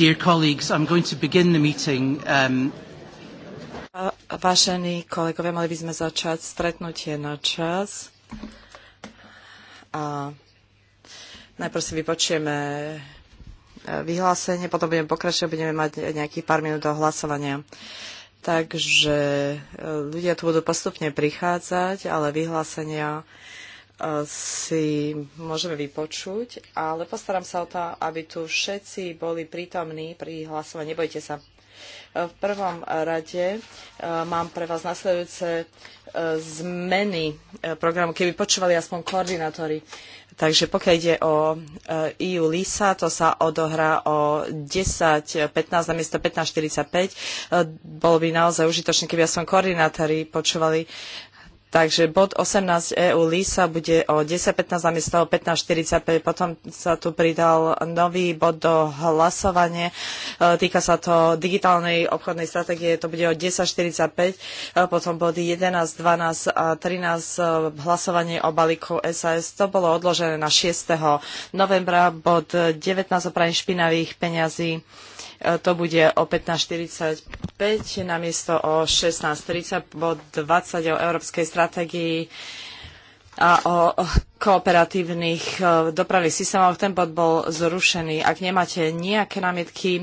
Dear colleagues, I'm going to begin the meeting. Um... Vážení kolegovia, mali by sme začať stretnutie na čas. A najprv si vypočujeme e, vyhlásenie, potom budeme pokračovať, budeme mať nejakých pár minút do hlasovania. Takže e, ľudia tu budú postupne prichádzať, ale vyhlásenia si môžeme vypočuť, ale postaram sa o to, aby tu všetci boli prítomní pri hlasovaní. Nebojte sa. V prvom rade e, mám pre vás nasledujúce e, zmeny e, programu, keby počúvali aspoň koordinátori. Takže pokiaľ ide o EU LISA, to sa odohrá o 10.15 miesto 15.45. Bolo by naozaj užitočné, keby aspoň koordinátori počúvali Takže bod 18 EU LISA bude o 10.15 namiesto 15.45. Potom sa tu pridal nový bod do hlasovanie. E, týka sa to digitálnej obchodnej stratégie. To bude o 10.45. E, potom body 11, 12 a 13 e, hlasovanie o balíku SAS. To bolo odložené na 6. novembra. Bod 19 o špinavých peňazí to bude o 15.45 namiesto o 16.30 bod 20 o európskej stratégii a o kooperatívnych e, dopravných systémoch. Ten bod bol zrušený. Ak nemáte nejaké námietky e,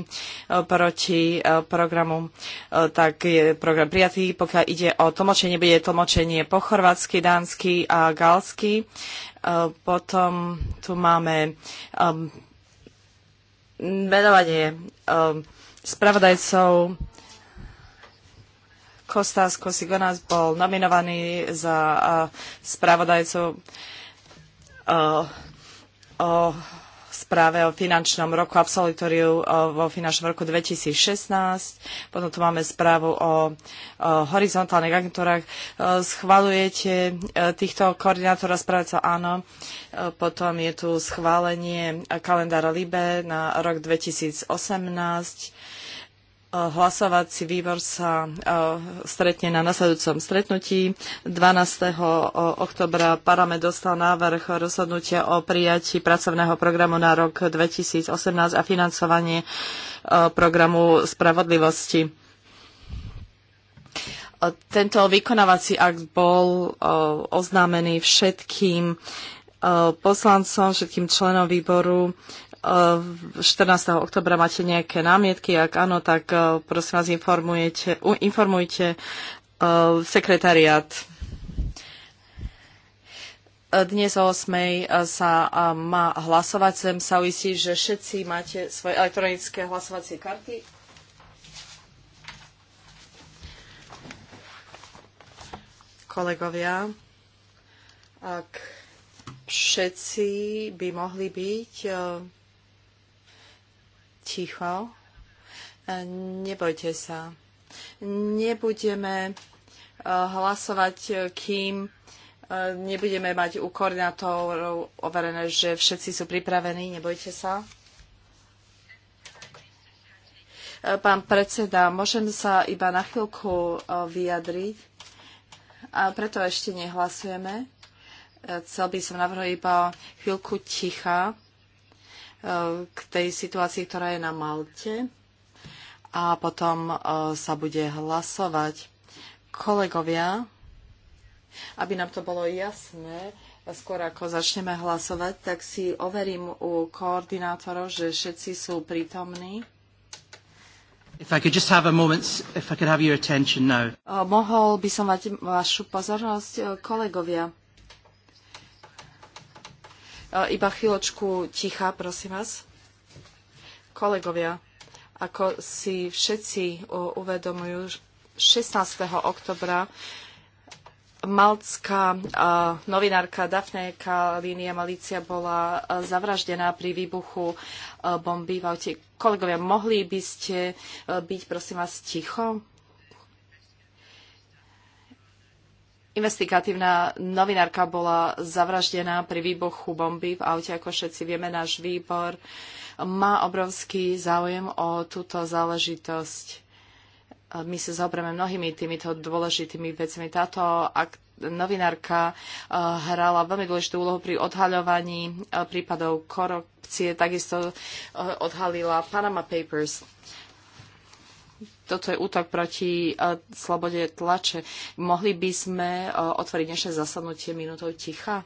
proti e, programu, tak je program prijatý. Pokiaľ ide o tlmočenie, bude tlmočenie po chorvátsky, dánsky a galsky. Potom tu máme menovanie um, spravodajcov Kostas Kosigonas bol nominovaný za uh, spravodajcov uh, o správe o finančnom roku, absolutoriu vo finančnom roku 2016, potom tu máme správu o, o horizontálnych agentúrach. E, schvalujete e, týchto koordinátora správca? Áno. E, potom je tu schválenie kalendára LIBE na rok 2018 Hlasovací výbor sa stretne na nasledujúcom stretnutí. 12. oktobra parlament dostal návrh rozhodnutia o prijatí pracovného programu na rok 2018 a financovanie programu spravodlivosti. Tento vykonávací akt bol oznámený všetkým poslancom, všetkým členom výboru 14. Eh, oktobra máte nejaké námietky, ak áno, tak eh, prosím vás informujete, informujte eh, sekretariat. Dnes o 8. sa má hlasovať. Chcem sa uistiť, že všetci máte svoje elektronické hlasovacie karty. Kolegovia, ak všetci by mohli byť ticho. E, nebojte sa. Nebudeme e, hlasovať, e, kým nebudeme mať u koordinátorov overené, že všetci sú pripravení. Nebojte sa. Pán predseda, môžem sa iba na chvíľku vyjadriť. A preto ešte nehlasujeme. Chcel by som navrhnúť iba chvíľku ticha k tej situácii, ktorá je na Malte a potom e, sa bude hlasovať. Kolegovia, aby nám to bolo jasné, skôr ako začneme hlasovať, tak si overím u koordinátorov, že všetci sú prítomní. If I could just have a moment, if I could have your attention now. E, mohol by som mať vašu pozornosť, e, kolegovia. E, iba chvíľočku ticha, prosím vás. Kolegovia, ako si všetci e, uvedomujú, 16. oktobra malcká e, novinárka Daphne Kalínia Malícia bola zavraždená pri výbuchu bomby v aute. Kolegovia, mohli by ste byť, prosím vás, ticho? investigatívna novinárka bola zavraždená pri výbuchu bomby v aute, ako všetci vieme, náš výbor má obrovský záujem o túto záležitosť. My sa zaoberáme mnohými týmito dôležitými vecmi. Táto novinárka eh, hrala veľmi dôležitú úlohu pri odhaľovaní eh, prípadov korupcie, takisto eh, odhalila Panama Papers toto je útok proti e, slobode tlače. Mohli by sme e, otvoriť dnešné zasadnutie minútou ticha?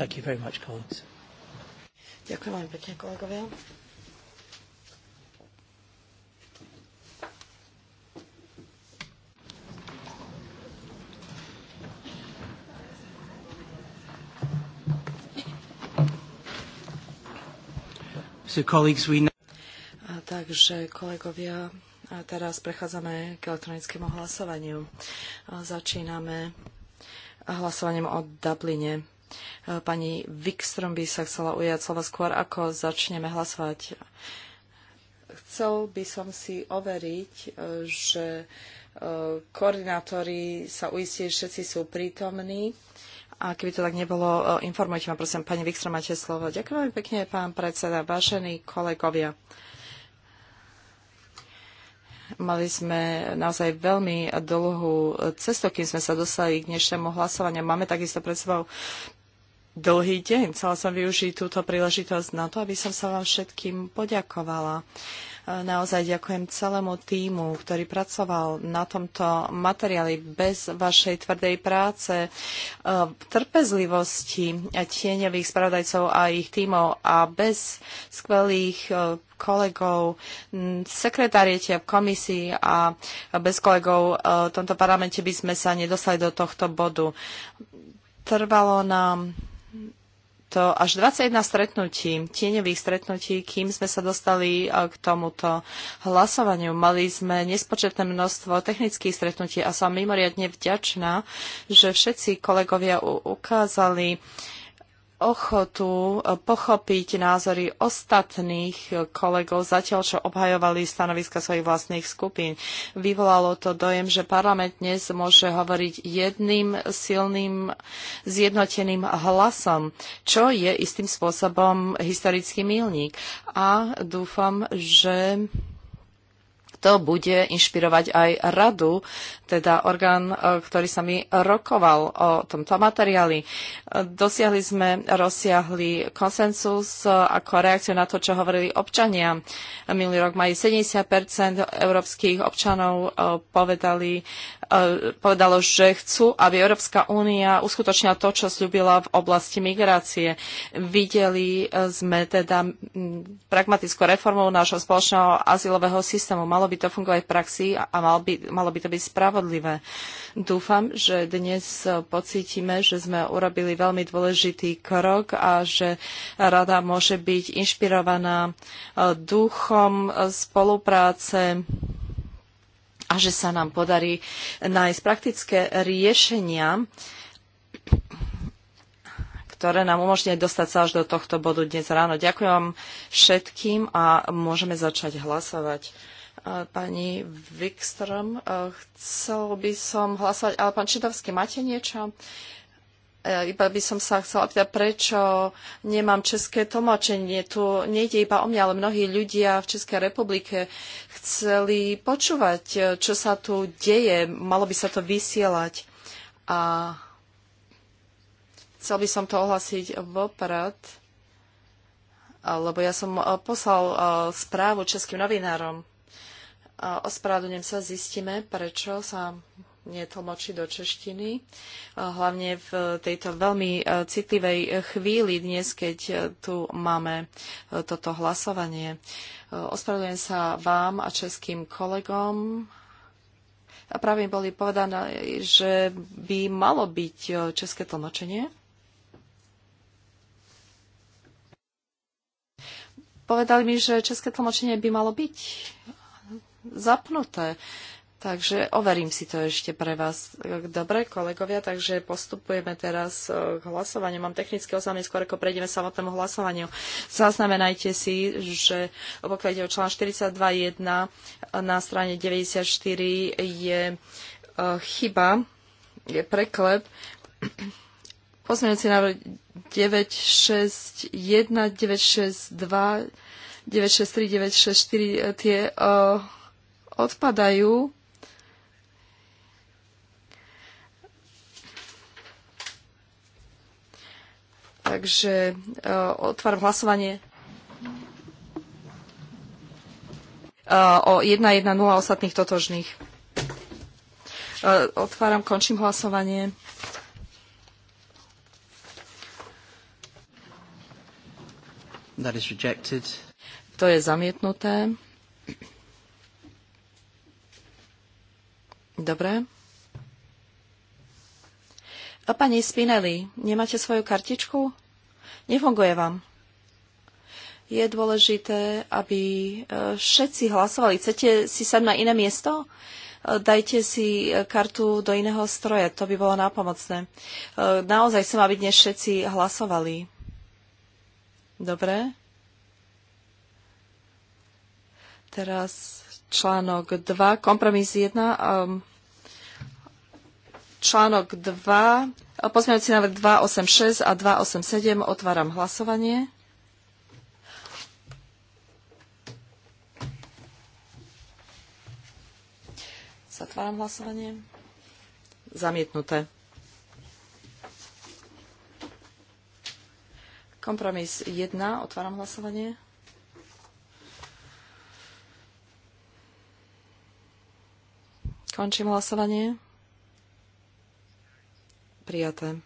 Thank you very much, colleagues. Ďakujem veľmi pekne, kolegovia. So colleagues, we know... A takže kolegovia, a teraz prechádzame k elektronickému hlasovaniu. A začíname hlasovaním o Dubline. Eh, pani Wikström by sa chcela ujať slova skôr, ako začneme hlasovať. Chcel by som si overiť, eh, že eh, koordinátori sa uistili, že všetci sú prítomní. A keby to tak nebolo, informujte ma, prosím, pani Wikström, máte slovo. Ďakujem veľmi pekne, pán predseda, vážení kolegovia. Mali sme naozaj veľmi dlhú cestu, kým sme sa dostali k dnešnému hlasovaniu. Máme takisto pred sebou dlhý deň. Chcela som využiť túto príležitosť na to, aby som sa vám všetkým poďakovala. E, naozaj ďakujem celému týmu, ktorý pracoval na tomto materiáli bez vašej tvrdej práce, e, trpezlivosti tieňových spravodajcov a ich týmov a bez skvelých e, kolegov, sekretariete v komisii a bez kolegov v tomto parlamente by sme sa nedostali do tohto bodu. Trvalo nám to až 21 stretnutí, tieňových stretnutí, kým sme sa dostali eh, k tomuto hlasovaniu. Mali sme nespočetné množstvo technických stretnutí a som mimoriadne vďačná, že všetci kolegovia ukázali ochotu e, pochopiť názory ostatných kolegov, zatiaľ čo obhajovali stanoviska svojich vlastných skupín. Vyvolalo to dojem, že parlament dnes môže hovoriť jedným silným zjednoteným hlasom, čo je istým spôsobom historický milník. A dúfam, že to bude inšpirovať aj radu teda orgán, e, ktorý sa mi rokoval o tomto materiáli. E, dosiahli sme rozsiahli konsensus e, ako reakciu na to, čo hovorili občania. Minulý rok mají 70 európskych občanov povedali, povedalo, že chcú, aby Európska únia uskutočnila to, čo slúbila v oblasti migrácie. Videli sme teda pragmatickú reformu nášho spoločného azylového systému. Malo by to fungovať v praxi a mal by, malo by to byť spravo spravodlivé. Dúfam, že dnes pocítime, že sme urobili veľmi dôležitý krok a že rada môže byť inšpirovaná e, duchom e, spolupráce a že sa nám podarí nájsť praktické riešenia, ktoré nám umožnia dostať sa až do tohto bodu dnes ráno. Ďakujem vám všetkým a môžeme začať hlasovať pani Wikström. E, chcel by som hlasovať, ale pán Čidovský, máte niečo? E, iba by som sa chcela opýtať, prečo nemám české tlmočenie. Tu nejde iba o mňa, ale mnohí ľudia v Českej republike chceli počúvať, e, čo sa tu deje. Malo by sa to vysielať. A chcel by som to ohlasiť vopred, lebo ja som poslal správu českým novinárom Ospravedlňujem sa, zistíme, prečo sa netlmočí do češtiny. Hlavne v tejto veľmi e, citlivej chvíli dnes, keď e, tu máme e, toto hlasovanie. Ospravedlňujem sa vám a českým kolegom. A práve mi boli povedané, že by malo byť české tlmočenie. Povedali mi, že české tlmočenie by malo byť zapnuté. Takže overím si to ešte pre vás. Dobre, kolegovia, takže postupujeme teraz e, k hlasovaniu. Mám technické oznámenie, skôr ako prejdeme samotnému hlasovaniu. Zaznamenajte si, že pokiaľ ide o člán 42.1 na strane 94 je e, chyba, je preklep. Pozmeňujúci návrh 961, 962, 963, 964, tie e, odpadajú. Takže e, otváram hlasovanie e, o 1.1.0 ostatných totožných. E, otváram, končím hlasovanie. That is rejected. To je zamietnuté. Dobre. A pani Spinelli, nemáte svoju kartičku? Nefunguje vám. Je dôležité, aby e, všetci hlasovali. Chcete si sem na iné miesto? E, dajte si e, kartu do iného stroja, to by bolo nápomocné. Naozaj chcem, aby dnes všetci hlasovali. Dobre. Teraz článok 2, kompromis 1. Článok 2, pozmeňujúci návrh 286 a 287, otváram hlasovanie. Zatváram hlasovanie. Zamietnuté. Kompromis 1, otváram hlasovanie. Končím hlasovanie. Prijaté.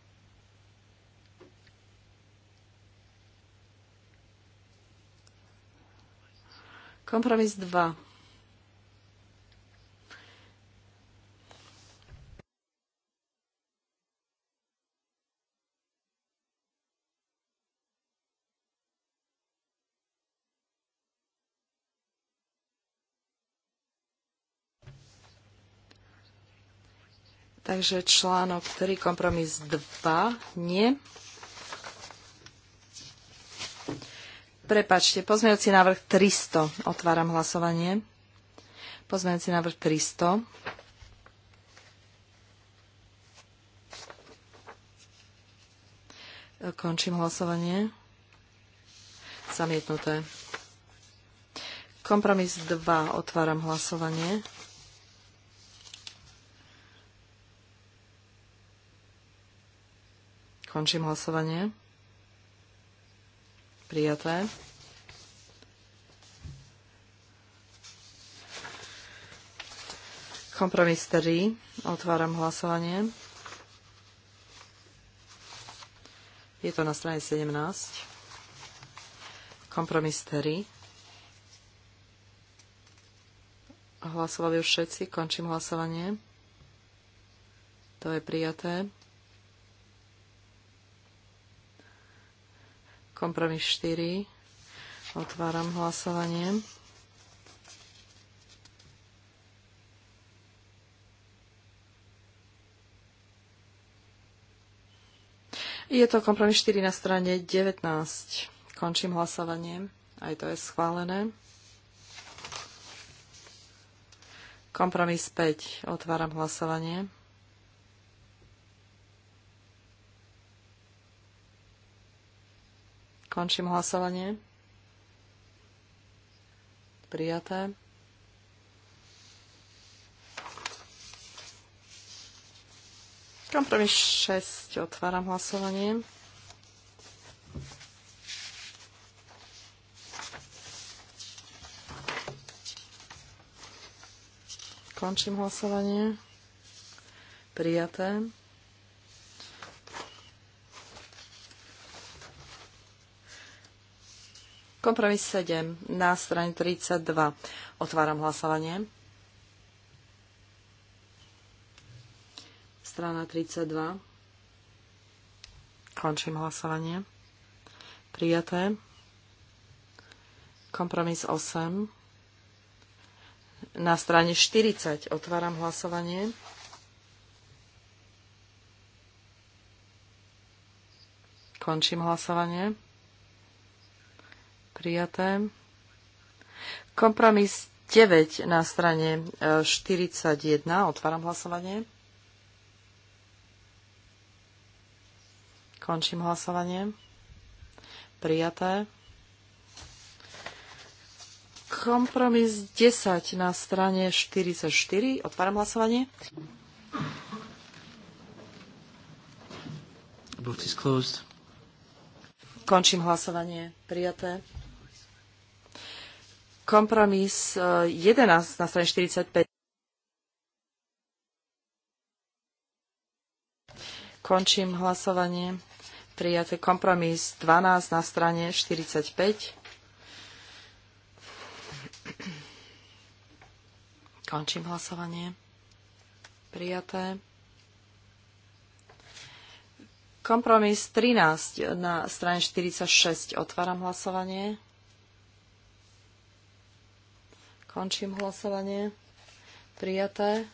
Kompromis 2. Takže článok 3, kompromis 2, nie. Prepačte, pozmeňujúci návrh 300. Otváram hlasovanie. Pozmeňujúci návrh 300. Končím hlasovanie. Zamietnuté. Kompromis 2. Otváram hlasovanie. Končím hlasovanie. Prijaté. Kompromis 3. Otváram hlasovanie. Je to na strane 17. Kompromis 3. Hlasovali už všetci. Končím hlasovanie. To je prijaté. Kompromis 4. Otváram hlasovanie. Je to kompromis 4 na strane 19. Končím hlasovanie. Aj to je schválené. Kompromis 5. Otváram hlasovanie. Končím hlasovanie. Prijaté. Kompromis 6. Otváram hlasovanie. Končím hlasovanie. Prijaté. Kompromis 7 na strane 32. Otváram hlasovanie. Strana 32. Končím hlasovanie. Prijaté. Kompromis 8. Na strane 40 otváram hlasovanie. Končím hlasovanie prijaté. Kompromis 9 na strane 41. E, Otváram hlasovanie. Končím hlasovanie. Prijaté. Kompromis 10 na strane 44. Otváram hlasovanie. Končím hlasovanie. Prijaté. Kompromis 11 e, na strane 45. Končím hlasovanie. Prijaté kompromis 12 na strane 45. Končím hlasovanie. Prijaté. Kompromis 13 na strane 46. Otváram hlasovanie. Končím hlasovanie. Prijaté.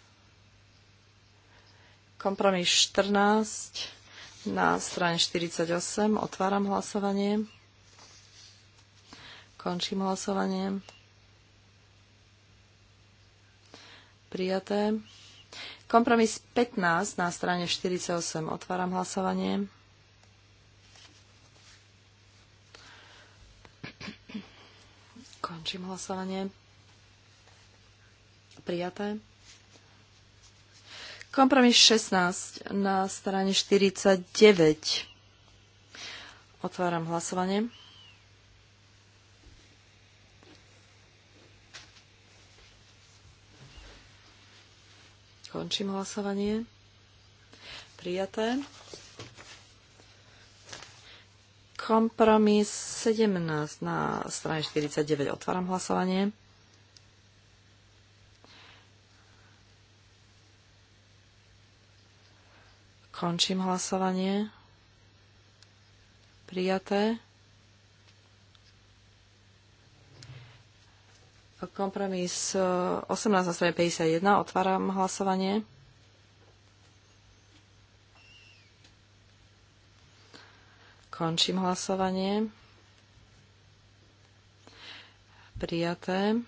Kompromis 14 na strane 48. Otváram hlasovanie. Končím hlasovanie. Prijaté. Kompromis 15 na strane 48. Otváram hlasovanie. Končím hlasovanie prijaté. Kompromis 16 na strane 49. Otváram hlasovanie. Končím hlasovanie. Prijaté. Kompromis 17 na strane 49. Otváram hlasovanie. Končím hlasovanie. Prijaté. Kompromis 18 e, na 51. Otváram hlasovanie. Končím hlasovanie. Prijaté.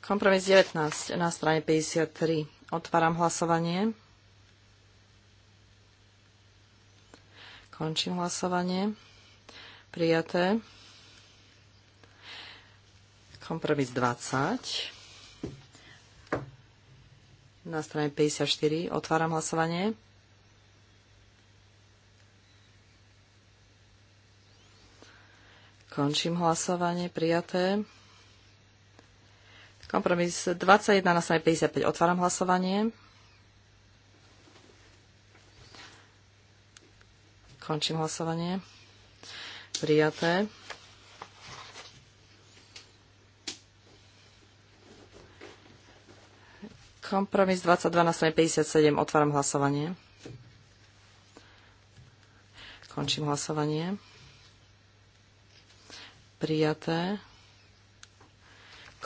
Kompromis 19 na strane 53. Otváram hlasovanie. Končím hlasovanie. Prijaté. Kompromis 20. Na strane 54 otváram hlasovanie. Končím hlasovanie. Prijaté. Kompromis 21 na strane 55. Otváram hlasovanie. Končím hlasovanie. Prijaté. Kompromis 22 na strane 57. Otváram hlasovanie. Končím hlasovanie. Prijaté.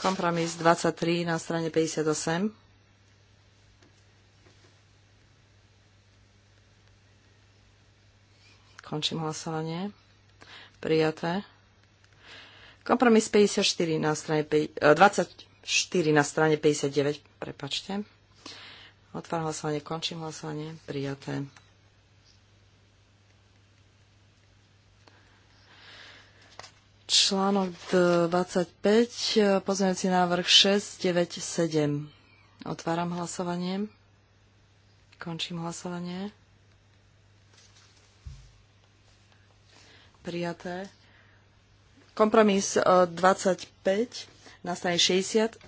Kompromis 23 na strane 58. Končím hlasovanie. Prijaté. Kompromis 54 na strane 24 e, na strane 59, prepačte. Otváram hlasovanie, končím hlasovanie, prijaté. Článok 25, pozmeňujúci návrh 697. Otváram hlasovanie. Končím hlasovanie. Prijaté. Kompromis 25 nastane 60.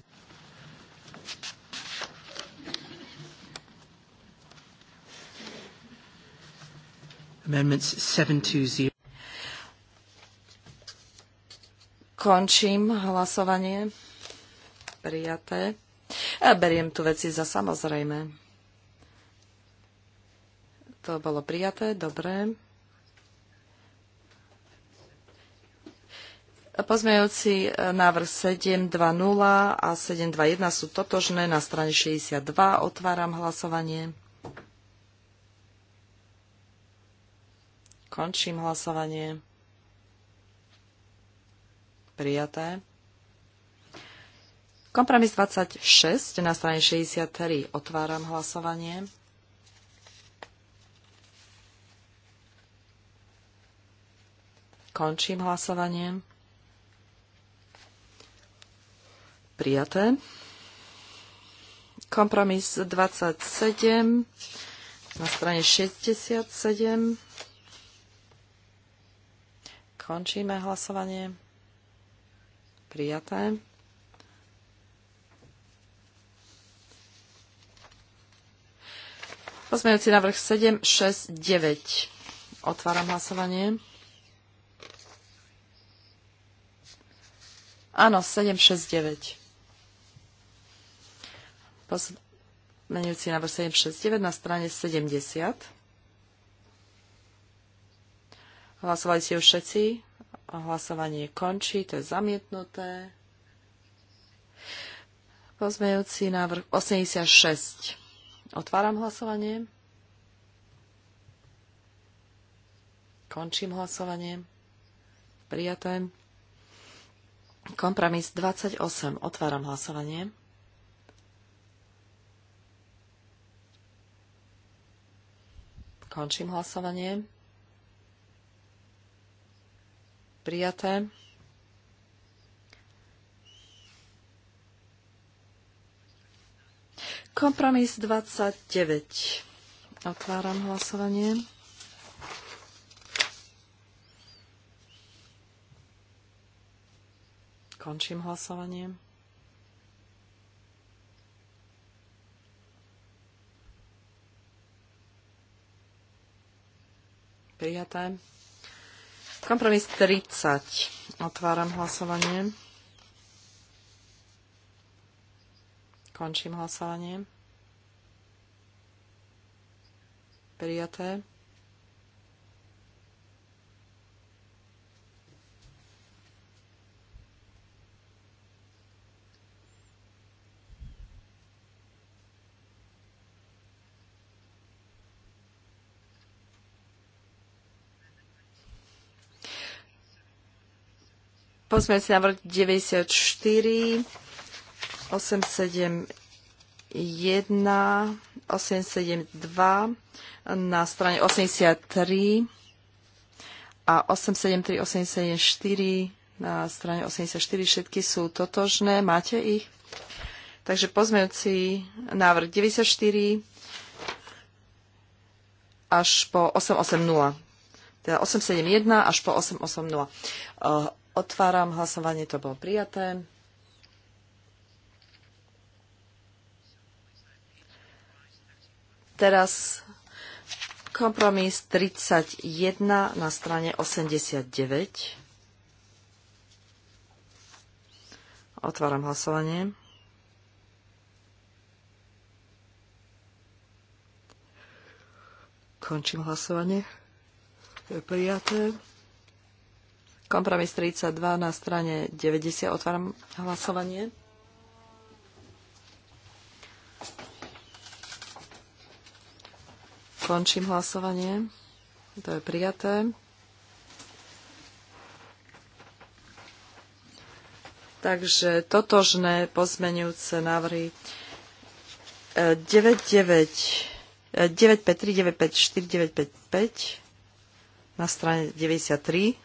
Amendments 720. Končím hlasovanie. Prijaté. A beriem tu veci za samozrejme. To bolo prijaté, dobre. Pozmejúci e, návrh 720 a 721 sú totožné na strane 62. Otváram hlasovanie. Končím hlasovanie prijaté. Kompromis 26 na strane 63. Otváram hlasovanie. Končím hlasovanie. Prijaté. Kompromis 27 na strane 67. Končíme hlasovanie prijaté. Pozmejúci návrh 7, 6, 9. Otváram hlasovanie. Áno, 7, 6, 9. Pozmeňujúci návrh 9 na strane 70. Hlasovali ste už všetci? Hlasovanie končí, to je zamietnuté. Pozmejúci návrh 86. Otváram hlasovanie. Končím hlasovanie. Prijaté. Kompromis 28. Otváram hlasovanie. Končím hlasovanie. prijaté. Kompromis 29. Otváram hlasovanie. Končím hlasovanie. Prijaté. Kompromis 30. Otváram hlasovanie. Končím hlasovanie. Prijaté. na návrh 94 871 872 na strane 83 a 873 874 na strane 84 všetky sú totožné. Máte ich? Takže pozmeňujúci návrh 94 až po 880. Teda 871 až po 880. Otváram hlasovanie, to bolo prijaté. Teraz kompromis 31 na strane 89. Otváram hlasovanie. Končím hlasovanie. Je prijaté. Kompromis 32 na strane 90. Otváram hlasovanie. Končím hlasovanie. To je prijaté. Takže totožné pozmenujúce návrhy 953, 954, 955 na strane 93.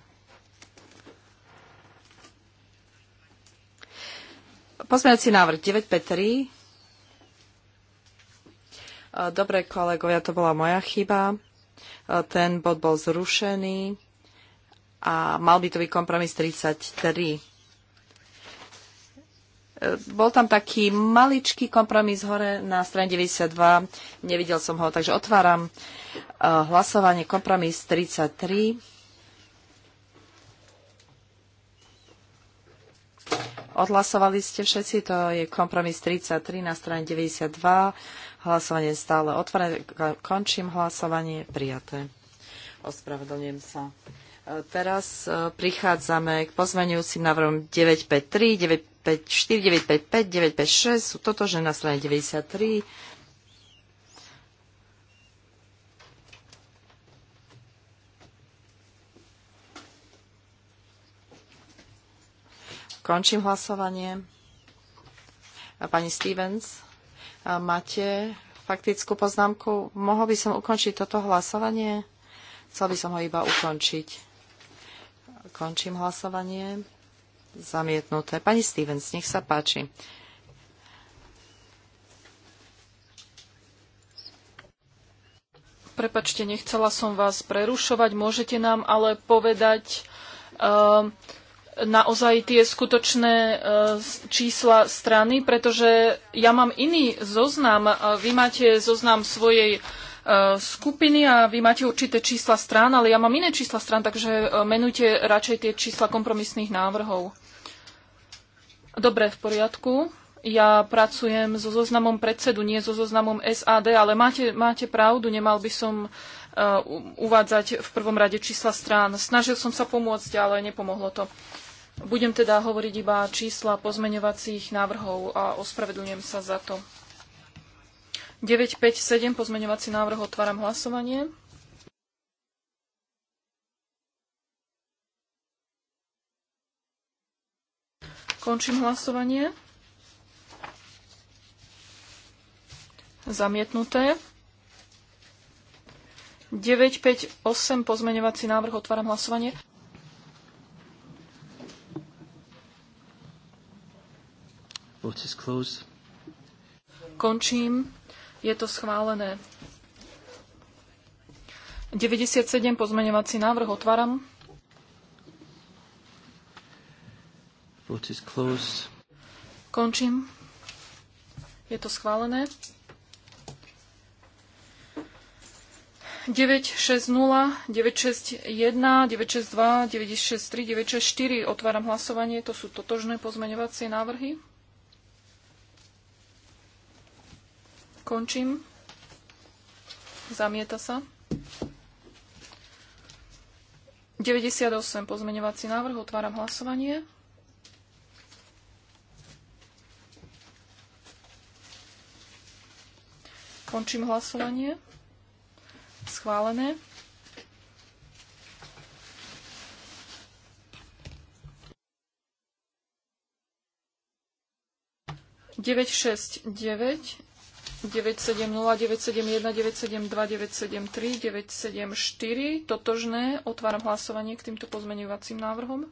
Pozmeňací návrh 953. E, Dobre, kolegovia, to bola moja chyba. E, Ten bod bol zrušený a mal by to byť kompromis 33. E, bol tam taký maličký kompromis hore na strane 92. Nevidel som ho, takže otváram hlasovanie kompromis 33. Odhlasovali ste všetci, to je kompromis 33 na strane 92. Hlasovanie stále otvorené. Končím hlasovanie. Prijaté. Ospravedlňujem sa. E, teraz e, prichádzame k pozmeňujúcim návrhom 953, 954, 955, 956. Sú že na strane 93 Končím hlasovanie. Pani Stevens, máte faktickú poznámku? Mohol by som ukončiť toto hlasovanie? Chcel by som ho iba ukončiť. Končím hlasovanie. Zamietnuté. Pani Stevens, nech sa páči. Prepačte, nechcela som vás prerušovať. Môžete nám ale povedať, uh, naozaj tie skutočné e, čísla strany, pretože ja mám iný zoznam. Vy máte zoznam svojej e, skupiny a vy máte určité čísla strán, ale ja mám iné čísla strán, takže e, menujte radšej tie čísla kompromisných návrhov. Dobre, v poriadku. Ja pracujem so zoznamom predsedu, nie so zoznamom SAD, ale máte, máte pravdu, nemal by som uvádzať v prvom rade čísla strán. Snažil som sa pomôcť, ale nepomohlo to. Budem teda hovoriť iba čísla pozmeňovacích návrhov a ospravedlňujem sa za to. 957 pozmeňovací návrh, otváram hlasovanie. Končím hlasovanie. Zamietnuté. 958 pozmeňovací návrh, otváram hlasovanie. Vote is closed. Končím. Je to schválené. 97 pozmeňovací návrh otváram. Vote is closed. Končím. Je to schválené. 960, 961, 962, 963, 964. Otváram hlasovanie. To sú totožné pozmeňovacie návrhy. Končím. Zamieta sa. 98 pozmeňovací návrh. Otváram hlasovanie. Končím hlasovanie. Schválené. Девять шесть девять 970, 971, 973, 974, totožné. Otváram hlasovanie k týmto pozmeňovacím návrhom.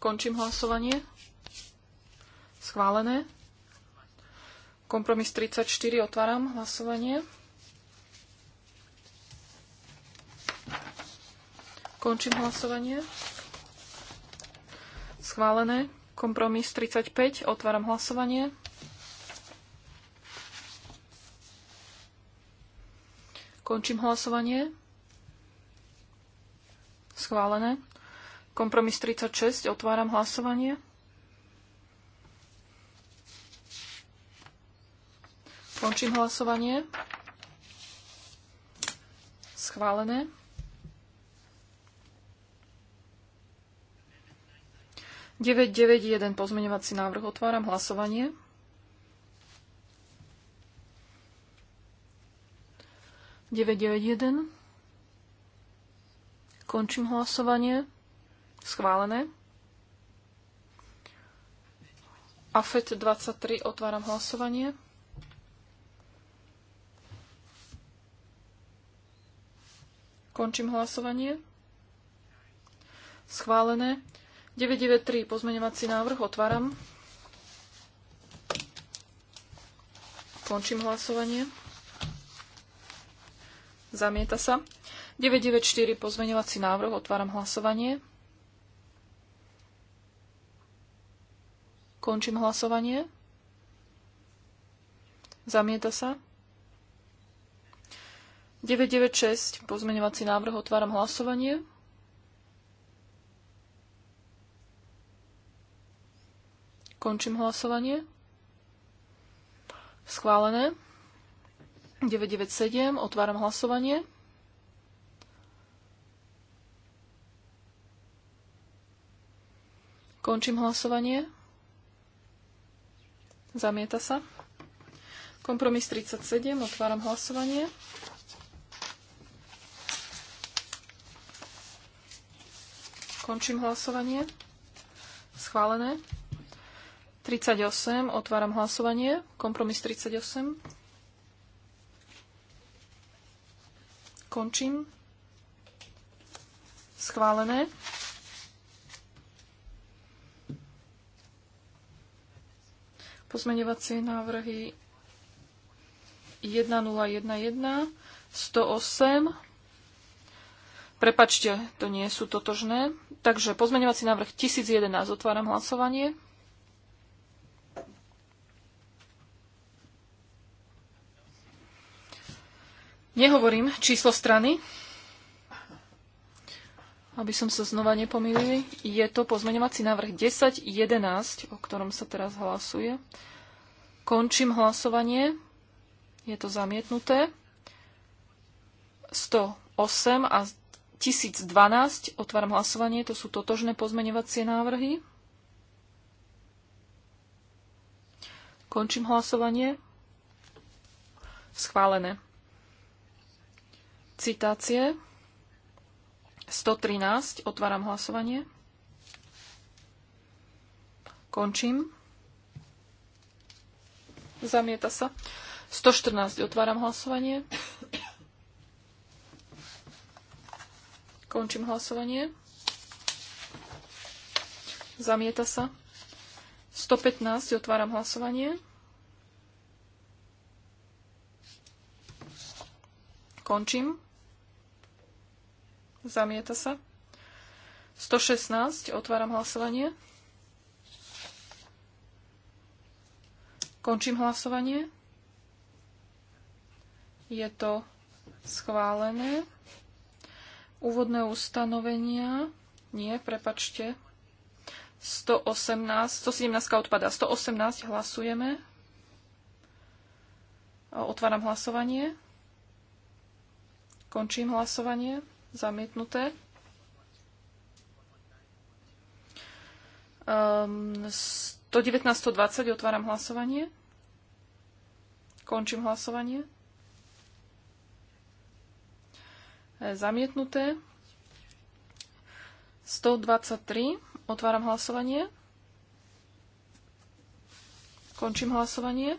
Končím hlasovanie. Schválené. Kompromis 34, otváram hlasovanie. Končím hlasovanie. Schválené. Kompromis 35. Otváram hlasovanie. Končím hlasovanie. Schválené. Kompromis 36. Otváram hlasovanie. Končím hlasovanie. Schválené. 991 pozmeňovací návrh. Otváram hlasovanie. Deväť, deväť, jeden. Končím hlasovanie. Schválené. AFET 23. Otváram hlasovanie. Končím hlasovanie. Schválené. 993 pozmeňovací návrh otváram. Končím hlasovanie. Zamieta sa. 994 pozmeňovací návrh otváram hlasovanie. Končím hlasovanie. Zamieta sa. 996 pozmeňovací návrh otváram hlasovanie. Končím hlasovanie. Schválené. 997. Otváram hlasovanie. Končím hlasovanie. Zamieta sa. Kompromis 37. Otváram hlasovanie. Končím hlasovanie. Schválené. 38, otváram hlasovanie. Kompromis 38. Končím. Schválené. Pozmeňovacie návrhy 1011, 108. Prepačte, to nie sú totožné. Takže pozmeňovací návrh 1011. Otváram hlasovanie. Nehovorím číslo strany, aby som sa znova nepomýlil. Je to pozmeňovací návrh 10.11, o ktorom sa teraz hlasuje. Končím hlasovanie. Je to zamietnuté. 108 a 1012. Otváram hlasovanie. To sú totožné pozmeňovacie návrhy. Končím hlasovanie. Schválené citácie. 113, otváram hlasovanie. Končím. Zamieta sa. 114, otváram hlasovanie. Končím hlasovanie. Zamieta sa. 115, otváram hlasovanie. Končím. Zamieta sa. 116. Otváram hlasovanie. Končím hlasovanie. Je to schválené. Úvodné ustanovenia. Nie, prepačte. 118, 117 odpada. 118 hlasujeme. Otváram hlasovanie. Končím hlasovanie. Zamietnuté. Um, 119-120 otváram hlasovanie. Končím hlasovanie. E, zamietnuté. 123. Otváram hlasovanie. Končím hlasovanie.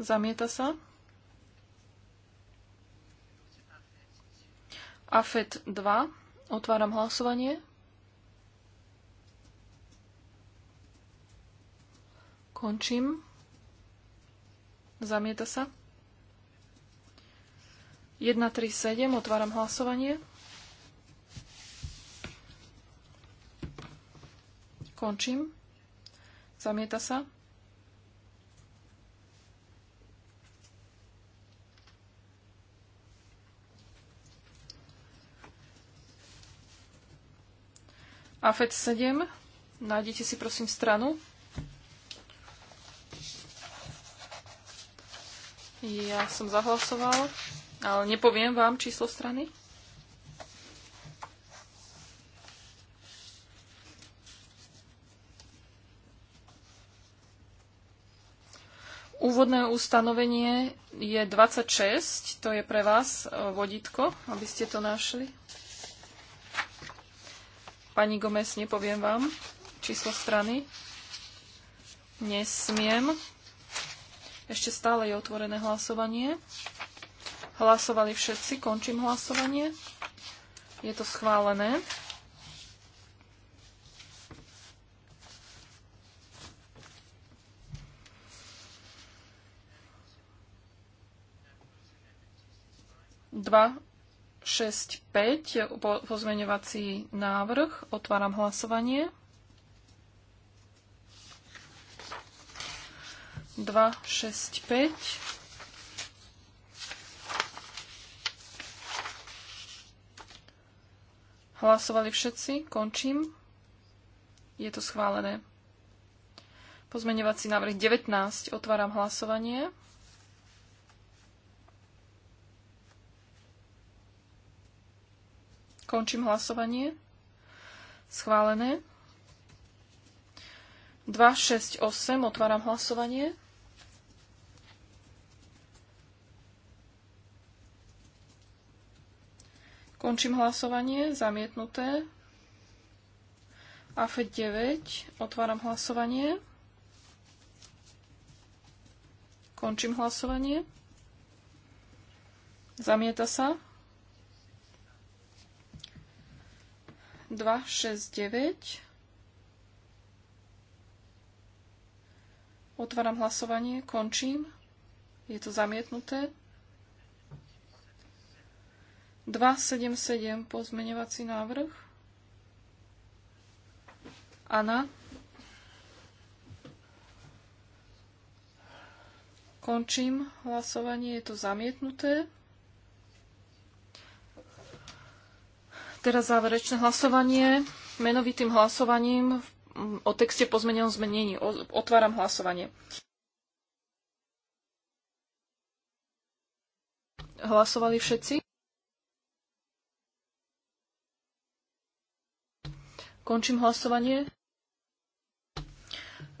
Zamieta sa. AFET 2. Otváram hlasovanie. Končím. Zamieta sa. 137. Otváram hlasovanie. Končím. Zamieta sa. AFET 7. Nájdete si prosím stranu. Ja som zahlasoval, ale nepoviem vám číslo strany. Úvodné ustanovenie je 26, to je pre vás eh, vodítko, aby ste to našli. Pani Gomez, nepoviem vám číslo strany. Nesmiem. Ešte stále je otvorené hlasovanie. Hlasovali všetci, končím hlasovanie. Je to schválené. Dva 6.5, pozmeňovací návrh. Otváram hlasovanie. 2.6.5 5. Hlasovali všetci, končím. Je to schválené. Pozmeňovací návrh 19, otváram hlasovanie. Končím hlasovanie. Schválené. 2, 6, 8, Otváram hlasovanie. Končím hlasovanie. Zamietnuté. A 9. Otváram hlasovanie. Končím hlasovanie. Zamieta sa. 2, 6, 9. Otváram hlasovanie, končím. Je to zamietnuté. 2, 7, 7, pozmenevací návrh. Ana. Končím hlasovanie, je to zamietnuté. Teraz záverečné hlasovanie. Menovitým hlasovaním o texte po zmenenom zmenení. Otváram hlasovanie. Hlasovali všetci? Končím hlasovanie. 43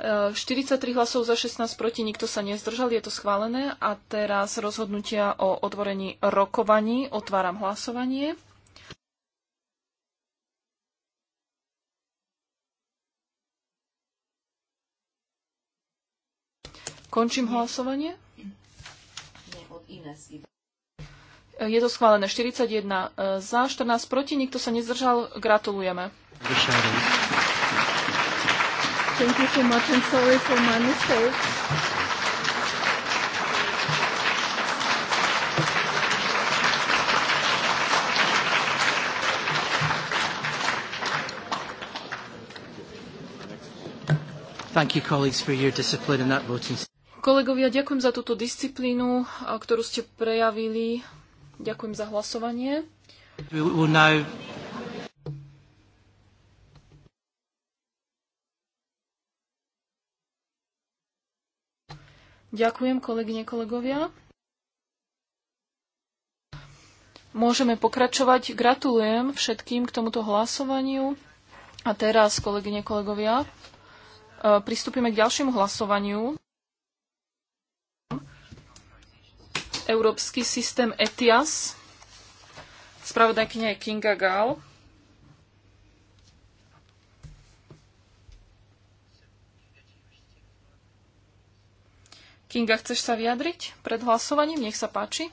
e, hlasov za 16 proti, nikto sa nezdržal, je to schválené. A teraz rozhodnutia o otvorení rokovaní. Otváram hlasovanie. Končím hlasovanie. Je to schválené 41 e, za, 14 proti, nikto sa nezdržal. Gratulujeme. Thank you so much and sorry for my mistake. Thank you, colleagues, for your discipline in that voting. Kolegovia, ďakujem za túto disciplínu, e, ktorú ste prejavili. Ďakujem za hlasovanie. Ďakujem, kolegyne, kolegovia. Môžeme pokračovať. Gratulujem všetkým k tomuto hlasovaniu. A teraz, kolegyne, kolegovia, e, pristúpime k ďalšiemu hlasovaniu. európsky systém ETIAS. Spravodajkynia je Kinga Gall. Kinga, chceš sa vyjadriť pred hlasovaním? Nech sa páči.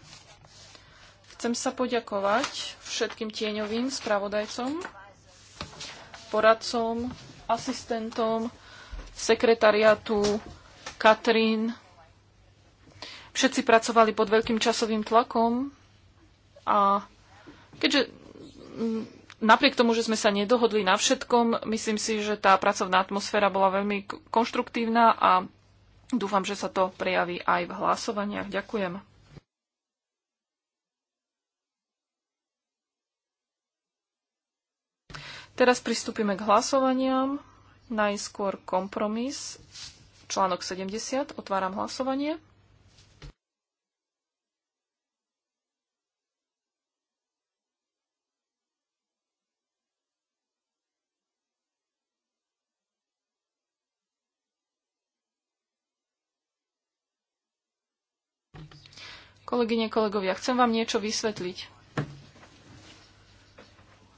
Chcem sa poďakovať všetkým tieňovým spravodajcom, poradcom, asistentom, sekretariatu Katrín, Všetci pracovali pod veľkým časovým tlakom a keďže napriek tomu, že sme sa nedohodli na všetkom, myslím si, že tá pracovná atmosféra bola veľmi konštruktívna a dúfam, že sa to prejaví aj v hlasovaniach. Ďakujem. Teraz pristúpime k hlasovaniam. Najskôr kompromis. Článok 70. Otváram hlasovanie. Kolegyne, kolegovia, chcem vám niečo vysvetliť.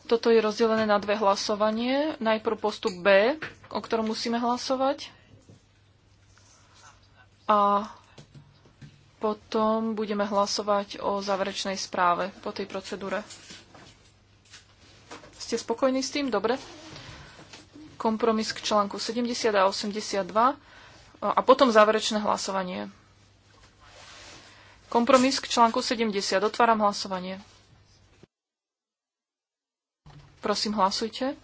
Toto je rozdelené na dve hlasovanie. Najprv postup B, o ktorom musíme hlasovať. A potom budeme hlasovať o záverečnej správe po tej procedúre. Ste spokojní s tým? Dobre. Kompromis k článku 70 a 82 a potom záverečné hlasovanie. Kompromis k článku 70. Otváram hlasovanie. Prosím, hlasujte.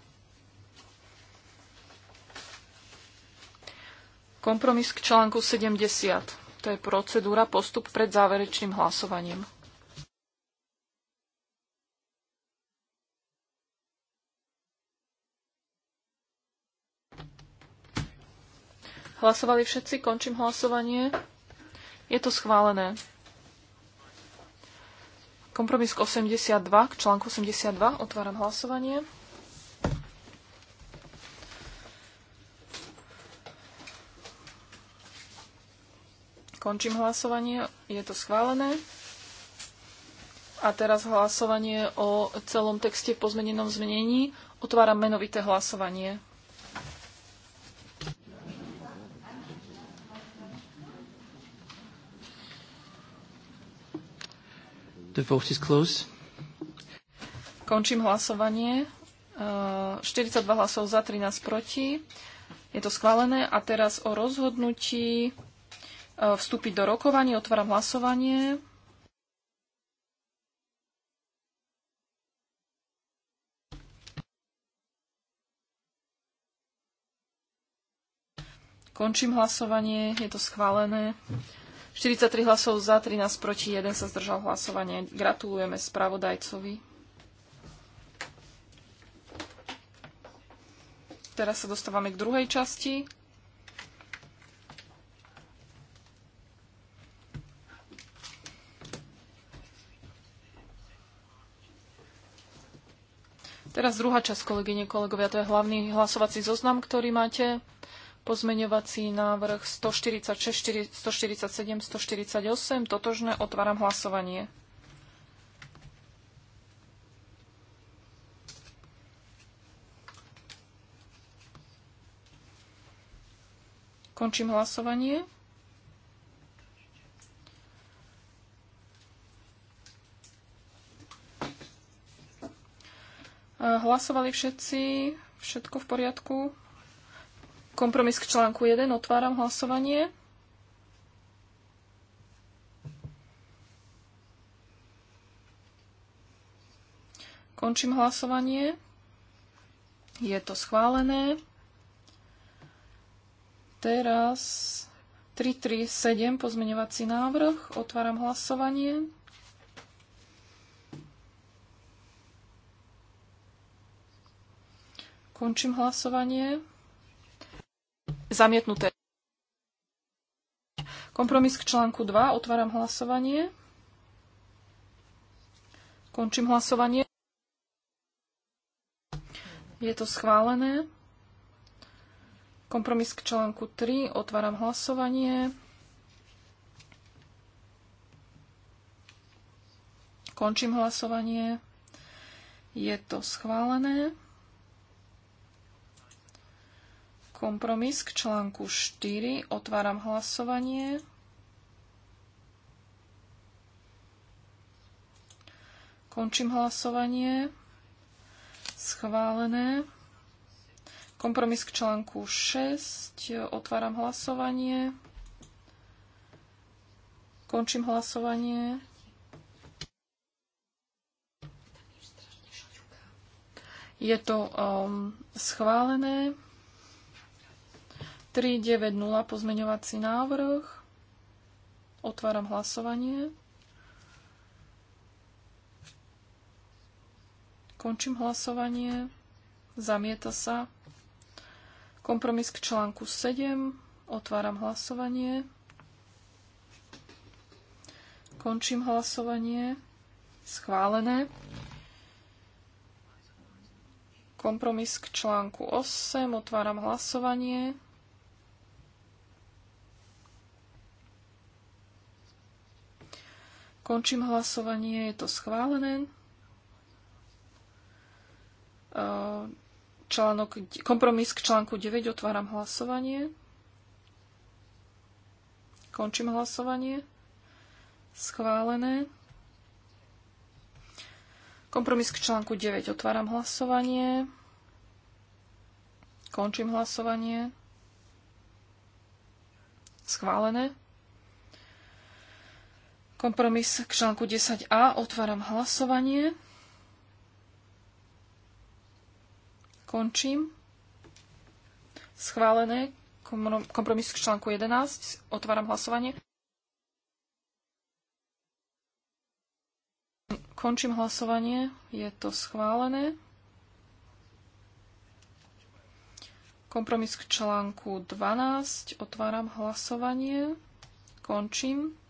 Kompromis k článku 70. To je procedúra postup pred záverečným hlasovaním. Hlasovali všetci, končím hlasovanie. Je to schválené. Kompromis k 82, k článku 82. Otváram hlasovanie. Končím hlasovanie. Je to schválené. A teraz hlasovanie o celom texte v pozmenenom zmenení. Otváram menovité hlasovanie. The vote is closed. Končím hlasovanie. 42 eh, hlasov za, 13 proti. Je to schválené. A teraz o rozhodnutí eh, vstúpiť do rokovania. Otváram hlasovanie. Končím hlasovanie, je to schválené. 43 hlasov za, 13 proti, 1 sa zdržal hlasovanie. Gratulujeme spravodajcovi. Teraz sa dostávame k druhej časti. Teraz druhá časť, kolegyne, kolegovia, to je hlavný hlasovací zoznam, ktorý máte. Pozmeňovací návrh 146, 147, 148, totožné, otváram hlasovanie. Končím hlasovanie. Hlasovali všetci? Všetko v poriadku? Kompromis k článku 1. Otváram hlasovanie. Končím hlasovanie. Je to schválené. Teraz 337 pozmeňovací návrh. Otváram hlasovanie. Končím hlasovanie. Zamietnuté. Kompromis k článku 2. Otváram hlasovanie. Končím hlasovanie. Je to schválené. Kompromis k článku 3. Otváram hlasovanie. Končím hlasovanie. Je to schválené. Kompromis k článku 4. Otváram hlasovanie. Končím hlasovanie. Schválené. Kompromis k článku 6. Otváram hlasovanie. Končím hlasovanie. Je to um, schválené. 390 pozmeňovací návrh. Otváram hlasovanie. Končím hlasovanie. Zamieta sa. Kompromis k článku 7. Otváram hlasovanie. Končím hlasovanie. Schválené. Kompromis k článku 8. Otváram hlasovanie. Končím hlasovanie, je to schválené. Článok, kompromis k článku 9, otváram hlasovanie. Končím hlasovanie. Schválené. Kompromis k článku 9. Otváram hlasovanie. Končím hlasovanie. Schválené. Kompromis k článku 10a. Otváram hlasovanie. Končím. Schválené. Kompromis k článku 11. Otváram hlasovanie. Končím hlasovanie. Je to schválené. Kompromis k článku 12. Otváram hlasovanie. Končím.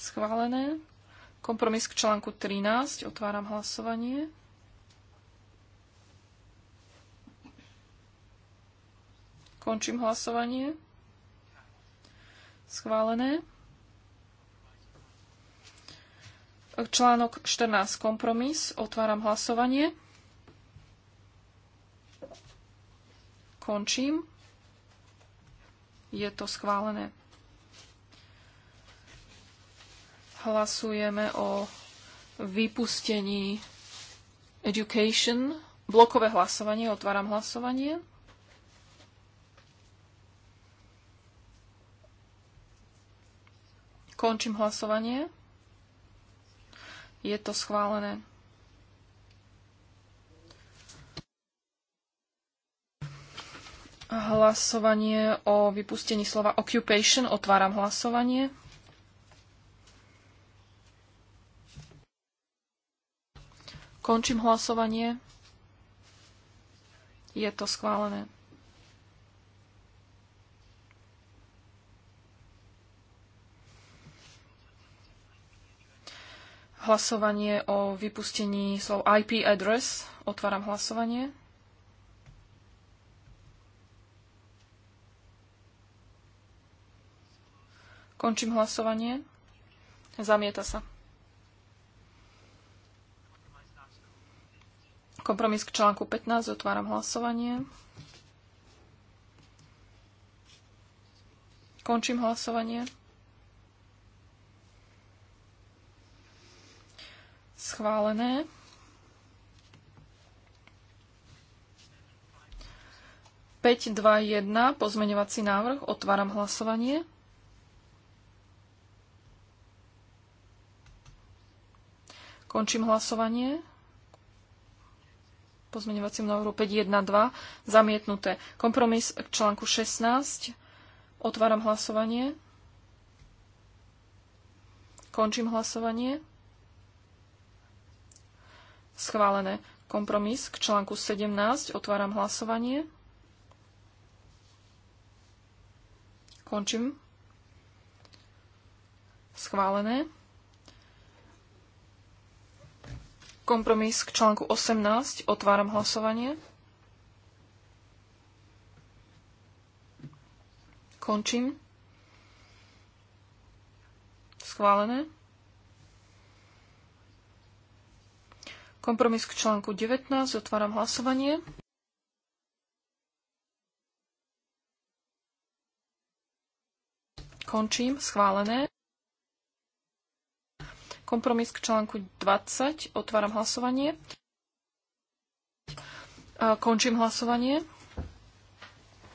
Schválené. Kompromis k článku 13. Otváram hlasovanie. Končím hlasovanie. Schválené. Článok 14. Kompromis. Otváram hlasovanie. Končím. Je to schválené. Hlasujeme o vypustení Education. Blokové hlasovanie. Otváram hlasovanie. Končím hlasovanie. Je to schválené. Hlasovanie o vypustení slova occupation. Otváram hlasovanie. Končím hlasovanie. Je to schválené. Hlasovanie o vypustení slov IP address. Otváram hlasovanie. Končím hlasovanie. Zamieta sa. Kompromis k článku 15. Otváram hlasovanie. Končím hlasovanie. Schválené. Päť, dva, jedna, pozmeňovací návrh. Otváram hlasovanie. Končím hlasovanie pozmeňovacím návrhu 5.1.2 zamietnuté. Kompromis k článku 16. Otváram hlasovanie. Končím hlasovanie. Schválené. Kompromis k článku 17. Otváram hlasovanie. Končím. Schválené. Kompromis k článku 18. Otváram hlasovanie. Končím. Schválené. Kompromis k článku 19. Otváram hlasovanie. Končím. Schválené. Kompromis k článku 20. Otváram hlasovanie. Končím hlasovanie.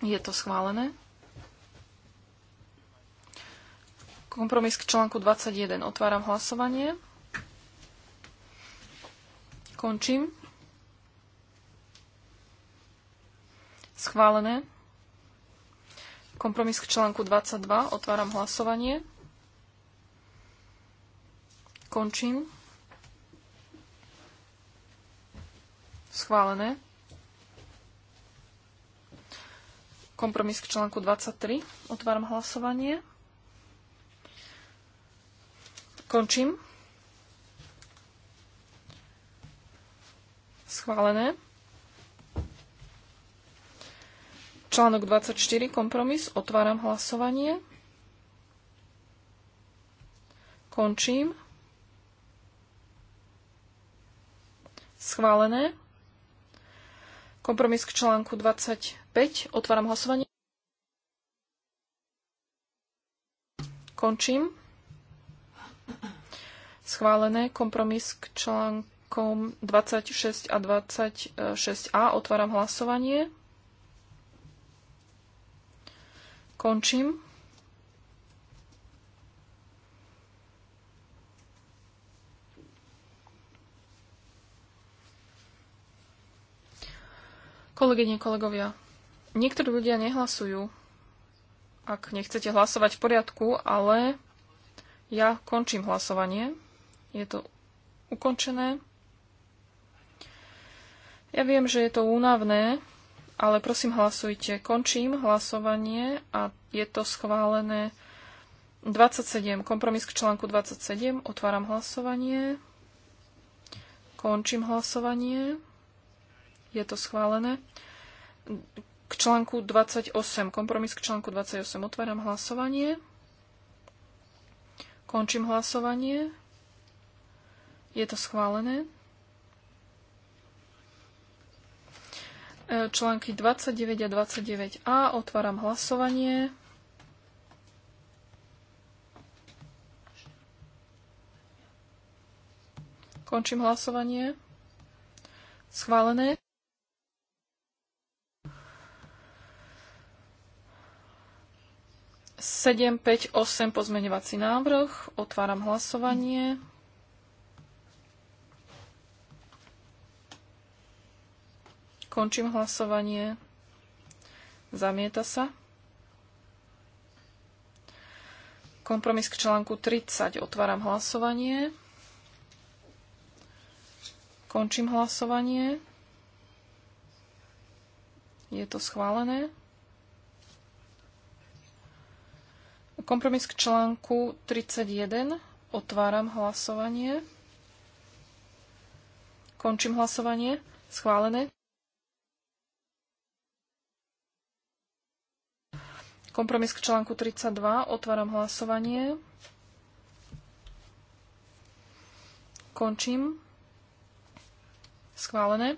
Je to schválené. Kompromis k článku 21. Otváram hlasovanie. Končím. Schválené. Kompromis k článku 22. Otváram hlasovanie. Končím. Schválené. Kompromis k článku 23. Otváram hlasovanie. Končím. Schválené. Článok 24. Kompromis. Otváram hlasovanie. Končím. Schválené. Kompromis k článku 25. Otváram hlasovanie. Končím. Schválené. Kompromis k článkom 26 a 26a. Otváram hlasovanie. Končím. Kolegyne, kolegovia, niektorí ľudia nehlasujú. Ak nechcete hlasovať v poriadku, ale ja končím hlasovanie. Je to ukončené. Ja viem, že je to únavné, ale prosím hlasujte. Končím hlasovanie a je to schválené 27. Kompromis k článku 27. Otváram hlasovanie. Končím hlasovanie je to schválené. K článku 28, kompromis k článku 28, otváram hlasovanie. Končím hlasovanie. Je to schválené. E, články 29 a 29a. Otváram hlasovanie. Končím hlasovanie. Schválené. 758 pozmeňovací návrh. Otváram hlasovanie. Končím hlasovanie. Zamieta sa. Kompromis k článku 30. Otváram hlasovanie. Končím hlasovanie. Je to schválené. Kompromis k článku 31. Otváram hlasovanie. Končím hlasovanie. Schválené. Kompromis k článku 32. Otváram hlasovanie. Končím. Schválené.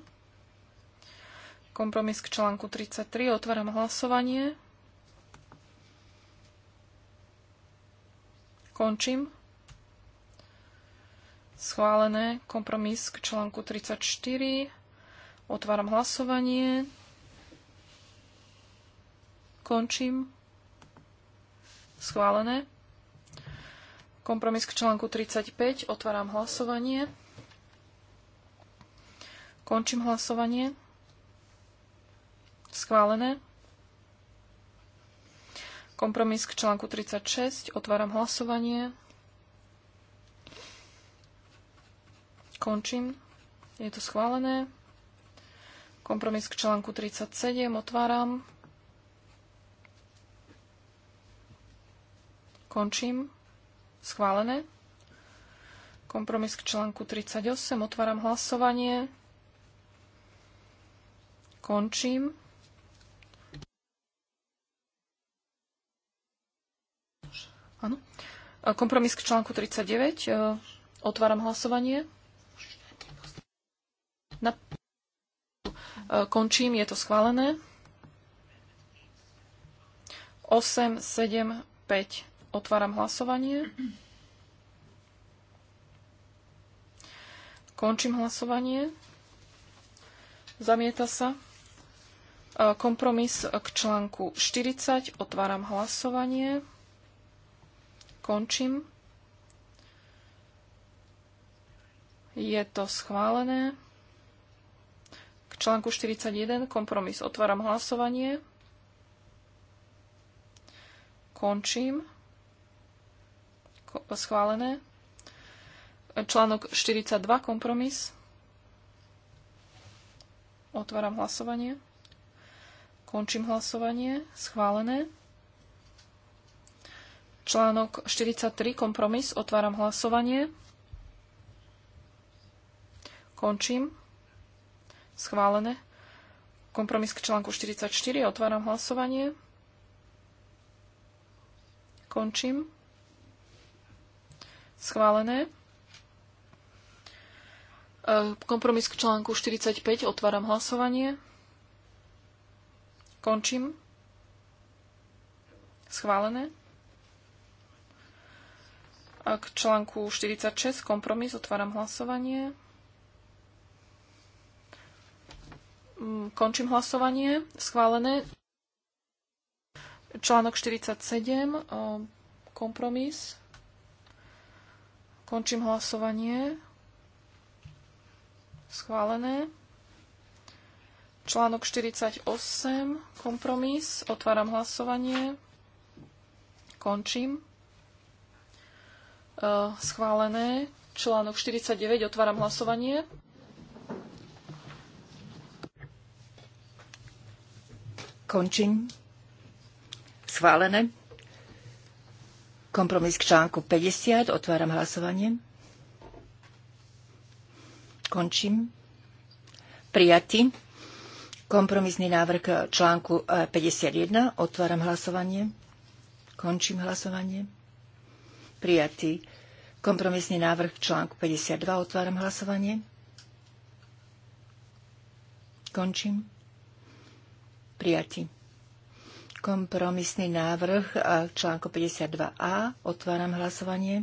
Kompromis k článku 33. Otváram hlasovanie. Končím. Schválené. Kompromis k článku 34. Otváram hlasovanie. Končím. Schválené. Kompromis k článku 35. Otváram hlasovanie. Končím hlasovanie. Schválené. Kompromis k článku 36. Otváram hlasovanie. Končím. Je to schválené. Kompromis k článku 37. Otváram. Končím. Schválené. Kompromis k článku 38. Otváram hlasovanie. Končím. Áno. Kompromis k článku 39. E, otváram hlasovanie. Na... E, končím, je to schválené. 8, 7, 5. Otváram hlasovanie. Končím hlasovanie. Zamieta sa. E, kompromis k článku 40. Otváram hlasovanie. Končím. Je to schválené. K článku 41 kompromis. Otváram hlasovanie. Končím. Ko schválené. Článok 42 kompromis. Otváram hlasovanie. Končím hlasovanie. Schválené. Článok 43, kompromis, otváram hlasovanie. Končím. Schválené. Kompromis k článku 44, otváram hlasovanie. Končím. Schválené. E, kompromis k článku 45, otváram hlasovanie. Končím. Schválené k článku 46 kompromis otváram hlasovanie. Mm, končím hlasovanie. Schválené. Článok 47 kompromis. Končím hlasovanie. Schválené. Článok 48, kompromis, otváram hlasovanie, končím. Eh, schválené. Článok 49, otváram hlasovanie. Končím. Schválené. Kompromis k článku 50. Otváram hlasovanie. Končím. Prijatý. Kompromisný návrh článku 51. Eh, otváram hlasovanie. Končím hlasovanie prijatý. Kompromisný návrh k článku 52. Otváram hlasovanie. Končím. Prijatý. Kompromisný návrh k článku 52a. Otváram hlasovanie.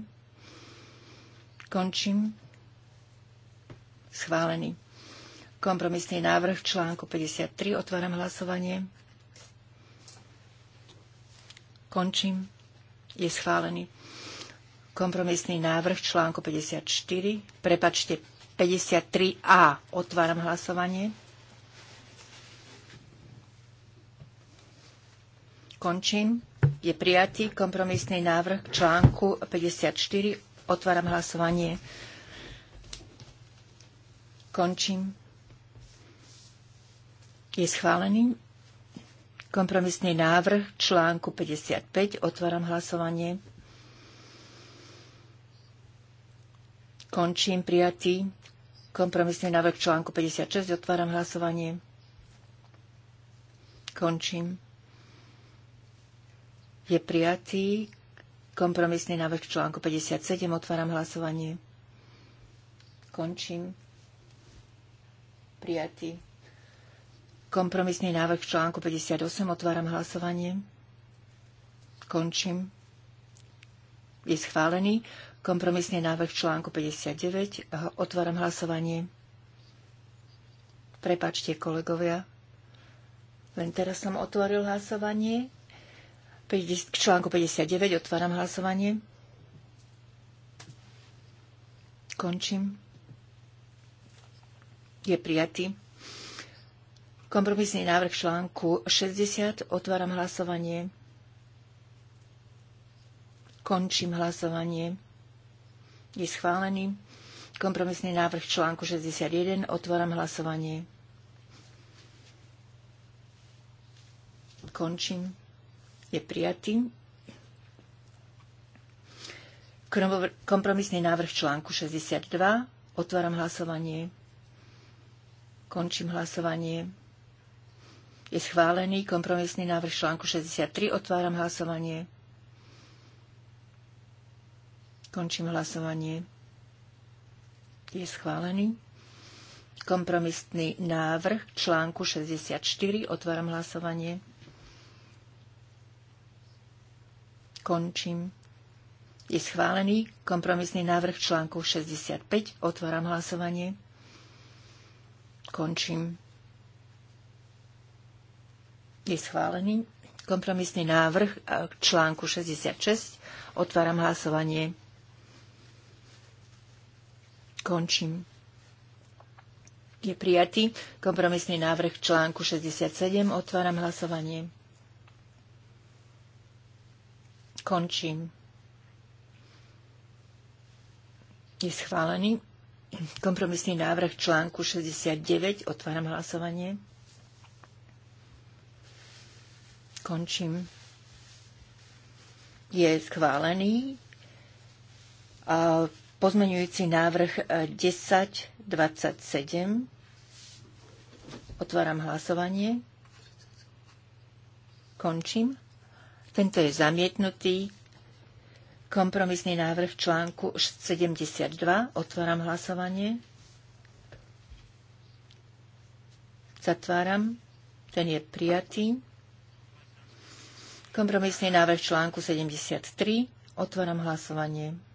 Končím. Schválený. Kompromisný návrh článku 53. Otváram hlasovanie. Končím. Je schválený. Kompromisný návrh článku 54, prepačte 53a. Otváram hlasovanie. Končím. Je prijatý kompromisný návrh článku 54. Otváram hlasovanie. Končím. Je schválený kompromisný návrh článku 55. Otváram hlasovanie. Končím prijatý kompromisný návrh článku 56. Otváram hlasovanie. Končím. Je prijatý kompromisný návrh článku 57. Otváram hlasovanie. Končím. Prijatý. Kompromisný návrh článku 58. Otváram hlasovanie. Končím. Je schválený. Kompromisný návrh článku 59. Otváram hlasovanie. Prepačte, kolegovia. Len teraz som otvoril hlasovanie. K článku 59 otváram hlasovanie. Končím. Je prijatý. Kompromisný návrh článku 60. Otváram hlasovanie. Končím hlasovanie. Je schválený. Kompromisný návrh článku 61. Otváram hlasovanie. Končím. Je prijatý. Kompromisný návrh článku 62. Otváram hlasovanie. Končím hlasovanie. Je schválený kompromisný návrh článku 63. Otváram hlasovanie. Končím hlasovanie. Je schválený. Kompromisný návrh článku 64. Otváram hlasovanie. Končím. Je schválený kompromisný návrh článku 65. Otváram hlasovanie. Končím. Je schválený kompromisný návrh eh, článku 66. Otváram hlasovanie. Končím. Je prijatý kompromisný návrh článku 67. Otváram hlasovanie. Končím. Je schválený kompromisný návrh článku 69. Otváram hlasovanie. Končím. Je schválený. A Pozmenujúci návrh 1027. E, Otváram hlasovanie. Končím. Tento je zamietnutý. Kompromisný návrh článku 72. Otváram hlasovanie. Zatváram. Ten je prijatý. Kompromisný návrh článku 73. Otváram hlasovanie.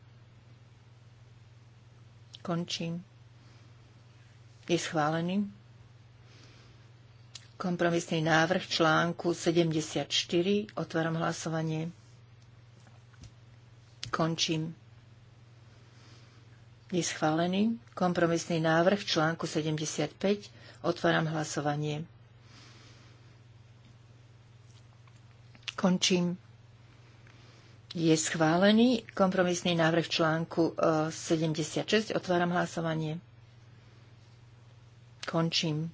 Končím. Je schválený. Kompromisný návrh článku 74. Otváram hlasovanie. Končím. Je schválený kompromisný návrh článku 75. Otváram hlasovanie. Končím je schválený kompromisný návrh článku 76. E, Otváram hlasovanie. Končím.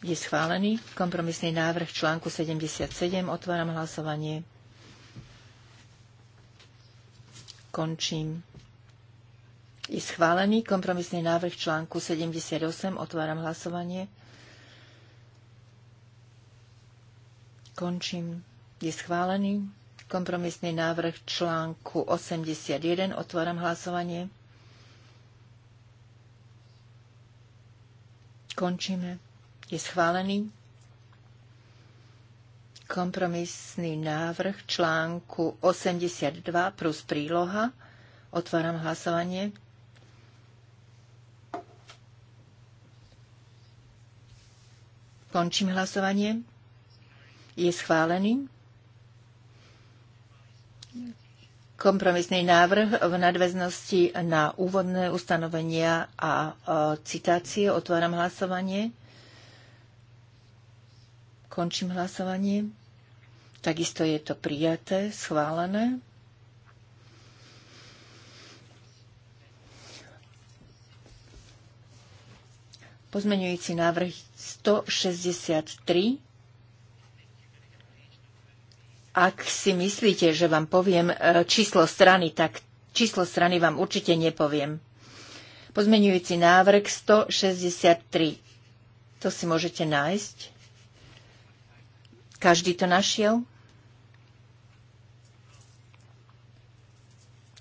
Je schválený kompromisný návrh článku 77. Otváram hlasovanie. Končím. Je schválený kompromisný návrh článku 78. Otváram hlasovanie. Končím. Je schválený Kompromisný návrh článku 81. Otváram hlasovanie. Končíme. Je schválený. Kompromisný návrh článku 82 plus príloha. Otváram hlasovanie. Končím hlasovanie. Je schválený kompromisný návrh v nadväznosti na úvodné ustanovenia a e, citácie. Otváram hlasovanie. Končím hlasovanie. Takisto je to prijaté, schválené. Pozmeňujúci návrh 163. Ak si myslíte, že vám poviem e, číslo strany, tak číslo strany vám určite nepoviem. Pozmenujúci návrh 163. To si môžete nájsť. Každý to našiel?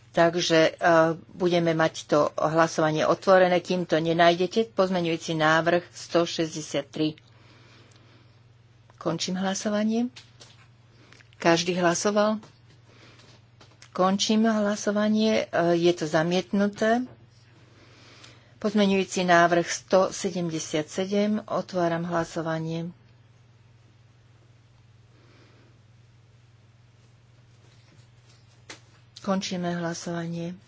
Takže uh, budeme mať to hlasovanie otvorené. Kým to nenájdete, pozmenujúci návrh 163. Končím hlasovanie. Každý hlasoval? Končím hlasovanie. E, je to zamietnuté. Pozmeňujúci návrh 177. Otváram hlasovanie. Končíme hlasovanie.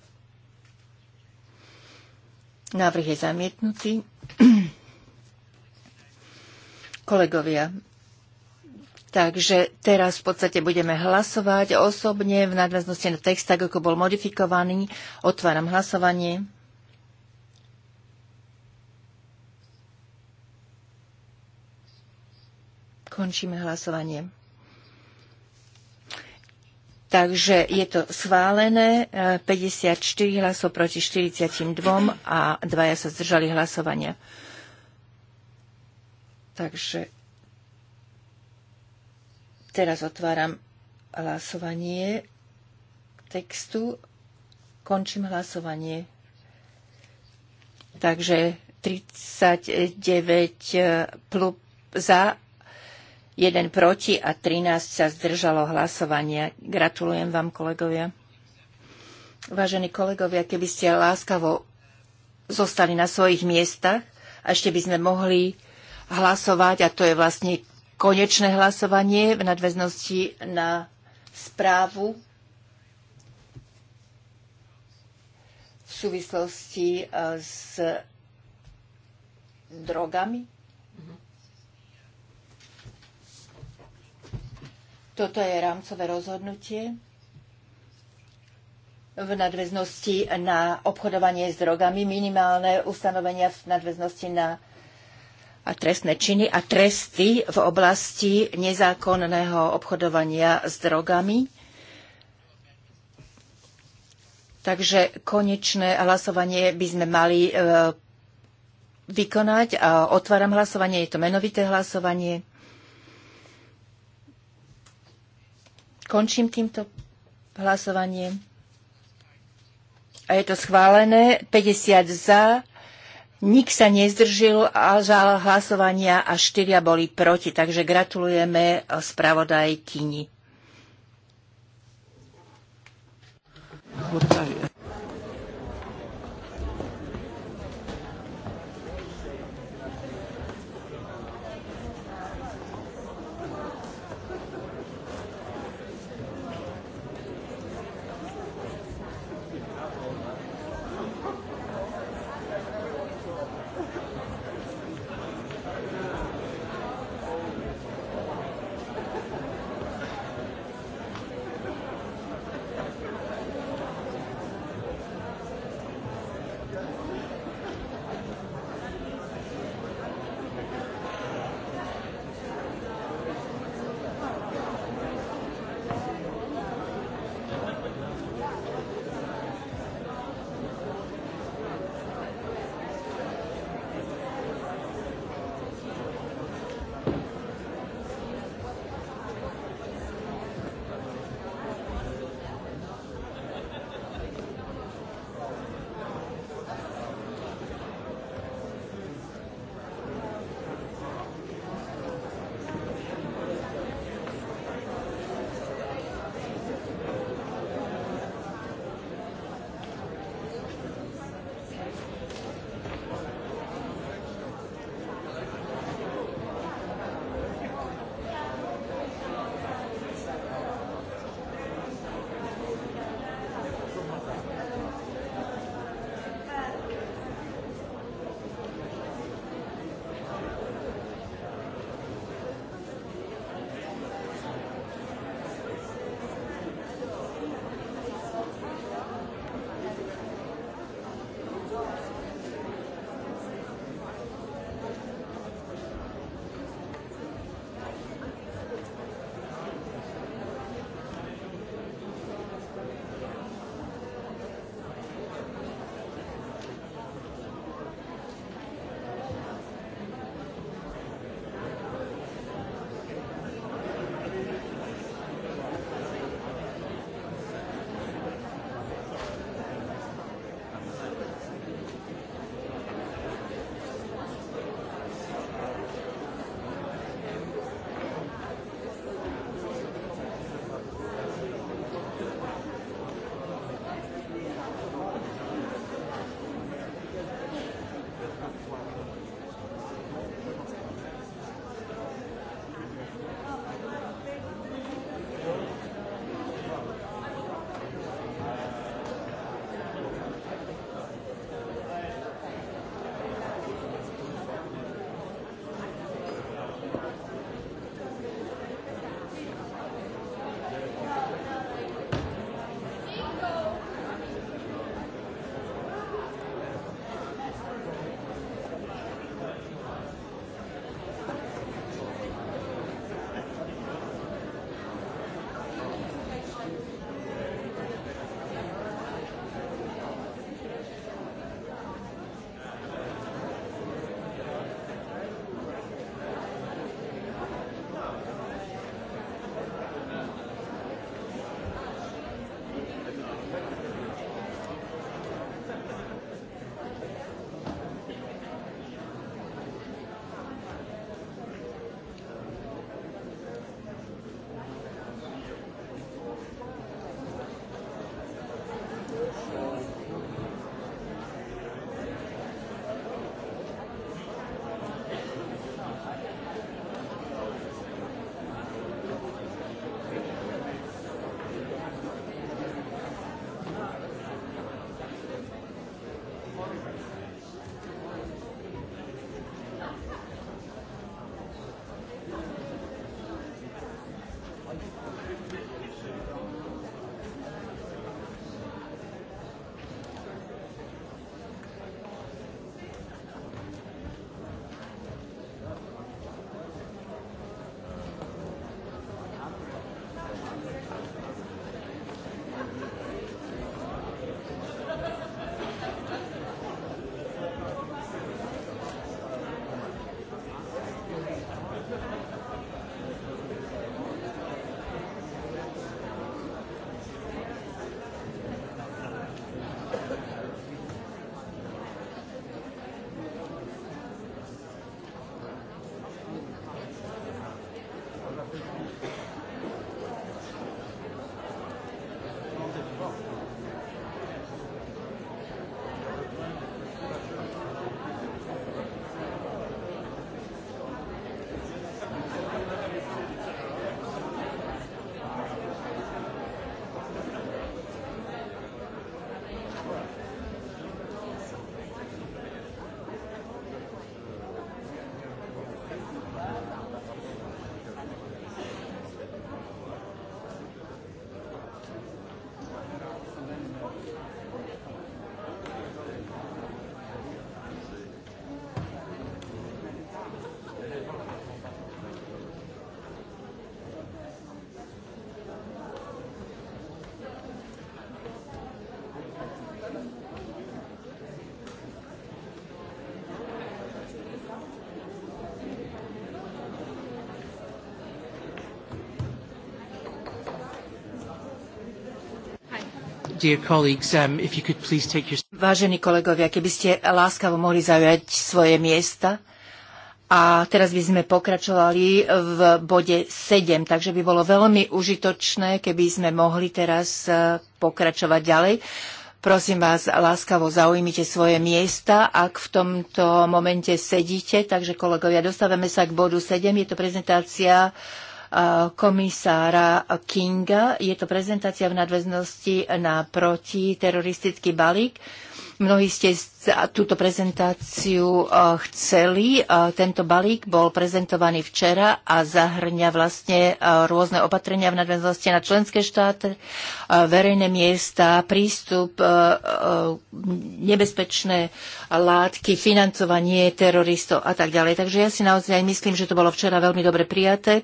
Návrh je zamietnutý. Kolegovia, Takže teraz v podstate budeme hlasovať osobne v nadväznosti na text, tak ako bol modifikovaný. Otváram hlasovanie. Končíme hlasovanie. Takže je to schválené, 54 eh, hlasov proti 42 a dvaja sa zdržali hlasovania. Takže Teraz otváram hlasovanie textu. Končím hlasovanie. Takže 39 eh, za, 1 proti a 13 sa zdržalo hlasovania. Gratulujem vám, kolegovia. Vážení kolegovia, keby ste láskavo zostali na svojich miestach a ešte by sme mohli hlasovať, a to je vlastne konečné hlasovanie v nadväznosti na správu v súvislosti e, s drogami. Toto je rámcové rozhodnutie v nadväznosti na obchodovanie s drogami, minimálne ustanovenia v nadväznosti na a trestné činy a tresty v oblasti nezákonného obchodovania s drogami. Takže konečné hlasovanie by sme mali e, vykonať. A otváram hlasovanie, je to menovité hlasovanie. Končím týmto hlasovanie. A je to schválené. 50 za, Nik sa nezdržil a za hlasovania a štyria boli proti, takže gratulujeme spravodaj Kini. Um, Vážení kolegovia, keby ste láskavo mohli zaujať svoje miesta. A teraz by sme pokračovali v bode 7, takže by bolo veľmi užitočné, keby sme mohli teraz e, pokračovať ďalej. Prosím vás, láskavo zaujmite svoje miesta, ak v tomto momente sedíte. Takže kolegovia, dostávame sa k bodu 7. Je to prezentácia uh, komisára Kinga. Je to prezentácia v nadväznosti na protiteroristický balík. Mnohí ste túto prezentáciu eh, chceli. Eh, tento balík bol prezentovaný včera a zahrňa vlastne eh, rôzne opatrenia v nadväznosti na členské štáty, verejné miesta, prístup, nebezpečné látky, financovanie teroristov a tak ďalej. Takže ja si naozaj myslím, že to bolo včera veľmi dobre prijaté.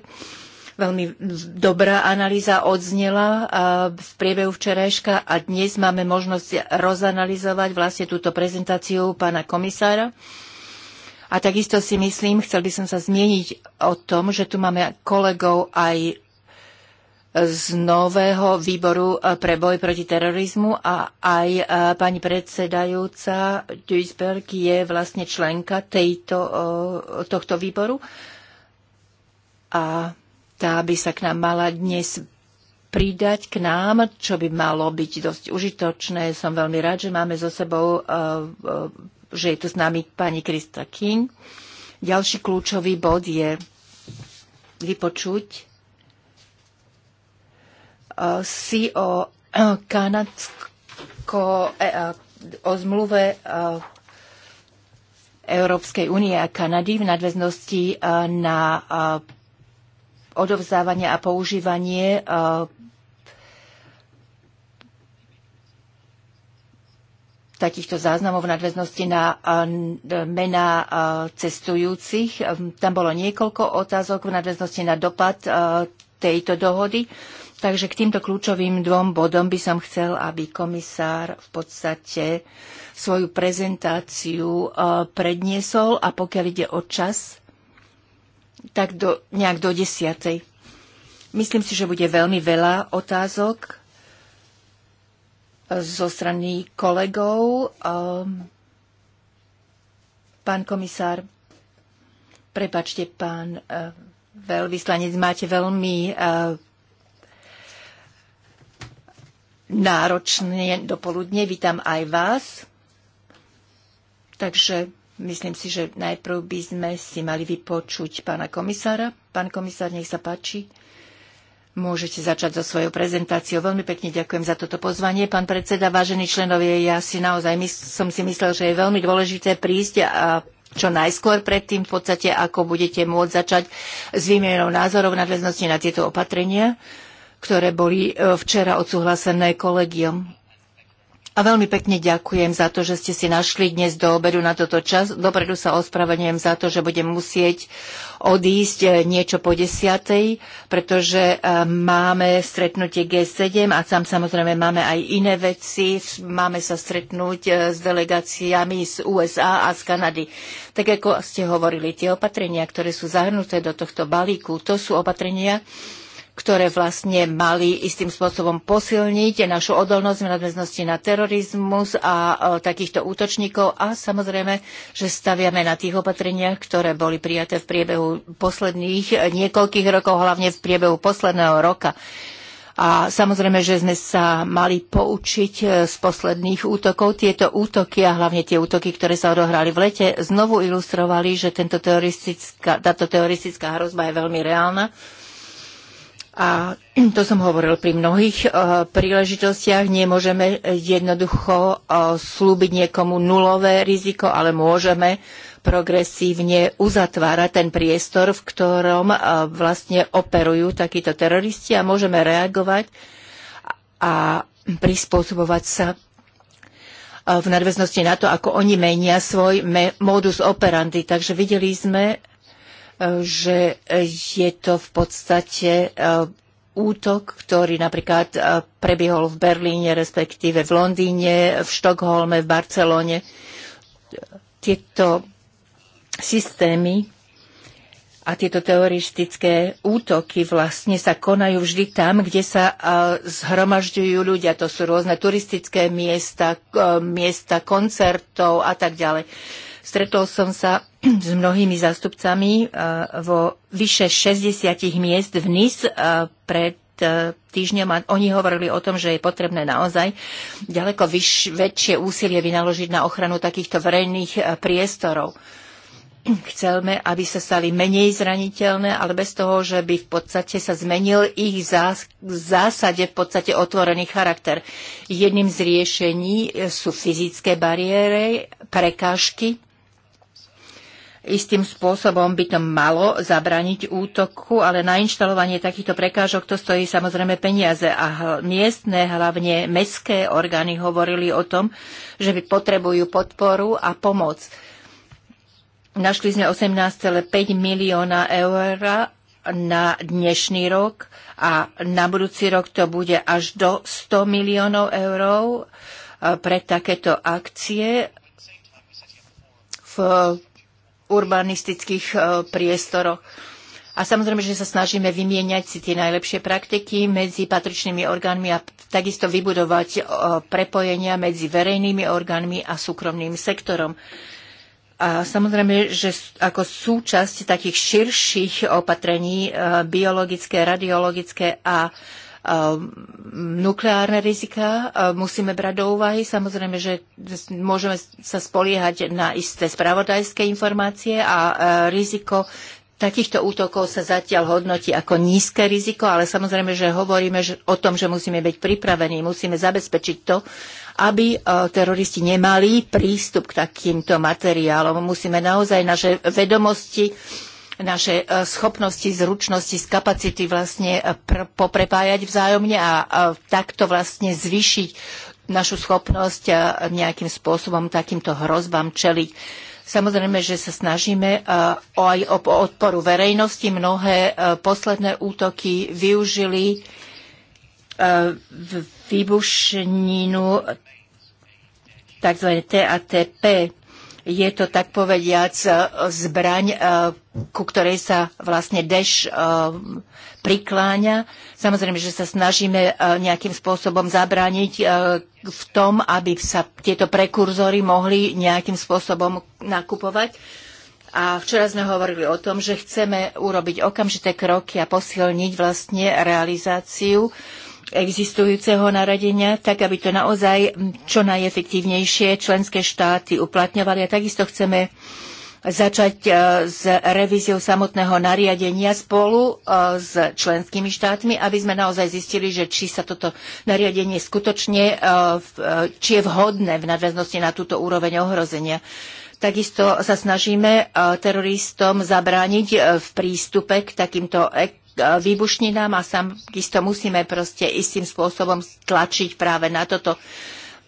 Veľmi dobrá analýza odznela v priebehu včerajška a dnes máme možnosť rozanalizovať vlastne túto prezentáciu pána komisára. A takisto si myslím, chcel by som sa zmieniť o tom, že tu máme kolegov aj z nového výboru pre boj proti terorizmu a aj pani predsedajúca Duisberg je vlastne členka tejto, tohto výboru. A tá by sa k nám mala dnes pridať k nám, čo by malo byť dosť užitočné. Som veľmi rád, že máme so sebou, e, e, že je tu s nami pani Krista King. Ďalší kľúčový bod je vypočuť e, si o kanadsko, o zmluve Európskej únie a Kanady v nadväznosti na odovzdávanie a používanie e, takýchto záznamov v nadväznosti na mená cestujúcich. E, tam bolo niekoľko otázok v nadväznosti na dopad e, tejto dohody. Takže k týmto kľúčovým dvom bodom by som chcel, aby komisár v podstate svoju prezentáciu predniesol a pokiaľ ide o čas, tak do, nejak do desiatej. Myslím si, že bude veľmi veľa otázok eh, zo strany kolegov. Ehm, pán komisár, prepačte, pán eh, veľvyslanec, máte veľmi eh, náročné dopoludne. Vítam aj vás. Takže Myslím si, že najprv by sme si mali vypočuť pána komisára. Pán komisár, nech sa páči. Môžete začať so svojou prezentáciou. Veľmi pekne ďakujem za toto pozvanie. Pán predseda, vážení členovia, ja si naozaj som si myslel, že je veľmi dôležité prísť a čo najskôr predtým, v podstate, ako budete môcť začať s výmenou názorov v nadväznosti na tieto opatrenia, ktoré boli e, včera odsúhlasené kolegiom. A veľmi pekne ďakujem za to, že ste si našli dnes do obedu na toto čas. Dopredu sa ospravedlňujem za to, že budem musieť odísť eh, niečo po desiatej, pretože eh, máme stretnutie G7 a tam samozrejme máme aj iné veci. Máme sa stretnúť eh, s delegáciami z USA a z Kanady. Tak ako ste hovorili, tie opatrenia, ktoré sú zahrnuté do tohto balíku, to sú opatrenia, ktoré vlastne mali istým spôsobom posilniť našu odolnosť v nadväznosti na terorizmus a e, takýchto útočníkov a samozrejme, že staviame na tých opatreniach, ktoré boli prijaté v priebehu posledných niekoľkých rokov, hlavne v priebehu posledného roka. A samozrejme, že sme sa mali poučiť e, z posledných útokov. Tieto útoky a hlavne tie útoky, ktoré sa odohrali v lete, znovu ilustrovali, že tento teoristická, táto teoristická hrozba je veľmi reálna a to som hovoril pri mnohých uh, príležitostiach. Nemôžeme jednoducho uh, slúbiť niekomu nulové riziko, ale môžeme progresívne uzatvárať ten priestor, v ktorom uh, vlastne operujú takíto teroristi a môžeme reagovať a prispôsobovať sa v nadväznosti na to, ako oni menia svoj modus operandi. Takže videli sme, že je to v podstate e, útok, ktorý napríklad e, prebiehol v Berlíne, respektíve v Londýne, v Štokholme, v Barcelone. Tieto systémy a tieto teoristické útoky vlastne sa konajú vždy tam, kde sa e, zhromažďujú ľudia. To sú rôzne turistické miesta, miesta koncertov a tak ďalej. Stretol som sa s mnohými zástupcami eh, vo vyše 60 miest v NIS eh, pred eh, týždňom a oni hovorili o tom, že je potrebné naozaj ďaleko vyš, väčšie úsilie vynaložiť na ochranu takýchto verejných priestorov. Chceme, aby sa stali menej zraniteľné, ale bez toho, že by v podstate sa zmenil ich zás, v zásade v podstate otvorený charakter. Jedným z riešení sú fyzické bariéry, prekážky, Istým spôsobom by to malo zabraniť útoku, ale na inštalovanie takýchto prekážok to stojí samozrejme peniaze. A miestne, hlavne mestské orgány hovorili o tom, že potrebujú podporu a pomoc. Našli sme 18,5 milióna eur na dnešný rok a na budúci rok to bude až do 100 miliónov eur eh, pre takéto akcie. V urbanistických e, priestoroch. A samozrejme, že sa snažíme vymieňať si tie najlepšie praktiky medzi patričnými orgánmi a takisto vybudovať e, prepojenia medzi verejnými orgánmi a súkromným sektorom. A samozrejme, že ako súčasť takých širších opatrení e, biologické, radiologické a Ehm, nukleárne rizika ehm, musíme brať do úvahy. Samozrejme, že môžeme sa spoliehať na isté spravodajské informácie a ehm, riziko takýchto útokov sa zatiaľ hodnotí ako nízke riziko, ale samozrejme, že hovoríme o tom, že musíme byť pripravení, musíme zabezpečiť to, aby teroristi nemali prístup k takýmto materiálom. Musíme naozaj naše vedomosti naše e, schopnosti, zručnosti, z kapacity vlastne e, poprepájať vzájomne a takto vlastne zvýšiť našu schopnosť e, nejakým spôsobom takýmto hrozbám čeliť. Samozrejme, že sa snažíme aj o odporu verejnosti. Mnohé posledné útoky využili výbušninu tzv. TATP. Je to tak povediac e, zbraň, e, ku ktorej sa vlastne deš e, prikláňa. Samozrejme, že sa snažíme nejakým spôsobom zabrániť v tom, aby sa tieto prekurzory mohli nejakým spôsobom nakupovať. A včera sme hovorili o tom, že chceme urobiť okamžité kroky a posilniť vlastne realizáciu uh, existujúceho naradenia, tak aby to naozaj čo najefektívnejšie členské štáty uplatňovali. A takisto chceme začať e, s revíziou samotného nariadenia spolu e, s členskými štátmi, aby sme naozaj zistili, že či sa toto nariadenie skutočne, e, či je vhodné v nadväznosti na túto úroveň ohrozenia. Takisto sa snažíme teroristom zabrániť v prístupe k takýmto výbušninám a isto musíme proste istým spôsobom tlačiť práve na toto.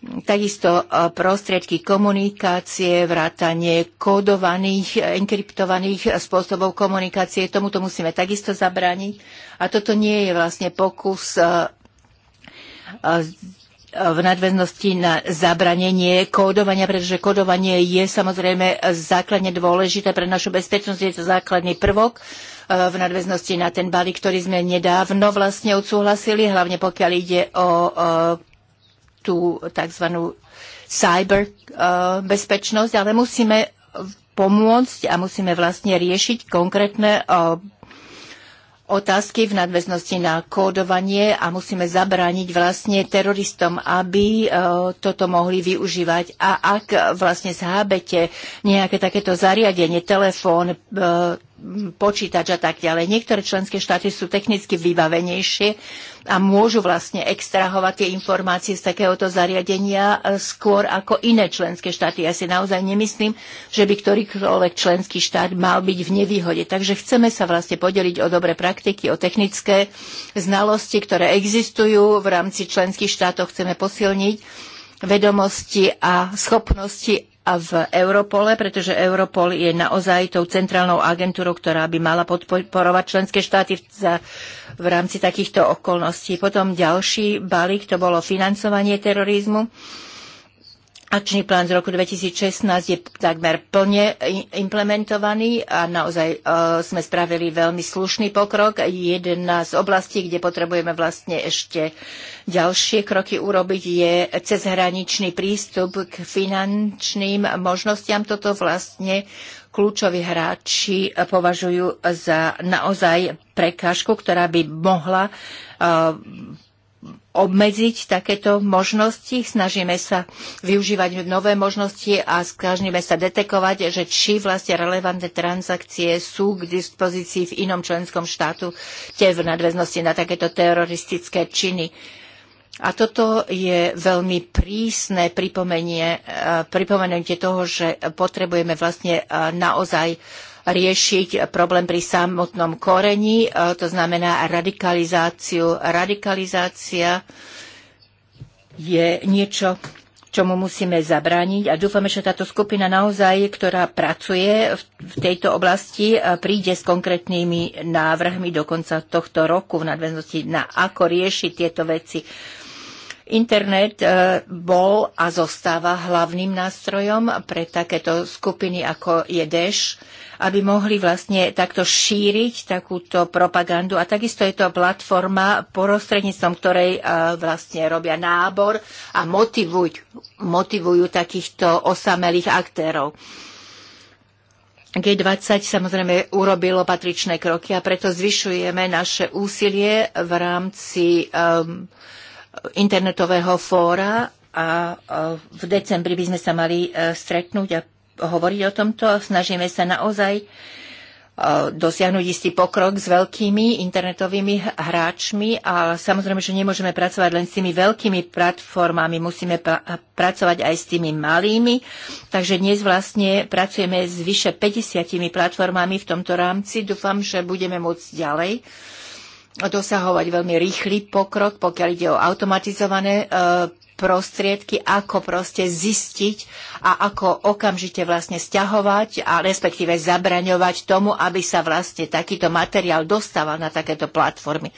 Takisto e, prostriedky komunikácie, vrátanie kódovaných, e, enkryptovaných spôsobov komunikácie, tomuto musíme takisto zabrániť. A toto nie je vlastne pokus e, v nadväznosti na zabranenie kódovania, pretože kódovanie je samozrejme základne dôležité pre našu bezpečnosť, je to základný prvok v nadväznosti na ten balík, ktorý sme nedávno vlastne odsúhlasili, hlavne pokiaľ ide o tú tzv. cyber e, bezpečnosť, ale musíme pomôcť a musíme vlastne riešiť konkrétne e, otázky v nadväznosti na kódovanie a musíme zabrániť vlastne teroristom, aby e, toto mohli využívať. A ak vlastne zhábete nejaké takéto zariadenie, telefón, počítač a tak ďalej. Niektoré členské štáty sú technicky vybavenejšie a môžu vlastne extrahovať tie informácie z takéhoto zariadenia e, skôr ako iné členské štáty. Ja si naozaj nemyslím, že by ktorýkoľvek členský štát mal byť v nevýhode. Takže chceme sa vlastne podeliť o dobre praktiky, o technické znalosti, ktoré existujú v rámci členských štátov. Chceme posilniť vedomosti a schopnosti a v Europole, pretože Europol je naozaj tou centrálnou agentúrou, ktorá by mala podporovať členské štáty v, za, v rámci takýchto okolností. Potom ďalší balík, to bolo financovanie terorizmu. Uh, Akčný plán z roku 2016 je takmer plne implementovaný a naozaj e, sme spravili veľmi slušný pokrok. Jedna z oblastí, kde potrebujeme vlastne ešte ďalšie kroky urobiť, je cezhraničný prístup k finančným možnostiam. Toto vlastne kľúčoví hráči považujú za naozaj prekážku, ktorá by mohla e, obmedziť takéto možnosti, snažíme sa využívať nové možnosti a snažíme sa detekovať, že či vlastne relevantné transakcie sú k dispozícii v inom členskom štátu tie v nadväznosti na takéto teroristické činy. A toto je veľmi prísne pripomenie, eh, pripomenutie toho, že potrebujeme vlastne eh, naozaj riešiť problém pri samotnom korení, e, to znamená radikalizáciu. Radikalizácia je niečo, čomu musíme zabrániť a dúfame, že táto skupina naozaj, ktorá pracuje v tejto oblasti, e, príde s konkrétnymi návrhmi do konca tohto roku v nadväznosti na ako riešiť tieto veci. Internet e, bol a zostáva hlavným nástrojom pre takéto skupiny ako je Deš, aby mohli vlastne takto šíriť takúto propagandu. A takisto je to platforma, prostredníctvom ktorej e, vlastne robia nábor a motivujú, motivujú takýchto osamelých aktérov. G20 samozrejme urobilo patričné kroky a preto zvyšujeme naše úsilie v rámci um, internetového fóra a v decembri by sme sa mali e, stretnúť a hovoriť o tomto. Snažíme sa naozaj e, dosiahnuť istý pokrok s veľkými internetovými hráčmi a samozrejme, že nemôžeme pracovať len s tými veľkými platformami, musíme pra- pracovať aj s tými malými. Takže dnes vlastne pracujeme s vyše 50 platformami v tomto rámci. Dúfam, že budeme môcť ďalej dosahovať veľmi rýchly pokrok, pokiaľ ide o automatizované e, prostriedky, ako proste zistiť a ako okamžite vlastne stiahovať a respektíve zabraňovať tomu, aby sa vlastne takýto materiál dostával na takéto platformy,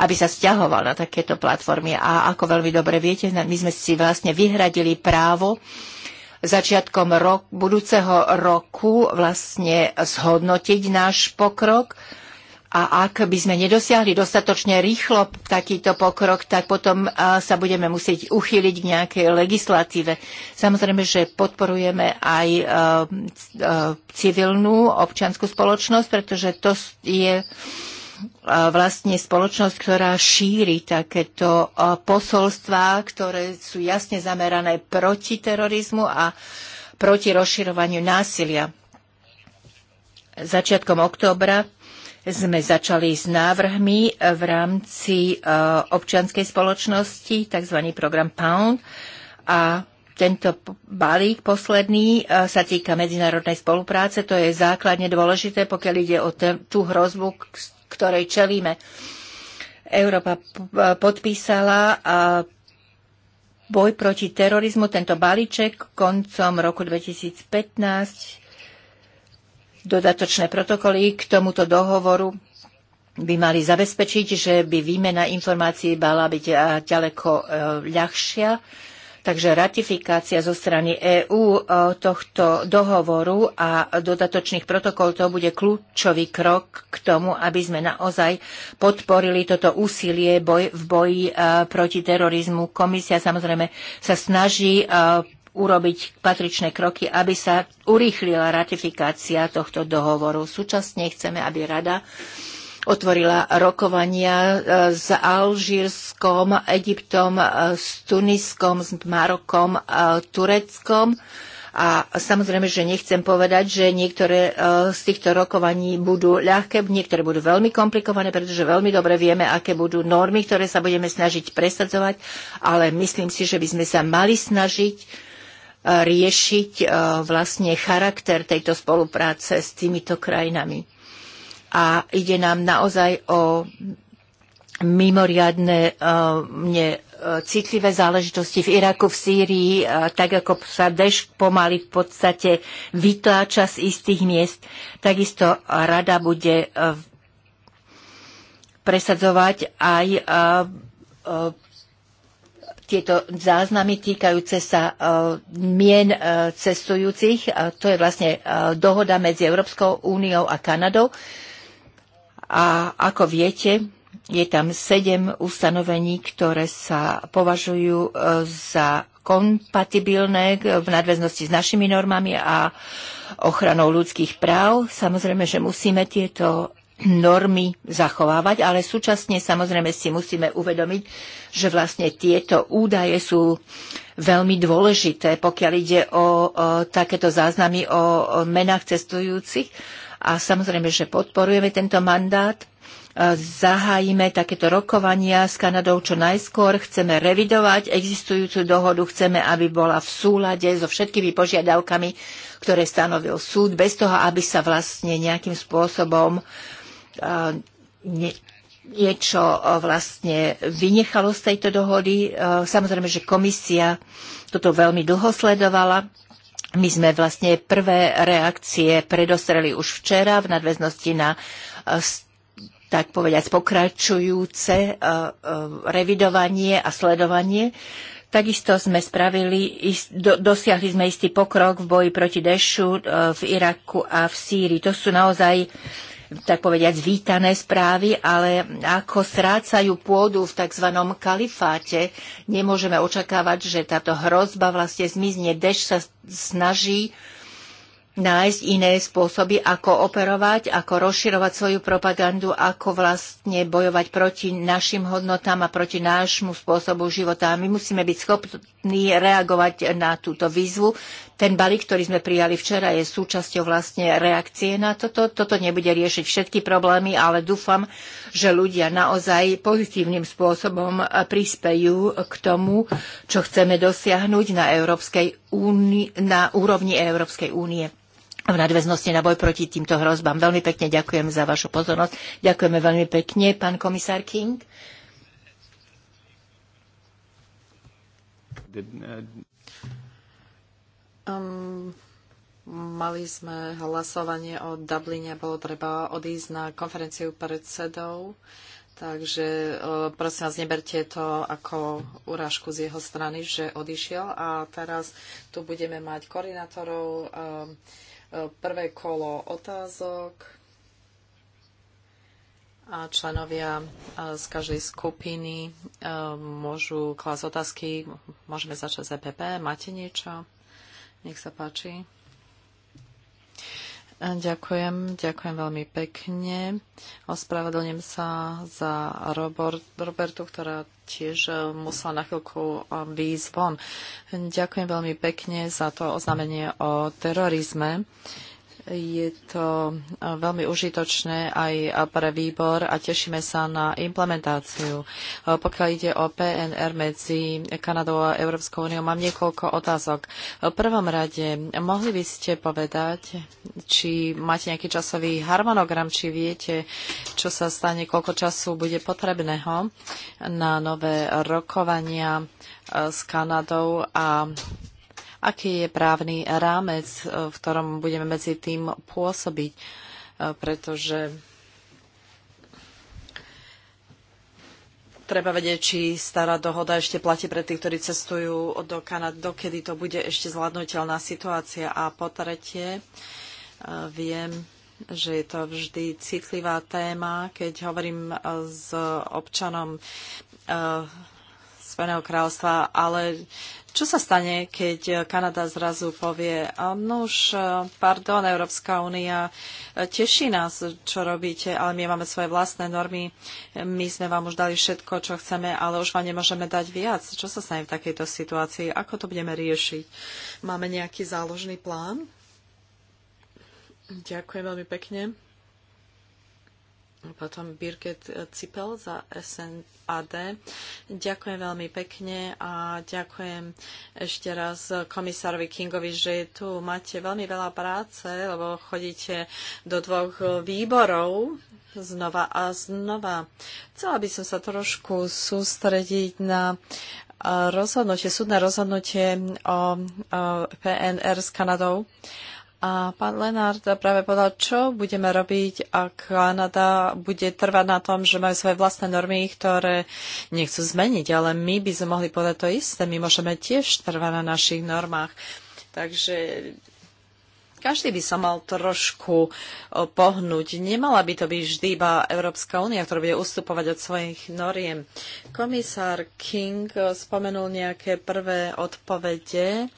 aby sa stiahoval na takéto platformy. A ako veľmi dobre viete, my sme si vlastne vyhradili právo začiatkom rok, budúceho roku vlastne zhodnotiť náš pokrok a ak by sme nedosiahli dostatočne rýchlo takýto pokrok, tak potom sa budeme musieť uchyliť k nejakej legislatíve. Samozrejme, že podporujeme aj civilnú občianskú spoločnosť, pretože to je vlastne spoločnosť, ktorá šíri takéto posolstvá, ktoré sú jasne zamerané proti terorizmu a proti rozširovaniu násilia. Začiatkom októbra sme začali s návrhmi v rámci e, občianskej spoločnosti, tzv. program POUND. A tento balík posledný e, sa týka medzinárodnej spolupráce. To je základne dôležité, pokiaľ ide o tú hrozbu, ktorej čelíme. Európa e, podpísala boj proti terorizmu, tento balíček koncom roku 2015 Dodatočné protokoly k tomuto dohovoru by mali zabezpečiť, že by výmena informácií mala byť eh, ďaleko eh, ľahšia. Takže ratifikácia zo strany EÚ eh, tohto dohovoru a dodatočných protokol to bude kľúčový krok k tomu, aby sme naozaj podporili toto úsilie boj, v boji proti terorizmu. Komisia samozrejme sa snaží urobiť patričné kroky, aby sa urýchlila ratifikácia tohto dohovoru. Súčasne chceme, aby Rada otvorila rokovania e, s Alžírskom, Egyptom, e, s Tuniskom, s Marokom, e, Tureckom. A samozrejme, že nechcem povedať, že niektoré z týchto rokovaní budú ľahké, niektoré budú veľmi komplikované, pretože veľmi dobre vieme, aké budú normy, ktoré sa budeme snažiť presadzovať, ale myslím si, že by sme sa mali snažiť riešiť e, vlastne charakter tejto spolupráce s týmito krajinami. A ide nám naozaj o mimoriadne e, mne, e, citlivé záležitosti v Iraku, v Sýrii, tak ako sa deš pomaly v podstate vytláča z istých miest, takisto rada bude presadzovať aj tieto záznamy týkajúce sa e, mien e, cestujúcich. E, to je vlastne dohoda medzi Európskou úniou a Kanadou. A ako viete, je tam sedem ustanovení, ktoré sa považujú za kompatibilné v nadväznosti s našimi normami a ochranou ľudských práv. Samozrejme, že musíme tieto normy zachovávať, ale súčasne samozrejme si musíme uvedomiť, že vlastne tieto údaje sú veľmi dôležité, pokiaľ ide o, o takéto záznamy o, o menách cestujúcich. A samozrejme, že podporujeme tento mandát, e, zahájime takéto rokovania s Kanadou čo najskôr. Chceme revidovať existujúcu dohodu, chceme, aby bola v súlade so všetkými požiadavkami, ktoré stanovil súd, bez toho, aby sa vlastne nejakým spôsobom uh, ne, niečo vlastne vynechalo z tejto dohody. Samozrejme, že komisia toto veľmi dlho sledovala. My sme vlastne prvé reakcie predostreli už včera v nadväznosti na tak povedať pokračujúce revidovanie a sledovanie. Takisto sme spravili, dosiahli sme istý pokrok v boji proti dešu v Iraku a v Sýrii. To sú naozaj tak povediať, zvítané správy, ale ako strácajú pôdu v tzv. kalifáte, nemôžeme očakávať, že táto hrozba vlastne zmizne. Dež sa snaží nájsť iné spôsoby, ako operovať, ako rozširovať svoju propagandu, ako vlastne bojovať proti našim hodnotám a proti nášmu spôsobu života. A my musíme byť schopní schopní reagovať na túto výzvu. Ten balík, ktorý sme prijali včera, je súčasťou vlastne reakcie na toto. Toto nebude riešiť všetky problémy, ale dúfam, že ľudia naozaj pozitívnym spôsobom prispejú k tomu, čo chceme dosiahnuť na, Európskej úni- na úrovni Európskej únie v nadväznosti na boj proti týmto hrozbám. Veľmi pekne ďakujem za vašu pozornosť. Ďakujeme veľmi pekne, pán komisár King. uh... um, mali sme hlasovanie o Dubline, bolo treba odísť na konferenciu predsedov, takže uh, prosím vás, neberte to ako urážku z jeho strany, že odišiel a teraz tu budeme mať koordinátorov, ehm, eh, prvé kolo otázok a členovia z každej skupiny môžu klásť otázky. Môžeme začať z EPP. Máte niečo? Nech sa páči. Ďakujem, ďakujem veľmi pekne. Ospravedlňujem sa za Robertu, ktorá tiež e, musela na chvíľku e, výjsť von. Ďakujem veľmi pekne za to oznámenie o terorizme. Uh, je to veľmi užitočné aj pre výbor a tešíme sa na implementáciu. Pokiaľ ide o PNR medzi Kanadou a Európskou úniou, mám niekoľko otázok. V prvom rade, mohli by ste povedať, či máte nejaký časový harmonogram, či viete, čo sa stane, koľko času bude potrebného na nové rokovania s Kanadou a aký je právny rámec, e, v ktorom budeme medzi tým pôsobiť, e, pretože treba vedieť, či stará dohoda ešte platí pre tých, ktorí cestujú do Kanady, dokedy to bude ešte zvládnutelná situácia. A po tretie, e, viem, že je to vždy citlivá téma, keď hovorím s občanom Spojeného kráľstva, ale čo sa stane, keď Kanada zrazu povie, no už, pardon, Európska únia, teší nás, čo robíte, ale my máme svoje vlastné normy, my sme vám už dali všetko, čo chceme, ale už vám nemôžeme dať viac. Čo sa stane v takejto situácii? Ako to budeme riešiť? Máme nejaký záložný plán? Ďakujem veľmi pekne potom Birgit Cipel za SNAD. Ďakujem veľmi pekne a ďakujem ešte raz komisárovi Kingovi, že tu máte veľmi veľa práce, lebo chodíte do dvoch výborov znova a znova. Chcela by som sa trošku sústrediť na eh, rozhodnutie, súdne rozhodnutie o eh, PNR s Kanadou a pán Lenard práve povedal, čo budeme robiť, ak Kanada bude trvať na tom, že majú svoje vlastné normy, ktoré nechcú zmeniť. Ale my by sme mohli povedať to isté. My môžeme tiež trvať na našich normách. Takže každý by sa mal trošku pohnúť. Nemala by to byť vždy iba Európska únia, ktorá bude ustupovať od svojich noriem. Komisár King spomenul nejaké prvé odpovede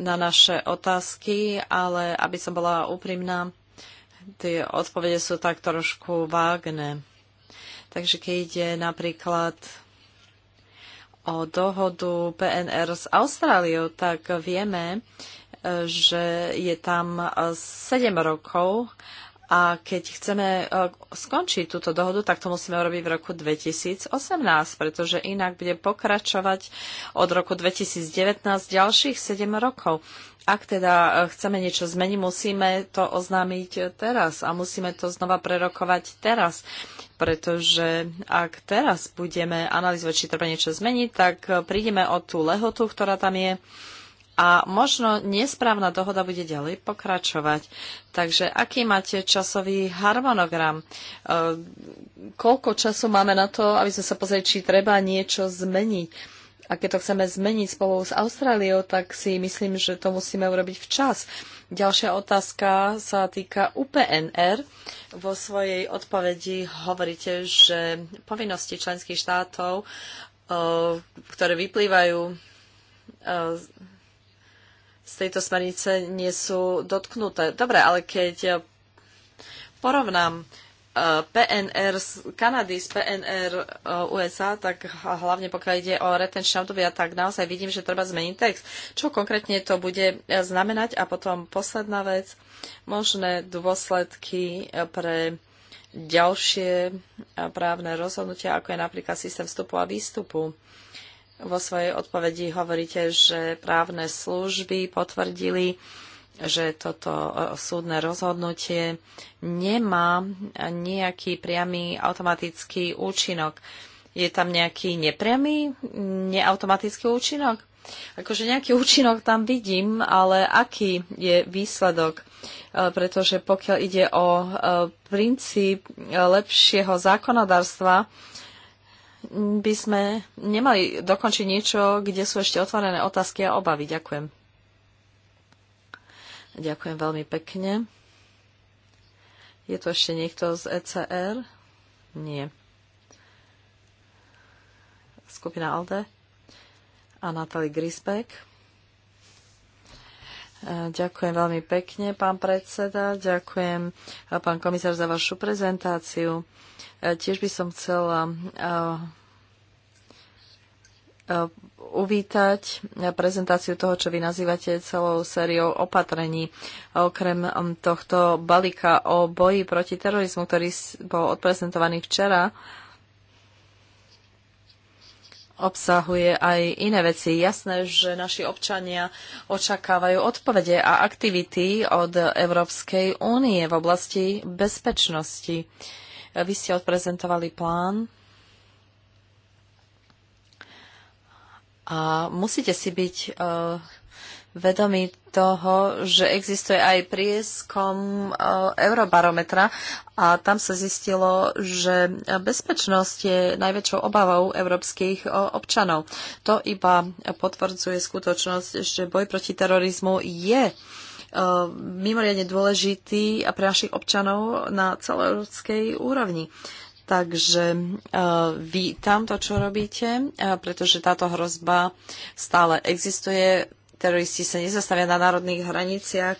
na naše otázky, ale aby som bola úprimná, tie odpovede sú tak trošku vágne. Takže keď ide napríklad o dohodu PNR s Austráliou, tak vieme, že je tam 7 e, rokov a keď chceme e, skončiť túto dohodu, tak to musíme urobiť v roku 2018, pretože inak bude pokračovať od roku 2019 ďalších 7 rokov. Ak teda e, chceme niečo zmeniť, musíme to oznámiť teraz a musíme to znova prerokovať teraz, pretože ak teraz budeme analyzovať, či treba niečo zmeniť, tak prídeme o tú lehotu, ktorá tam je a možno nesprávna dohoda bude ďalej pokračovať. Takže aký máte časový harmonogram? E, koľko času máme na to, aby sme sa pozreli, či treba niečo zmeniť? A keď to chceme zmeniť spolu s Austráliou, tak si myslím, že to musíme urobiť včas. Ďalšia otázka sa týka UPNR. Vo svojej odpovedi hovoríte, že povinnosti členských štátov, e, ktoré vyplývajú e, z tejto smernice nie sú dotknuté. Dobre, ale keď eh, porovnám eh, PNR z Kanady s PNR eh, USA, tak hlavne pokiaľ ide o retenčné obdobia, tak naozaj vidím, že treba zmeniť text. Čo konkrétne to bude znamenať? A potom posledná vec, možné dôsledky pre ďalšie právne rozhodnutia, ako je napríklad systém vstupu a výstupu. Vo svojej odpovedi hovoríte, že právne služby potvrdili, že toto e, súdne rozhodnutie nemá nejaký priamy automatický účinok. Je tam nejaký nepriamy, neautomatický účinok? Akože nejaký účinok tam vidím, ale aký je výsledok? E, pretože pokiaľ ide o e, princíp lepšieho zákonodárstva, by sme nemali dokončiť niečo, kde sú ešte otvorené otázky a obavy. Ďakujem. Ďakujem veľmi pekne. Je tu ešte niekto z ECR? Nie. Skupina ALDE a Natalie Grisbeck. Ďakujem veľmi pekne, pán predseda. Ďakujem, eh, pán komisár, za vašu prezentáciu. Eh, tiež by som chcela eh, uvítať prezentáciu toho, čo vy nazývate celou sériou opatrení. Okrem mm, tohto balíka o boji proti terorizmu, ktorý bol odprezentovaný včera, obsahuje aj iné veci. Jasné, že naši občania očakávajú odpovede a aktivity od Európskej únie v oblasti bezpečnosti. Vy ste odprezentovali plán a musíte si byť eh, vedomí toho, že existuje aj prieskom e, Eurobarometra a tam sa zistilo, že bezpečnosť je najväčšou obavou európskych e, občanov. To iba potvrdzuje skutočnosť, že boj proti terorizmu je e, mimoriadne dôležitý a pre našich občanov na celoeurópskej úrovni. Takže uh, vítam to, čo robíte, uh, pretože táto hrozba stále existuje teroristi sa nezastavia na národných hraniciach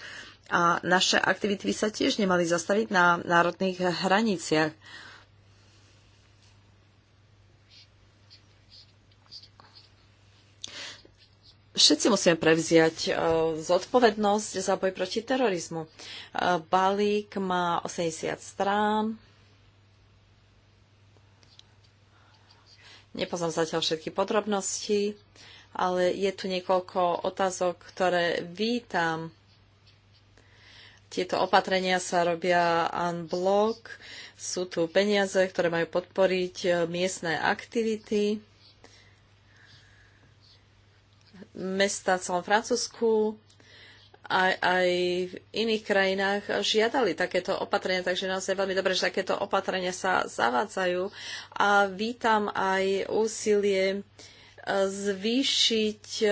a naše aktivity by sa tiež nemali zastaviť na národných hraniciach. Všetci musíme prevziať e, zodpovednosť za boj proti terorizmu. E, balík má 80 strán. Nepoznám zatiaľ všetky podrobnosti ale je tu niekoľko otázok, ktoré vítam. Tieto opatrenia sa robia unblock. Sú tu peniaze, ktoré majú podporiť eh, miestne aktivity. Mesta v celom Francúzsku aj, aj v iných krajinách žiadali takéto opatrenia, takže naozaj veľmi dobre, že takéto opatrenia sa zavádzajú. A vítam aj úsilie uh, zvýšiť e,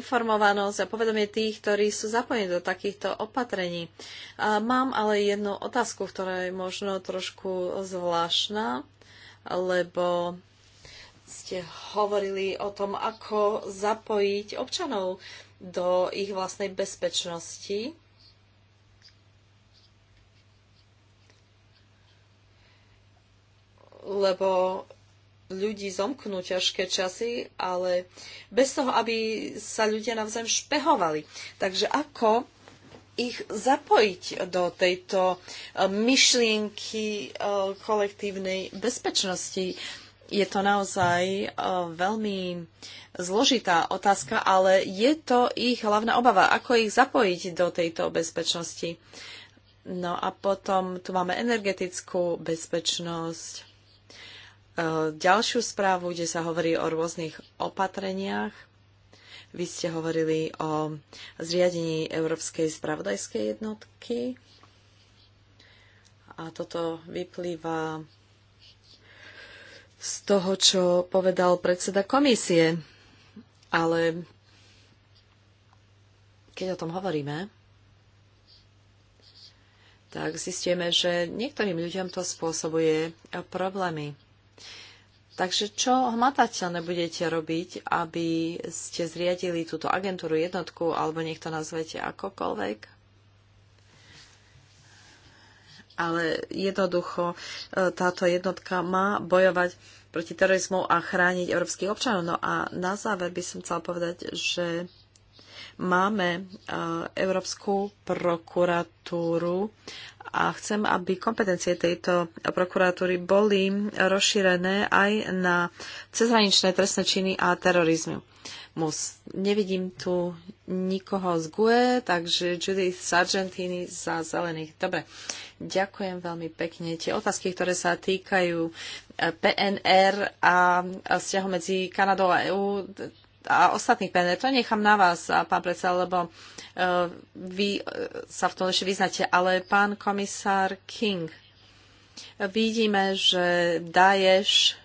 informovanosť a povedomie tých, ktorí sú zapojení do takýchto opatrení. Mám ale jednu otázku, ktorá je možno trošku zvláštna, lebo ste hovorili o tom, ako zapojiť občanov do ich vlastnej bezpečnosti. Lebo ľudí zomknú ťažké časy, ale bez toho, aby sa ľudia navzájom špehovali. Takže ako ich zapojiť do tejto e, myšlienky e, kolektívnej bezpečnosti? Je to naozaj e, veľmi zložitá otázka, ale je to ich hlavná obava, ako ich zapojiť do tejto bezpečnosti. No a potom tu máme energetickú bezpečnosť E, ďalšiu správu, kde sa hovorí o rôznych opatreniach. Vy ste hovorili o zriadení Európskej spravodajskej jednotky. A toto vyplýva z toho, čo povedal predseda komisie. Ale keď o tom hovoríme, tak zistíme, že niektorým ľuďom to spôsobuje problémy. Takže čo hmatateľné budete robiť, aby ste zriadili túto agentúru jednotku, alebo nech to nazvete akokoľvek? Ale jednoducho e, táto jednotka má bojovať proti terorizmu a chrániť európskych občanov. No a na záver by som chcela povedať, že Máme e, Európsku prokuratúru a chcem, aby kompetencie tejto prokuratúry boli rozšírené aj na cezhraničné trestné činy a terorizmu. Mus. Nevidím tu nikoho z GUE, takže Judith Sargentini za zelených. Dobre, ďakujem veľmi pekne. Tie otázky, ktoré sa týkajú e, PNR a vzťahu medzi Kanadou a EÚ, a ostatných PNR. To nechám na vás, pán predseda, lebo e, vy e, sa v tom ešte vyznáte. Ale pán komisár King, vidíme, že Daesh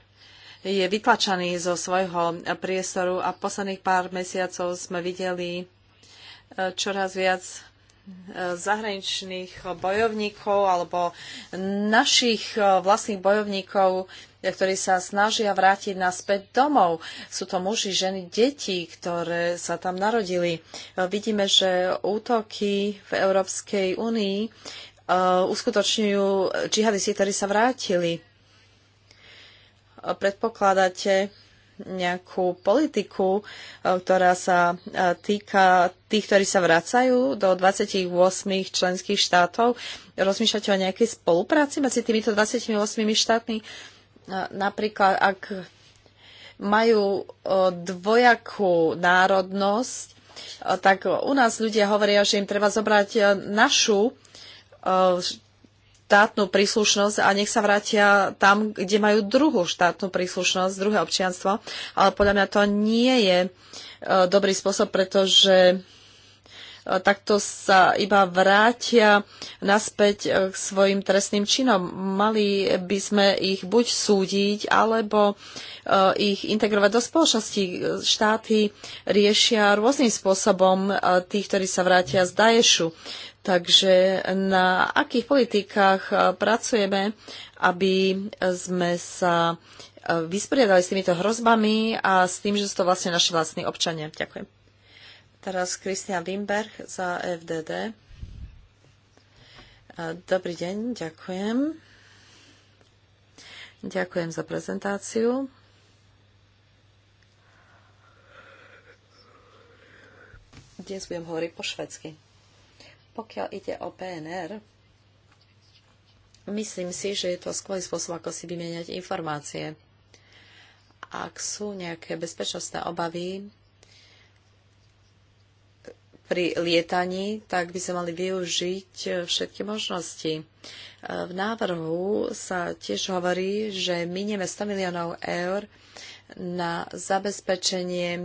je vytlačaný zo svojho priestoru a posledných pár mesiacov sme videli e, čoraz viac zahraničných bojovníkov alebo našich vlastných bojovníkov ktorí sa snažia vrátiť naspäť domov. Sú to muži, ženy, deti, ktoré sa tam narodili. E, vidíme, že útoky v Európskej únii e, uskutočňujú džihadisti, ktorí sa vrátili. E, predpokladáte, nejakú politiku, ktorá sa týka tých, ktorí sa vracajú do 28 členských štátov. Rozmýšľate o nejakej spolupráci medzi týmito 28 štátmi? Napríklad, ak majú dvojakú národnosť, tak u nás ľudia hovoria, že im treba zobrať našu štátnu príslušnosť a nech sa vrátia tam, kde majú druhú štátnu príslušnosť, druhé občianstvo. Ale podľa mňa to nie je dobrý spôsob, pretože E, takto sa iba vrátia naspäť e, k svojim trestným činom. Mali by sme ich buď súdiť, alebo e, ich integrovať do spoločnosti. Štáty riešia rôznym spôsobom tých, ktorí sa vrátia z Daješu. Takže na akých politikách pracujeme, aby sme sa vysporiadali s týmito hrozbami a s tým, že sú to vlastne naši vlastní občania. Ďakujem. Teraz Kristian za FDD. Dobrý deň, ďakujem. Ďakujem za prezentáciu. Dnes budem hovoriť po švedsky. Pokiaľ ide o PNR, myslím si, že je to skvelý spôsob, ako si vymieňať informácie. Ak sú nejaké bezpečnostné obavy, pri lietaní, tak by sme mali využiť e, všetky možnosti. E, v návrhu sa tiež hovorí, že minieme 100 miliónov eur na zabezpečenie e,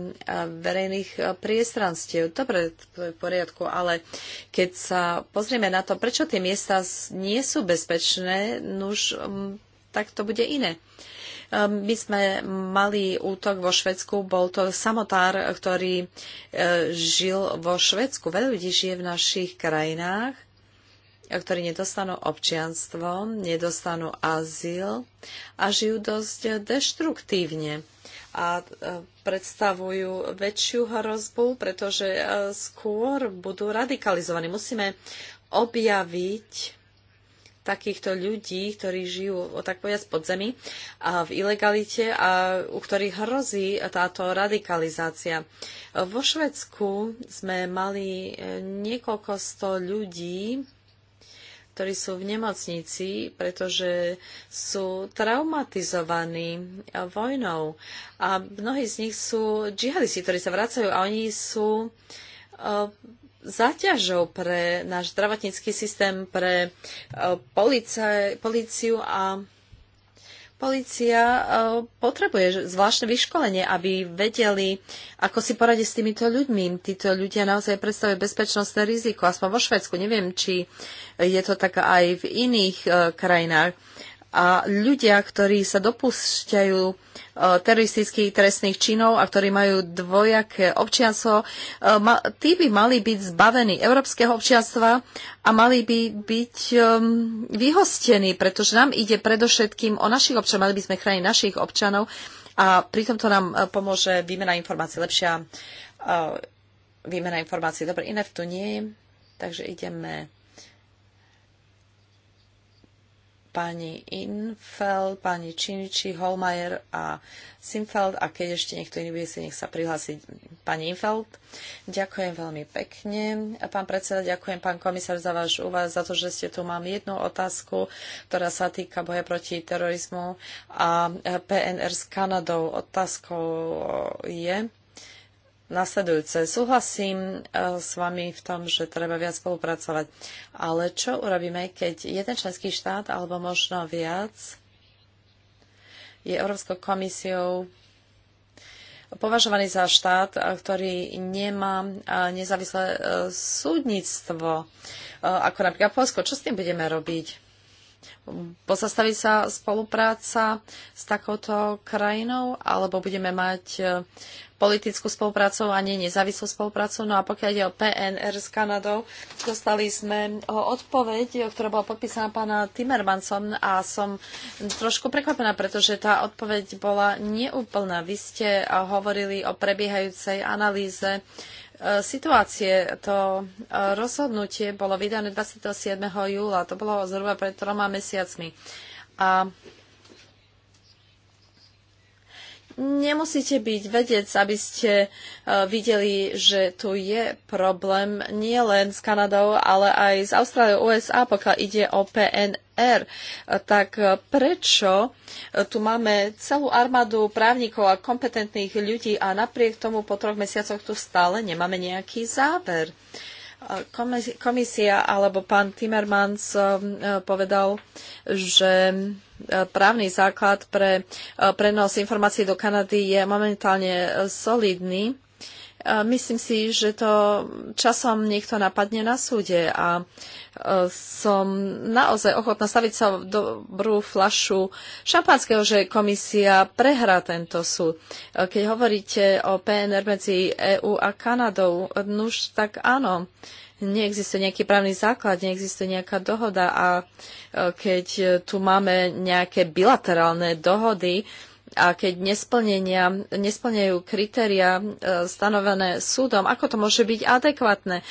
verejných priestranstiev. Dobre, to je v poriadku, ale keď sa pozrieme na to, prečo tie miesta nie sú bezpečné, nuž, tak to bude iné. Uh, Ehm, my sme mali útok vo Švedsku, bol to samotár, ktorý e, žil vo Švedsku. Veľa ľudí žije v našich krajinách e, ktorí nedostanú občianstvo, nedostanú azyl a žijú dosť deštruktívne a e, predstavujú väčšiu hrozbu, pretože skôr budú radikalizovaní. Musíme objaviť takýchto ľudí, ktorí žijú, tak povedať, pod zemi, a v ilegalite a u ktorých hrozí táto radikalizácia. Vo Švedsku sme mali e, niekoľko sto ľudí, ktorí sú v nemocnici, pretože sú traumatizovaní e, vojnou. A mnohí z nich sú džihadisti, ktorí sa vracajú a oni sú e, zaťažou pre náš zdravotnícky systém, pre e, políciu a Polícia e, potrebuje zvláštne vyškolenie, aby vedeli, ako si poradiť s týmito ľuďmi. Títo ľudia naozaj predstavujú bezpečnostné riziko, aspoň vo Švedsku. Neviem, či je to tak aj v iných e, krajinách. A ľudia, ktorí sa dopúšťajú e, teroristických trestných činov a ktorí majú dvojaké občianstvo, e, tí by mali byť zbavení európskeho občianstva a mali by byť ehm, vyhostení, pretože nám ide predovšetkým o našich občanov, mali by sme chrániť našich občanov a pritom to nám e, pomôže výmena informácií, lepšia výmena informácií. Dobre, iné tu nie je, takže ideme pani Infeld, pani Činiči, Holmajer a Simfeld a keď ešte niekto iný bude si, nech sa prihlási pani Infeld. Ďakujem veľmi pekne. Pán predseda, ďakujem pán komisár za váš úvaz, za to, že ste tu. Mám jednu otázku, ktorá sa týka boja proti terorizmu a PNR s Kanadou. Otázkou je, nasledujúce. Súhlasím e, s vami v tom, že treba viac spolupracovať, ale čo urobíme, keď jeden členský štát alebo možno viac je Európskou komisiou považovaný za štát, e, ktorý nemá e, nezávislé súdnictvo, ako napríklad Polsko. Čo s tým budeme robiť? pozastaví sa spolupráca s takouto krajinou, alebo budeme mať e, politickú spoluprácu a nie nezávislú spoluprácu. No a pokiaľ ide o PNR s Kanadou, dostali sme e, odpoveď, e, ktorá bola podpísaná pána Timmermansom a som trošku prekvapená, pretože tá odpoveď bola neúplná. Vy ste hovorili o prebiehajúcej analýze E, situácie. To e, rozhodnutie bolo vydané 27. júla. To bolo zhruba pred troma mesiacmi. A nemusíte byť vedec, aby ste e, videli, že tu je problém len s Kanadou, ale aj s Austráliou, USA, pokiaľ ide o PNR PNR, tak prečo tu máme celú armádu právnikov a kompetentných ľudí a napriek tomu po troch mesiacoch tu stále nemáme nejaký záver? Komisia alebo pán Timmermans um, um, povedal, že uh, právny základ pre uh, prenos informácií do Kanady je momentálne solidný Myslím si, že to časom niekto napadne na súde a e, som naozaj ochotná staviť sa v dobrú flašu šampanského, že komisia prehrá tento súd. E, keď hovoríte o PNR medzi EÚ a Kanadou, nuž tak áno neexistuje nejaký právny základ, neexistuje nejaká dohoda a e, keď tu máme nejaké bilaterálne dohody, a keď nesplnenia, nesplňajú kritéria e, stanovené súdom, ako to môže byť adekvátne?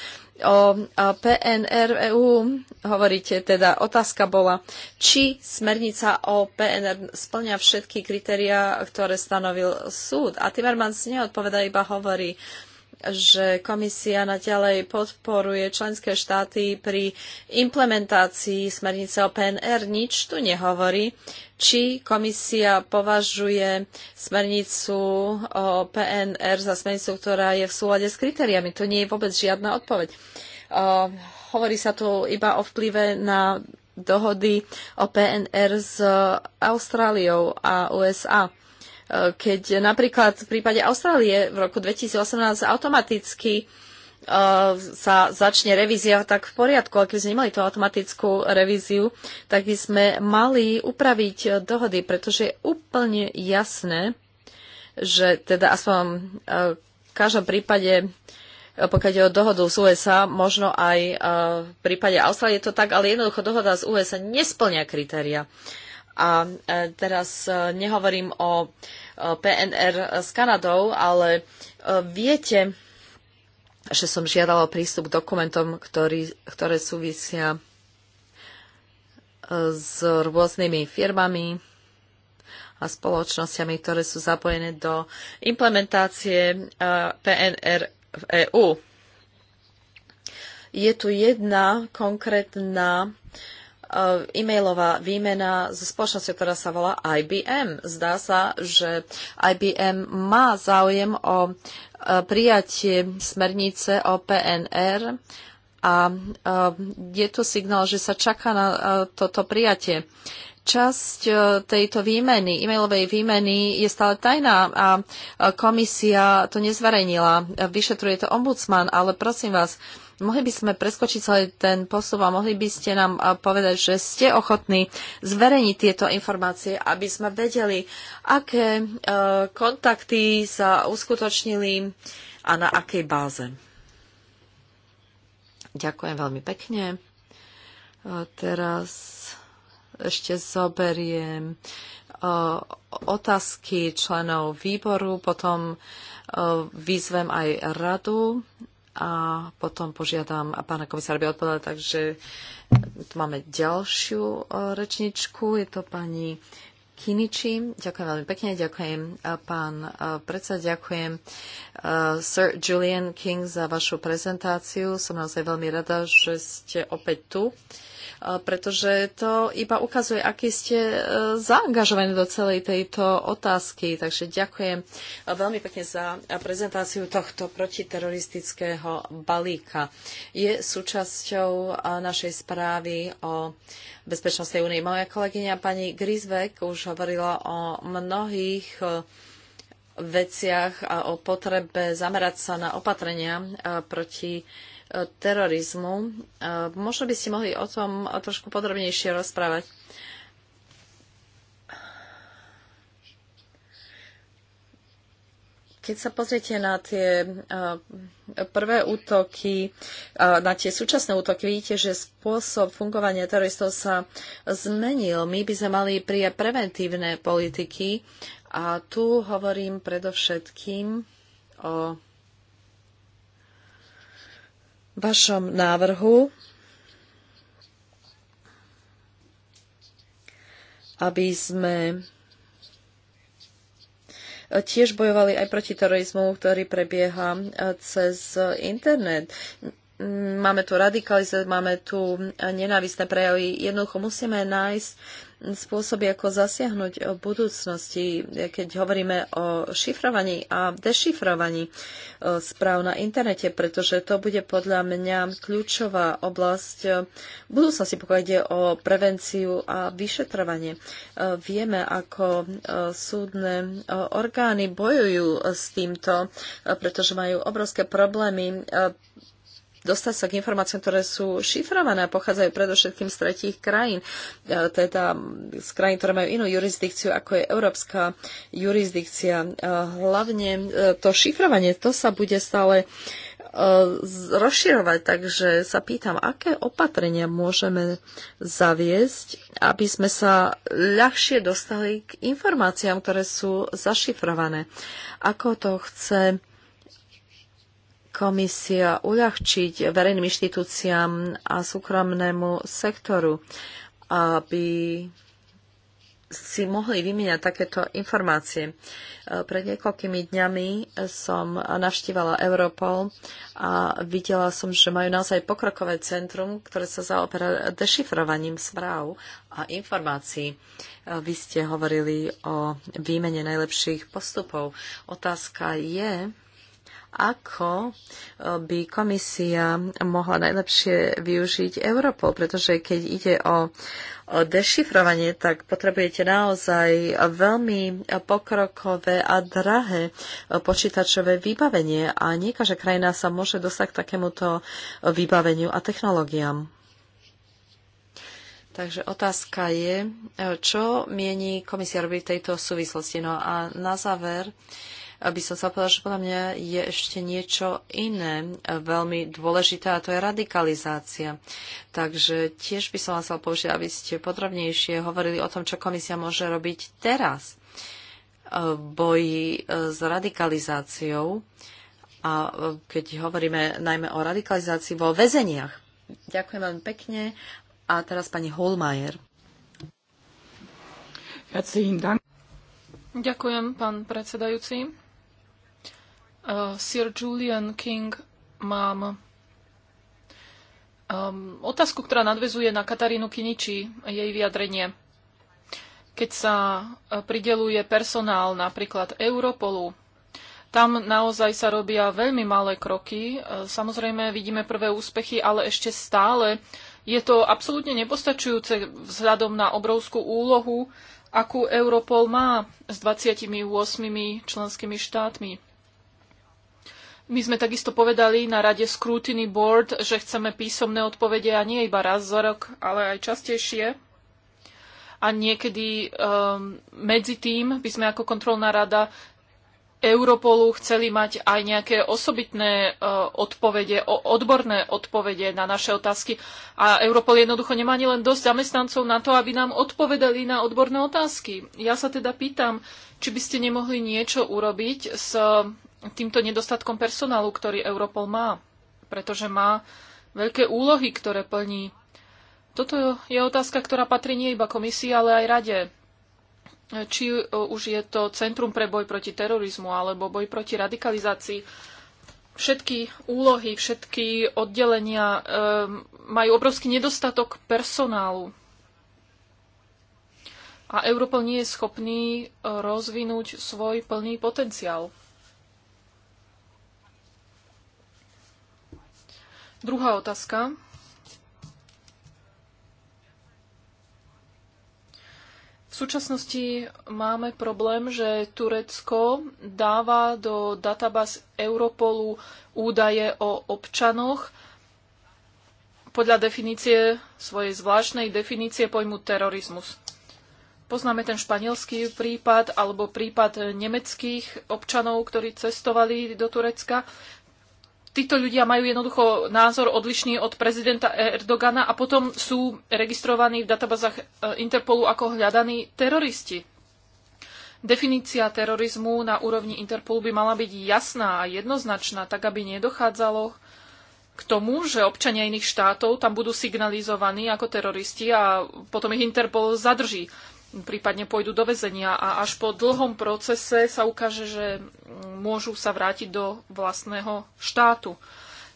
O e, PNR EU hovoríte, teda otázka bola, či smernica o PNR splňa všetky kritéria, ktoré stanovil súd. A Timmermans neodpoveda, iba hovorí, že komisia naďalej podporuje členské štáty pri implementácii smernice o PNR. Nič tu nehovorí, či komisia považuje smernicu o PNR za smernicu, ktorá je v súlade s kritériami. To nie je vôbec žiadna odpoveď. hovorí sa tu iba o vplyve na dohody o PNR s Austráliou a USA. Eh, keď napríklad v prípade Austrálie v roku 2018 automaticky eh, sa začne revízia, tak v poriadku, ak by sme nemali tú automatickú revíziu, tak by sme mali upraviť eh, dohody, pretože je úplne jasné, že teda aspoň v každom prípade pokiaľ je o dohodu z USA, možno aj v prípade Austrálie je to tak, ale jednoducho dohoda z USA nesplňa kritéria. Uh, a e, teraz e, nehovorím o PNR s Kanadou, ale e, viete, že som žiadala prístup k dokumentom, ktorý, ktoré súvisia s rôznymi firmami a spoločnosťami, ktoré sú zapojené do implementácie PNR v EÚ. Je tu jedna konkrétna E, e-mailová výmena so spoločnosťou, ktorá sa volá IBM. Zdá sa, že IBM má záujem o e, prijatie smernice o PNR a e, je tu signál, že sa čaká na toto prijatie. Časť tejto výmeny, e-mailovej výmeny je stále tajná a komisia to nezverejnila. Vyšetruje to ombudsman, ale prosím vás, Mohli by sme preskočiť celý ten postup a mohli by ste nám povedať, že ste ochotní zverejniť tieto informácie, aby sme vedeli, aké e, kontakty sa uskutočnili a na akej báze. Ďakujem veľmi pekne. A e, teraz ešte zoberiem e, otázky členov výboru, potom vyzvem aj radu a potom požiadam a pána komisára, by odpovedala. takže tu máme ďalšiu e, rečničku, je to pani Kiniči. Ďakujem veľmi pekne, ďakujem e, pán e, predsa, ďakujem Sir Julian King za vašu prezentáciu. Som naozaj veľmi rada, že ste opäť tu pretože to iba ukazuje, aký ste e, zaangažovaní do celej tejto otázky. Takže ďakujem veľmi pekne za prezentáciu tohto protiteroristického balíka. Je súčasťou našej správy o bezpečnostnej únii. Moja kolegyňa pani Grisvek už hovorila o mnohých e, veciach a o potrebe zamerať sa na opatrenia e, proti E, terorizmu. E, možno by ste mohli o tom trošku podrobnejšie rozprávať. keď sa pozriete na tie e, prvé útoky, na tie súčasné útoky, vidíte, že spôsob fungovania teroristov sa zmenil. My by sme mali prijať preventívne politiky a tu hovorím predovšetkým o vašom návrhu, aby sme tiež bojovali aj proti terorizmu, ktorý prebieha e, cez internet. Máme tu radikalizmus, máme tu nenávisné prejavy. Jednoducho musíme nájsť spôsoby, ako zasiahnuť v eh, budúcnosti, eh, keď hovoríme o šifrovaní a dešifrovaní eh, správ na internete, pretože to bude podľa mňa kľúčová oblasť v budúcnosti, pokiaľ ide o prevenciu a vyšetrovanie. Vieme, ako súdne orgány bojujú s týmto, pretože majú obrovské problémy dostať sa k informáciám, ktoré sú šifrované a pochádzajú predovšetkým z tretích krajín, e, teda z krajín, ktoré majú inú jurisdikciu, ako je európska jurisdikcia. E, hlavne e, to šifrovanie, to sa bude stále rozširovať, takže sa pýtam, aké opatrenia môžeme zaviesť, aby sme sa ľahšie dostali k informáciám, ktoré sú zašifrované. Ako to chce komisia uľahčiť verejným inštitúciám a súkromnému sektoru, aby si mohli vymieňať takéto informácie. Pred niekoľkými dňami som navštívala Europol a videla som, že majú naozaj pokrokové centrum, ktoré sa zaoberá dešifrovaním správ a informácií. Vy ste hovorili o výmene najlepších postupov. Otázka je, ako eh, by komisia mohla najlepšie využiť Europol, pretože keď ide o dešifrovanie, tak potrebujete naozaj veľmi pokrokové a drahé eh, počítačové vybavenie a nie každá krajina sa môže dostať k takémuto vybaveniu a technológiám. Takže otázka je, eh, čo mieni komisia robiť v tejto súvislosti. No a na záver, uh, by som sa povedala, že podľa mňa je ešte niečo iné veľmi dôležité a to je radikalizácia. Takže tiež by som vás chcel požiť, aby ste podrobnejšie hovorili o tom, čo komisia môže robiť teraz v boji e, s radikalizáciou a keď hovoríme najmä o radikalizácii vo väzeniach. Ďakujem veľmi pekne a teraz pani Holmajer. Ďakujem, pán predsedajúci. Eh, Sir Julian King, mám um, otázku, ktorá nadvezuje na Katarínu Kiniči, jej vyjadrenie. Keď sa eh, prideluje personál napríklad Europolu, tam naozaj sa robia veľmi malé kroky. Eh, samozrejme, vidíme prvé úspechy, ale ešte stále je to absolútne nepostačujúce vzhľadom na obrovskú úlohu, akú Europol má s 28 členskými štátmi. My sme takisto povedali na rade Scrutiny Board, že chceme písomné odpovede a nie iba raz za rok, ale aj častejšie. A niekedy um, medzi tým by sme ako kontrolná rada Europolu chceli mať aj nejaké osobitné uh, odpovede, o, odborné odpovede na naše otázky. A Europol jednoducho nemá ani len dosť zamestnancov na to, aby nám odpovedali na odborné otázky. Ja sa teda pýtam, či by ste nemohli niečo urobiť s týmto nedostatkom personálu, ktorý Europol má, pretože má veľké úlohy, ktoré plní. Toto je otázka, ktorá patrí nie iba komisii, ale aj rade. Či e, už je to Centrum pre boj proti terorizmu alebo boj proti radikalizácii, všetky úlohy, všetky oddelenia e, majú obrovský nedostatok personálu. A Europol nie je schopný e, rozvinúť svoj plný potenciál. Druhá otázka. V súčasnosti máme problém, že Turecko dáva do databáz Europolu údaje o občanoch podľa definície, svojej zvláštnej definície pojmu terorizmus. Poznáme ten španielský prípad alebo prípad nemeckých občanov, ktorí cestovali do Turecka títo ľudia majú jednoducho názor odlišný od prezidenta Erdogana a potom sú registrovaní v databázach e, Interpolu ako hľadaní teroristi. Definícia terorizmu na úrovni Interpolu by mala byť jasná a jednoznačná, tak aby nedochádzalo k tomu, že občania iných štátov tam budú signalizovaní ako teroristi a potom ich Interpol zadrží prípadne pôjdu do väzenia a až po dlhom procese sa ukáže, že môžu sa vrátiť do vlastného štátu.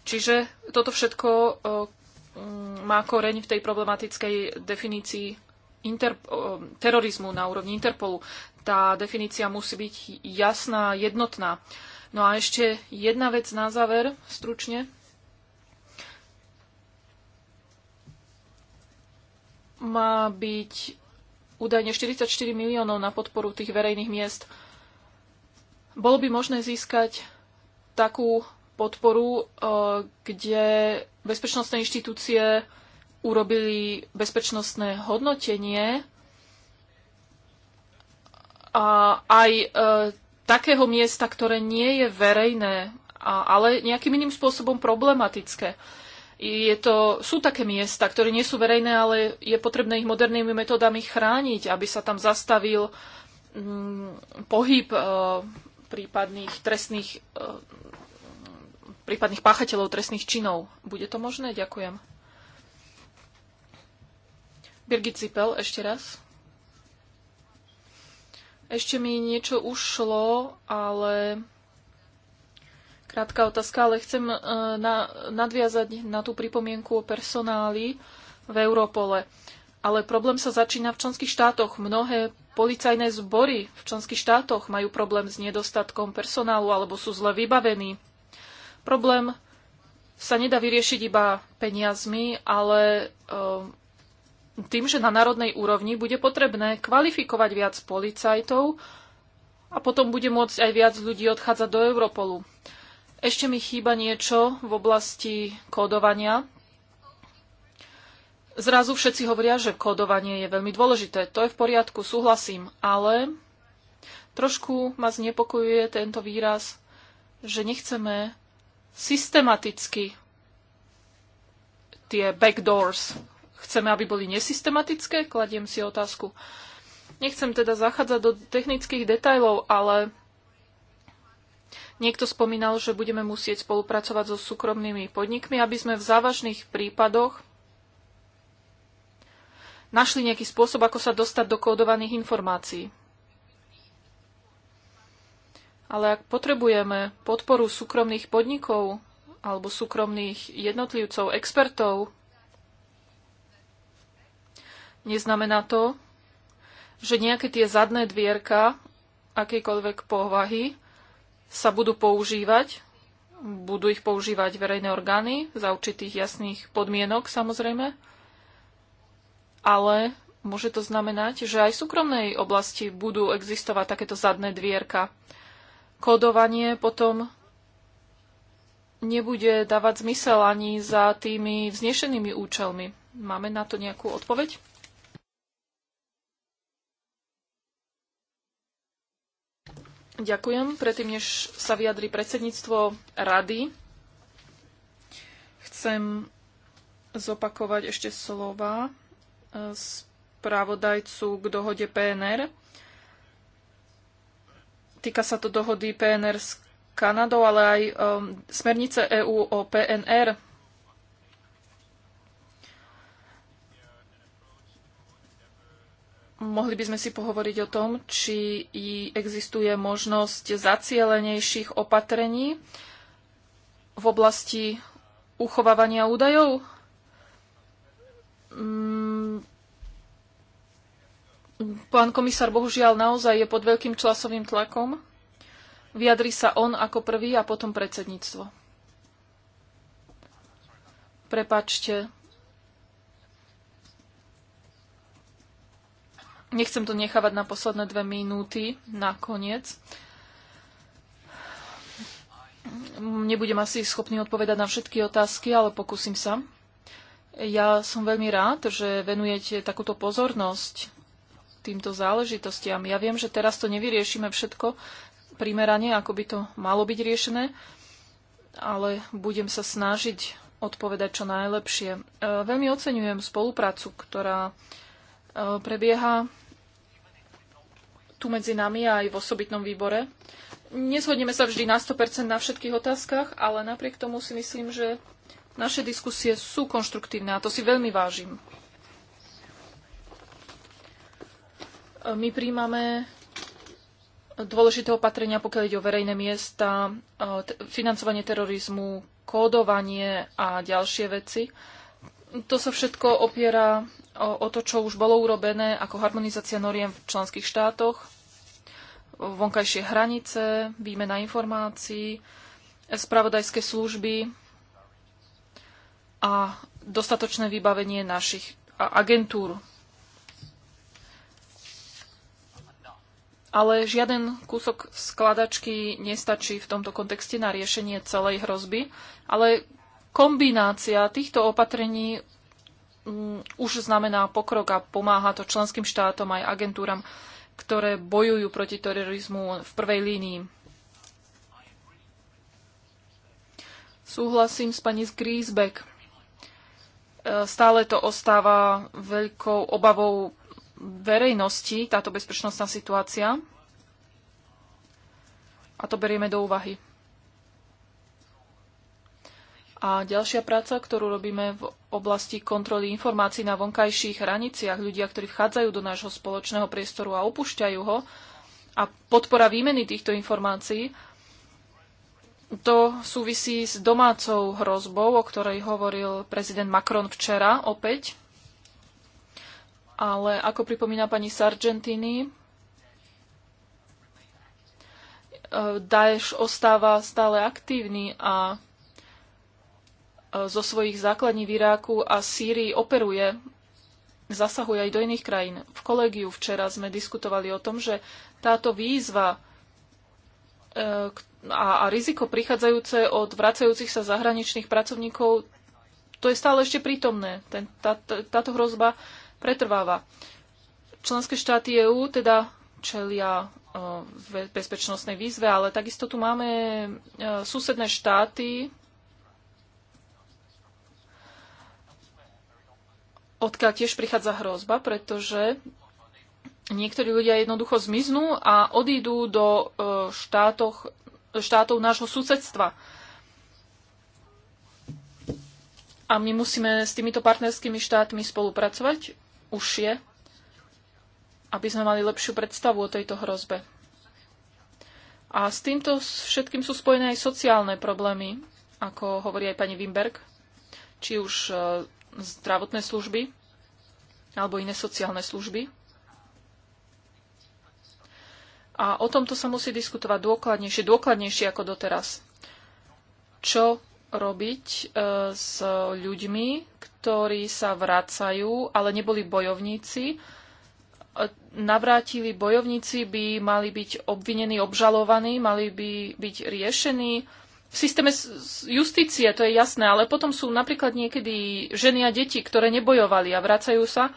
Čiže toto všetko e, mm, má koreň v tej problematickej definícii inter, e, terorizmu na úrovni Interpolu. Tá definícia musí byť jasná, jednotná. No a ešte jedna vec na záver, stručne. Má byť údajne 44 miliónov na podporu tých verejných miest. Bolo by možné získať takú podporu, e, kde bezpečnostné inštitúcie urobili bezpečnostné hodnotenie a aj e, takého miesta, ktoré nie je verejné, a, ale nejakým iným spôsobom problematické je to, sú také miesta, ktoré nie sú verejné, ale je potrebné ich modernými metodami chrániť, aby sa tam zastavil mm, pohyb e, prípadných trestných e, prípadných páchateľov trestných činov. Bude to možné? Ďakujem. Birgit Zipel, ešte raz. Ešte mi niečo ušlo, ale Krátka otázka, ale chcem e, na, nadviazať na tú pripomienku o personáli v Európole. Ale problém sa začína v členských štátoch. Mnohé policajné zbory v členských štátoch majú problém s nedostatkom personálu alebo sú zle vybavení. Problém sa nedá vyriešiť iba peniazmi, ale e, tým, že na národnej úrovni bude potrebné kvalifikovať viac policajtov a potom bude môcť aj viac ľudí odchádzať do Európolu. Ešte mi chýba niečo v oblasti kódovania. Zrazu všetci hovoria, že kódovanie je veľmi dôležité. To je v poriadku, súhlasím, ale trošku ma znepokojuje tento výraz, že nechceme systematicky tie backdoors. Chceme, aby boli nesystematické? Kladiem si otázku. Nechcem teda zachádzať do technických detajlov, ale Niekto spomínal, že budeme musieť spolupracovať so súkromnými podnikmi, aby sme v závažných prípadoch našli nejaký spôsob, ako sa dostať do kódovaných informácií. Ale ak potrebujeme podporu súkromných podnikov alebo súkromných jednotlivcov, expertov, neznamená to, že nejaké tie zadné dvierka akejkoľvek povahy sa budú používať. Budú ich používať verejné orgány za určitých jasných podmienok samozrejme. Ale môže to znamenať, že aj v súkromnej oblasti budú existovať takéto zadné dvierka. Kodovanie potom nebude dávať zmysel ani za tými vznešenými účelmi. Máme na to nejakú odpoveď? Ďakujem. Predtým, než sa vyjadri predsedníctvo rady, chcem zopakovať ešte slova e, správodajcu k dohode PNR. Týka sa to dohody PNR s Kanadou, ale aj um, smernice EÚ o PNR mohli by sme si pohovoriť o tom, či existuje možnosť zacielenejších opatrení v oblasti uchovávania údajov. Mm, pán komisár bohužiaľ naozaj je pod veľkým časovým tlakom. Vyjadri sa on ako prvý a potom predsedníctvo. Prepačte, Nechcem to nechávať na posledné dve minúty, na koniec. Nebudem asi schopný odpovedať na všetky otázky, ale pokúsim sa. Ja som veľmi rád, že venujete takúto pozornosť týmto záležitostiam. Ja viem, že teraz to nevyriešime všetko primerane, ako by to malo byť riešené, ale budem sa snažiť odpovedať čo najlepšie. E, veľmi oceňujem spoluprácu, ktorá e, prebieha tu medzi nami aj v osobitnom výbore. Nezhodneme sa vždy na 100% na všetkých otázkach, ale napriek tomu si myslím, že naše diskusie sú konštruktívne a to si veľmi vážim. My príjmame dôležité opatrenia, pokiaľ ide o verejné miesta, financovanie terorizmu, kódovanie a ďalšie veci. To sa všetko opiera o, o to, čo už bolo urobené ako harmonizácia noriem v členských štátoch, vonkajšie hranice, výmena informácií, spravodajské služby a dostatočné vybavenie našich agentúr. Ale žiaden kúsok skladačky nestačí v tomto kontexte na riešenie celej hrozby, ale kombinácia týchto opatrení Mm, už znamená pokrok a pomáha to členským štátom aj agentúram, ktoré bojujú proti terorizmu v prvej línii. Súhlasím s pani Griesbeck. E, stále to ostáva veľkou obavou verejnosti, táto bezpečnostná situácia. A to berieme do úvahy. A ďalšia práca, ktorú robíme v oblasti kontroly informácií na vonkajších hraniciach, ľudia, ktorí vchádzajú do nášho spoločného priestoru a opúšťajú ho, a podpora výmeny týchto informácií, to súvisí s domácou hrozbou, o ktorej hovoril prezident Macron včera opäť. Ale ako pripomína pani Sargentini, e, Daesh ostáva stále aktívny a zo svojich základní v Iráku a Sýrii operuje, zasahuje aj do iných krajín. V kolegiu včera sme diskutovali o tom, že táto výzva e, a, riziko prichádzajúce od vracajúcich sa zahraničných pracovníkov, to je stále ešte prítomné. Ten, tá, táto hrozba pretrváva. Členské štáty EÚ teda čelia e, bezpečnostnej výzve, ale takisto tu máme e, susedné štáty, odkiaľ tiež prichádza hrozba, pretože niektorí ľudia jednoducho zmiznú a odídu do e, štátoch, štátov nášho susedstva. A my musíme s týmito partnerskými štátmi spolupracovať užšie, aby sme mali lepšiu predstavu o tejto hrozbe. A s týmto všetkým sú spojené aj sociálne problémy, ako hovorí aj pani Wimberg, či už e, zdravotné služby alebo iné sociálne služby. A o tomto sa musí diskutovať dôkladnejšie, dôkladnejšie ako doteraz. Čo robiť e, s ľuďmi, ktorí sa vracajú, ale neboli bojovníci, e, navrátili bojovníci by mali byť obvinení, obžalovaní, mali by byť riešení v systéme justície, to je jasné, ale potom sú napríklad niekedy ženy a deti, ktoré nebojovali a vracajú sa.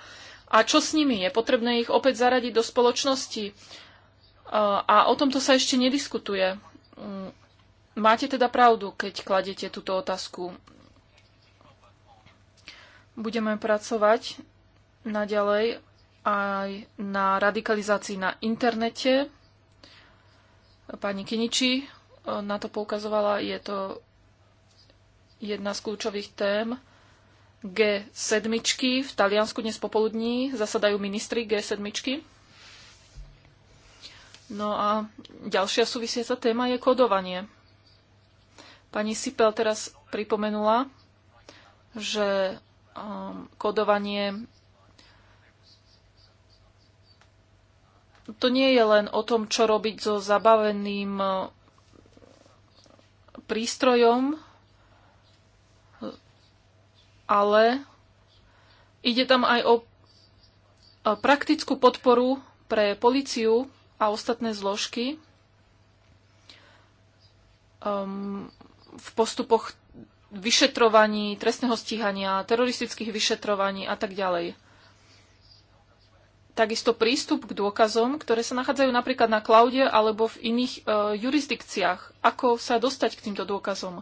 A čo s nimi? Je potrebné ich opäť zaradiť do spoločnosti. A o tomto sa ešte nediskutuje. Mm, máte teda pravdu, keď kladete túto otázku. Budeme pracovať naďalej aj na radikalizácii na internete. Pani Kiniči na to poukazovala, je to jedna z kľúčových tém G7. V Taliansku dnes popoludní zasadajú ministri G7. No a ďalšia súvisiaca téma je kodovanie. Pani Sipel teraz pripomenula, že um, kodovanie to nie je len o tom, čo robiť so zabaveným prístrojom, ale ide tam aj o praktickú podporu pre policiu a ostatné zložky um, v postupoch vyšetrovaní, trestného stíhania, teroristických vyšetrovaní a tak ďalej takisto prístup k dôkazom, ktoré sa nachádzajú napríklad na klaude alebo v iných e, jurisdikciách. Ako sa dostať k týmto dôkazom?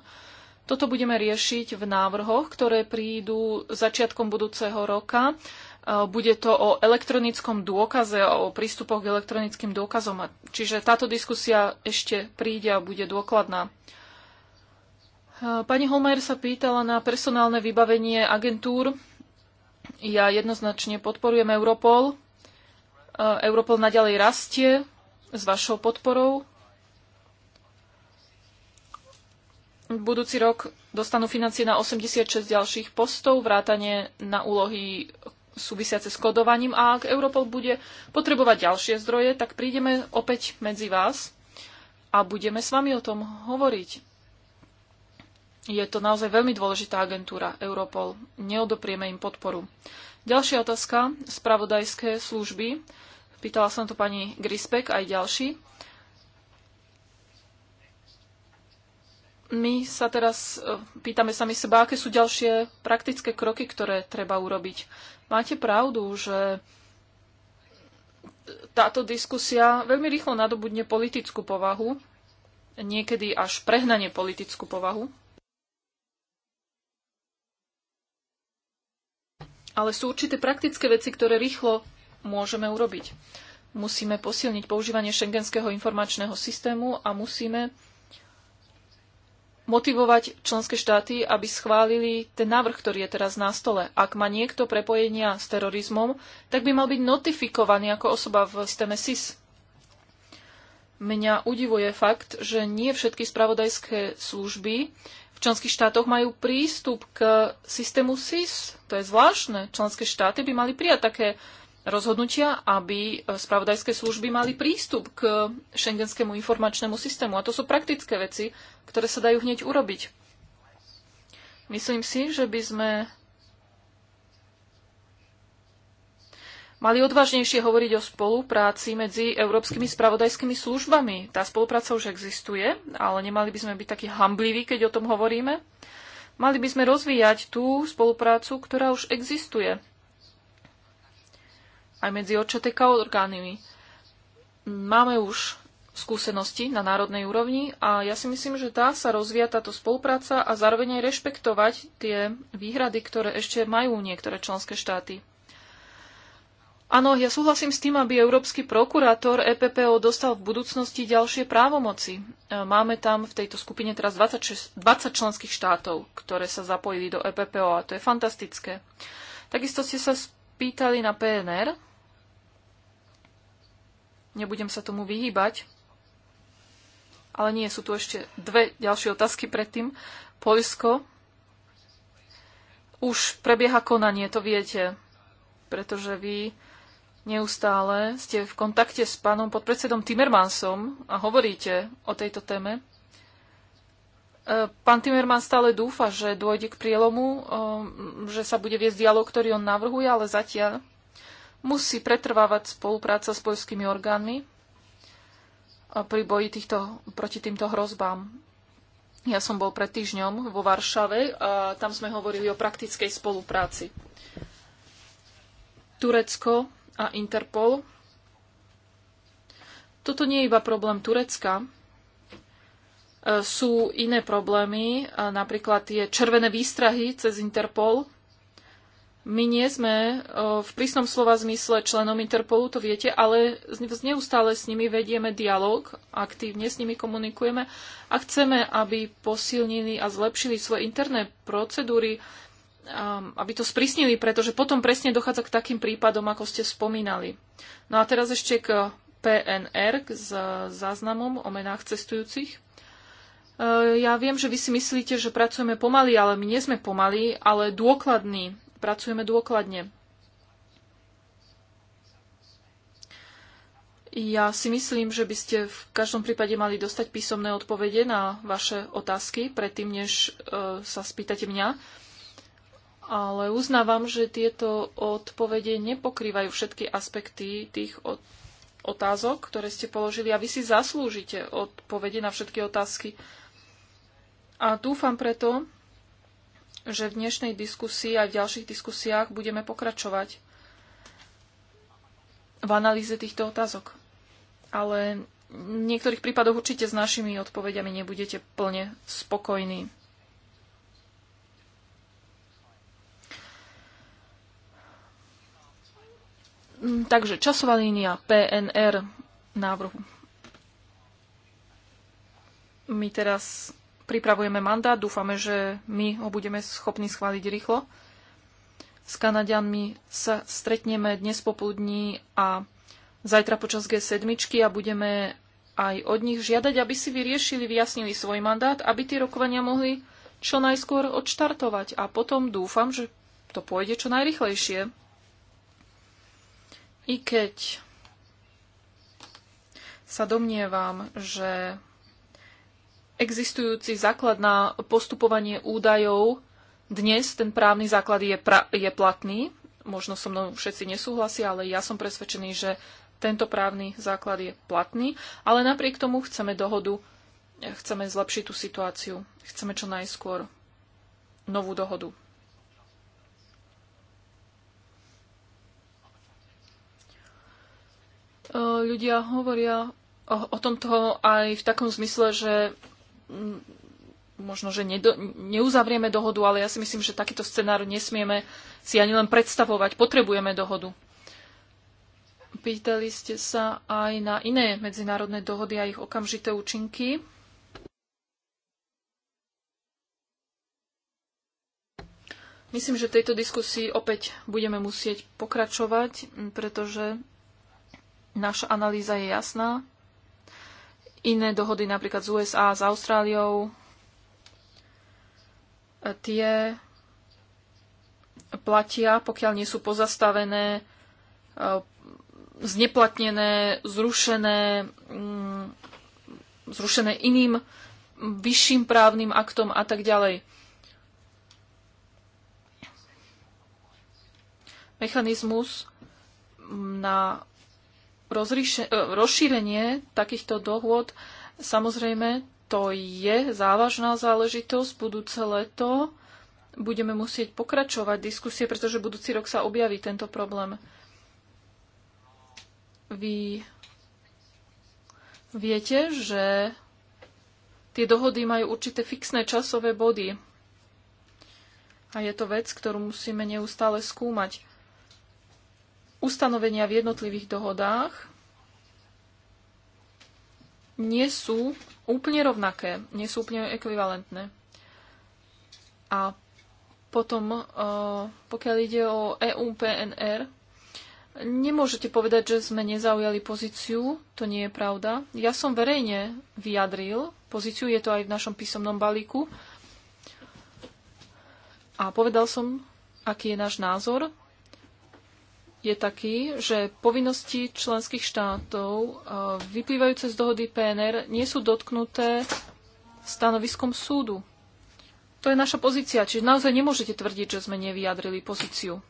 Toto budeme riešiť v návrhoch, ktoré prídu začiatkom budúceho roka. E, bude to o elektronickom dôkaze, o prístupoch k elektronickým dôkazom. Čiže táto diskusia ešte príde a bude dôkladná. E, pani Holmer sa pýtala na personálne vybavenie agentúr. Ja jednoznačne podporujem Europol Europol naďalej rastie s vašou podporou. Budúci rok dostanú financie na 86 ďalších postov, vrátanie na úlohy súvisiace s kodovaním a ak Europol bude potrebovať ďalšie zdroje, tak prídeme opäť medzi vás a budeme s vami o tom hovoriť. Je to naozaj veľmi dôležitá agentúra Europol. Neodoprieme im podporu. Ďalšia otázka. Spravodajské služby. Pýtala som to pani Grispek aj ďalší. My sa teraz e, pýtame sami seba, aké sú ďalšie praktické kroky, ktoré treba urobiť. Máte pravdu, že táto diskusia veľmi rýchlo nadobudne politickú povahu, niekedy až prehnanie politickú povahu. Ale sú určité praktické veci, ktoré rýchlo môžeme urobiť. Musíme posilniť používanie šengenského informačného systému a musíme motivovať členské štáty, aby schválili ten návrh, ktorý je teraz na stole. Ak má niekto prepojenia s terorizmom, tak by mal byť notifikovaný ako osoba v systéme SIS. Mňa udivuje fakt, že nie všetky spravodajské služby členských štátoch majú prístup k systému SIS. To je zvláštne. Členské štáty by mali prijať také rozhodnutia, aby spravodajské služby mali prístup k šengenskému informačnému systému. A to sú praktické veci, ktoré sa dajú hneď urobiť. Myslím si, že by sme mali odvážnejšie hovoriť o spolupráci medzi európskymi spravodajskými službami. Tá spolupráca už existuje, ale nemali by sme byť takí hambliví, keď o tom hovoríme. Mali by sme rozvíjať tú spoluprácu, ktorá už existuje. Aj medzi OČTK orgánmi. Máme už skúsenosti na národnej úrovni a ja si myslím, že dá sa rozvíjať táto spolupráca a zároveň aj rešpektovať tie výhrady, ktoré ešte majú niektoré členské štáty. Áno, ja súhlasím s tým, aby európsky prokurátor EPPO dostal v budúcnosti ďalšie právomoci. E, máme tam v tejto skupine teraz 26, 20 členských štátov, ktoré sa zapojili do EPPO a to je fantastické. Takisto ste sa spýtali na PNR. Nebudem sa tomu vyhýbať. Ale nie, sú tu ešte dve ďalšie otázky predtým. Poľsko. Už prebieha konanie, to viete, pretože vy Neustále ste v kontakte s pánom podpredsedom Timmermansom a hovoríte o tejto téme. E, pán Timerman stále dúfa, že dôjde k prielomu, e, že sa bude viesť dialog, ktorý on navrhuje, ale zatiaľ musí pretrvávať spolupráca s poľskými orgánmi e, pri boji týchto, proti týmto hrozbám. Ja som bol pred týždňom vo Varšave a tam sme hovorili o praktickej spolupráci. Turecko a Interpol. Toto nie je iba problém Turecka. E, sú iné problémy, e, napríklad tie červené výstrahy cez Interpol. My nie sme e, v prísnom slova zmysle členom Interpolu, to viete, ale neustále s nimi vedieme dialog, aktívne s nimi komunikujeme a chceme, aby posilnili a zlepšili svoje interné procedúry, aby to sprísnili, pretože potom presne dochádza k takým prípadom, ako ste spomínali. No a teraz ešte k PNR, s záznamom o menách cestujúcich. E, ja viem, že vy si myslíte, že pracujeme pomaly, ale my nie sme pomaly, ale dôkladní. Pracujeme dôkladne. Ja si myslím, že by ste v každom prípade mali dostať písomné odpovede na vaše otázky, predtým než e, sa spýtate mňa ale uznávam, že tieto odpovede nepokrývajú všetky aspekty tých otázok, ktoré ste položili a vy si zaslúžite odpovede na všetky otázky. A dúfam preto, že v dnešnej diskusii a v ďalších diskusiách budeme pokračovať v analýze týchto otázok. Ale v niektorých prípadoch určite s našimi odpovediami nebudete plne spokojní. Mm, takže časová línia PNR návrhu. My teraz pripravujeme mandát, dúfame, že my ho budeme schopní schváliť rýchlo. S Kanadianmi sa stretneme dnes popoludní a zajtra počas G7 a budeme aj od nich žiadať, aby si vyriešili, vyjasnili svoj mandát, aby tie rokovania mohli čo najskôr odštartovať. A potom dúfam, že to pôjde čo najrychlejšie. I keď sa domnievam, že existujúci základ na postupovanie údajov dnes, ten právny základ je, pra- je platný. Možno so mnou všetci nesúhlasia, ale ja som presvedčený, že tento právny základ je platný. Ale napriek tomu chceme dohodu, chceme zlepšiť tú situáciu, chceme čo najskôr novú dohodu. E, ľudia hovoria o, o tomto aj v takom zmysle, že možno, že nedo, neuzavrieme dohodu, ale ja si myslím, že takýto scenár nesmieme si ani len predstavovať. Potrebujeme dohodu. Pýtali ste sa aj na iné medzinárodné dohody a ich okamžité účinky. Myslím, že v tejto diskusii opäť budeme musieť pokračovať, pretože Naša analýza je jasná. Iné dohody napríklad z USA, s Austráliou, tie platia, pokiaľ nie sú pozastavené, e, zneplatnené, zrušené, mm, zrušené iným vyšším právnym aktom a tak ďalej. Mechanizmus na E, rozšírenie takýchto dohôd samozrejme to je závažná záležitosť. Budúce leto budeme musieť pokračovať diskusie, pretože budúci rok sa objaví tento problém. Vy viete, že tie dohody majú určité fixné časové body. A je to vec, ktorú musíme neustále skúmať ustanovenia v jednotlivých dohodách nie sú úplne rovnaké, nie sú úplne ekvivalentné. A potom, e, pokiaľ ide o EU PNR, nemôžete povedať, že sme nezaujali pozíciu, to nie je pravda. Ja som verejne vyjadril pozíciu, je to aj v našom písomnom balíku. A povedal som, aký je náš názor je taký, že povinnosti členských štátov e, vyplývajúce z dohody PNR nie sú dotknuté stanoviskom súdu. To je naša pozícia, čiže naozaj nemôžete tvrdiť, že sme nevyjadrili pozíciu.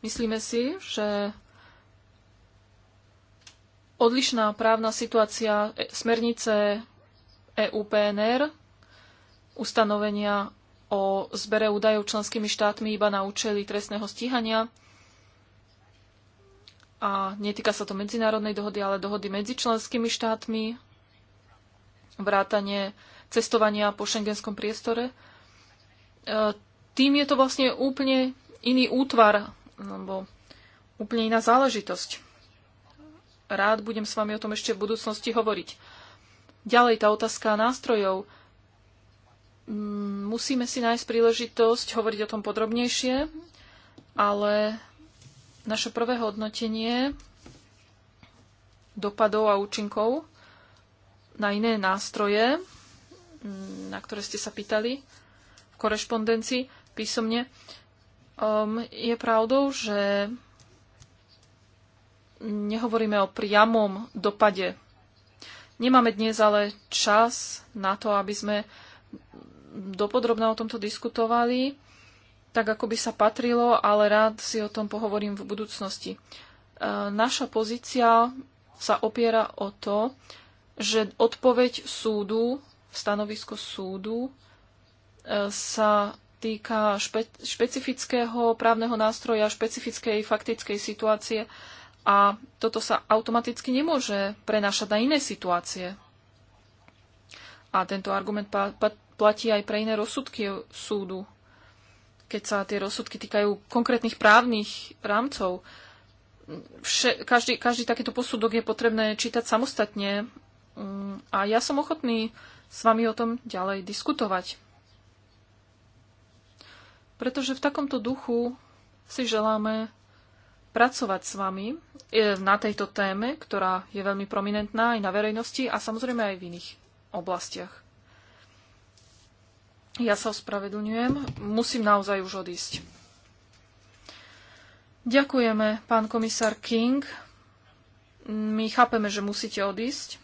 Myslíme si, že odlišná právna situácia e, smernice EU PNR, ustanovenia o zbere údajov členskými štátmi iba na účely trestného stíhania. A netýka sa to medzinárodnej dohody, ale dohody medzi členskými štátmi, vrátanie cestovania po šengenskom priestore. E, tým je to vlastne úplne iný útvar, alebo úplne iná záležitosť. Rád budem s vami o tom ešte v budúcnosti hovoriť. Ďalej tá otázka nástrojov. Mm, musíme si nájsť príležitosť hovoriť o tom podrobnejšie, ale naše prvé hodnotenie dopadov a účinkov na iné nástroje, mm, na ktoré ste sa pýtali v korešpondencii písomne, um, je pravdou, že nehovoríme o priamom dopade. Nemáme dnes ale čas na to, aby sme dopodrobne o tomto diskutovali, tak ako by sa patrilo, ale rád si o tom pohovorím v budúcnosti. E, naša pozícia sa opiera o to, že odpoveď súdu, stanovisko súdu e, sa týka špe- špecifického právneho nástroja, špecifickej faktickej situácie a toto sa automaticky nemôže prenášať na iné situácie. A tento argument pa- pa- platí aj pre iné rozsudky súdu, keď sa tie rozsudky týkajú konkrétnych právnych rámcov. Vše, každý, každý takýto posudok je potrebné čítať samostatne mm, a ja som ochotný s vami o tom ďalej diskutovať. Pretože v takomto duchu si želáme pracovať s vami e, na tejto téme, ktorá je veľmi prominentná aj na verejnosti a samozrejme aj v iných oblastiach. Ja sa ospravedlňujem, musím naozaj už odísť. Ďakujeme, pán komisár King. My chápeme, že musíte odísť.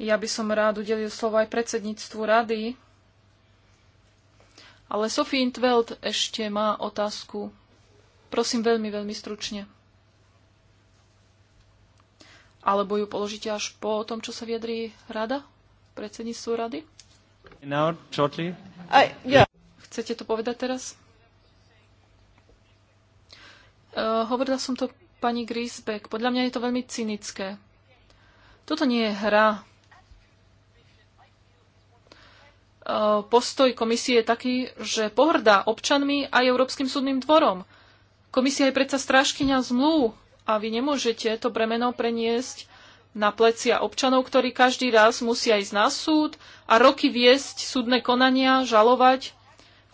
Ja by som rád udelil slovo aj predsedníctvu rady, ale Sophie Intveld ešte má otázku. Prosím veľmi, veľmi stručne. Alebo ju položíte až po tom, čo sa vyjadrí rada, predsedníctvo rady? Now, shortly. I, yeah. Chcete to povedať teraz? Uh, hovorila som to pani Grisbeck. Podľa mňa je to veľmi cynické. Toto nie je hra. E, postoj komisie je taký, že pohrdá občanmi a Európskym súdnym dvorom. Komisia je predsa strážkyňa zmluv a vy nemôžete to bremeno preniesť na plecia občanov, ktorí každý raz musia ísť na súd a roky viesť súdne konania, žalovať.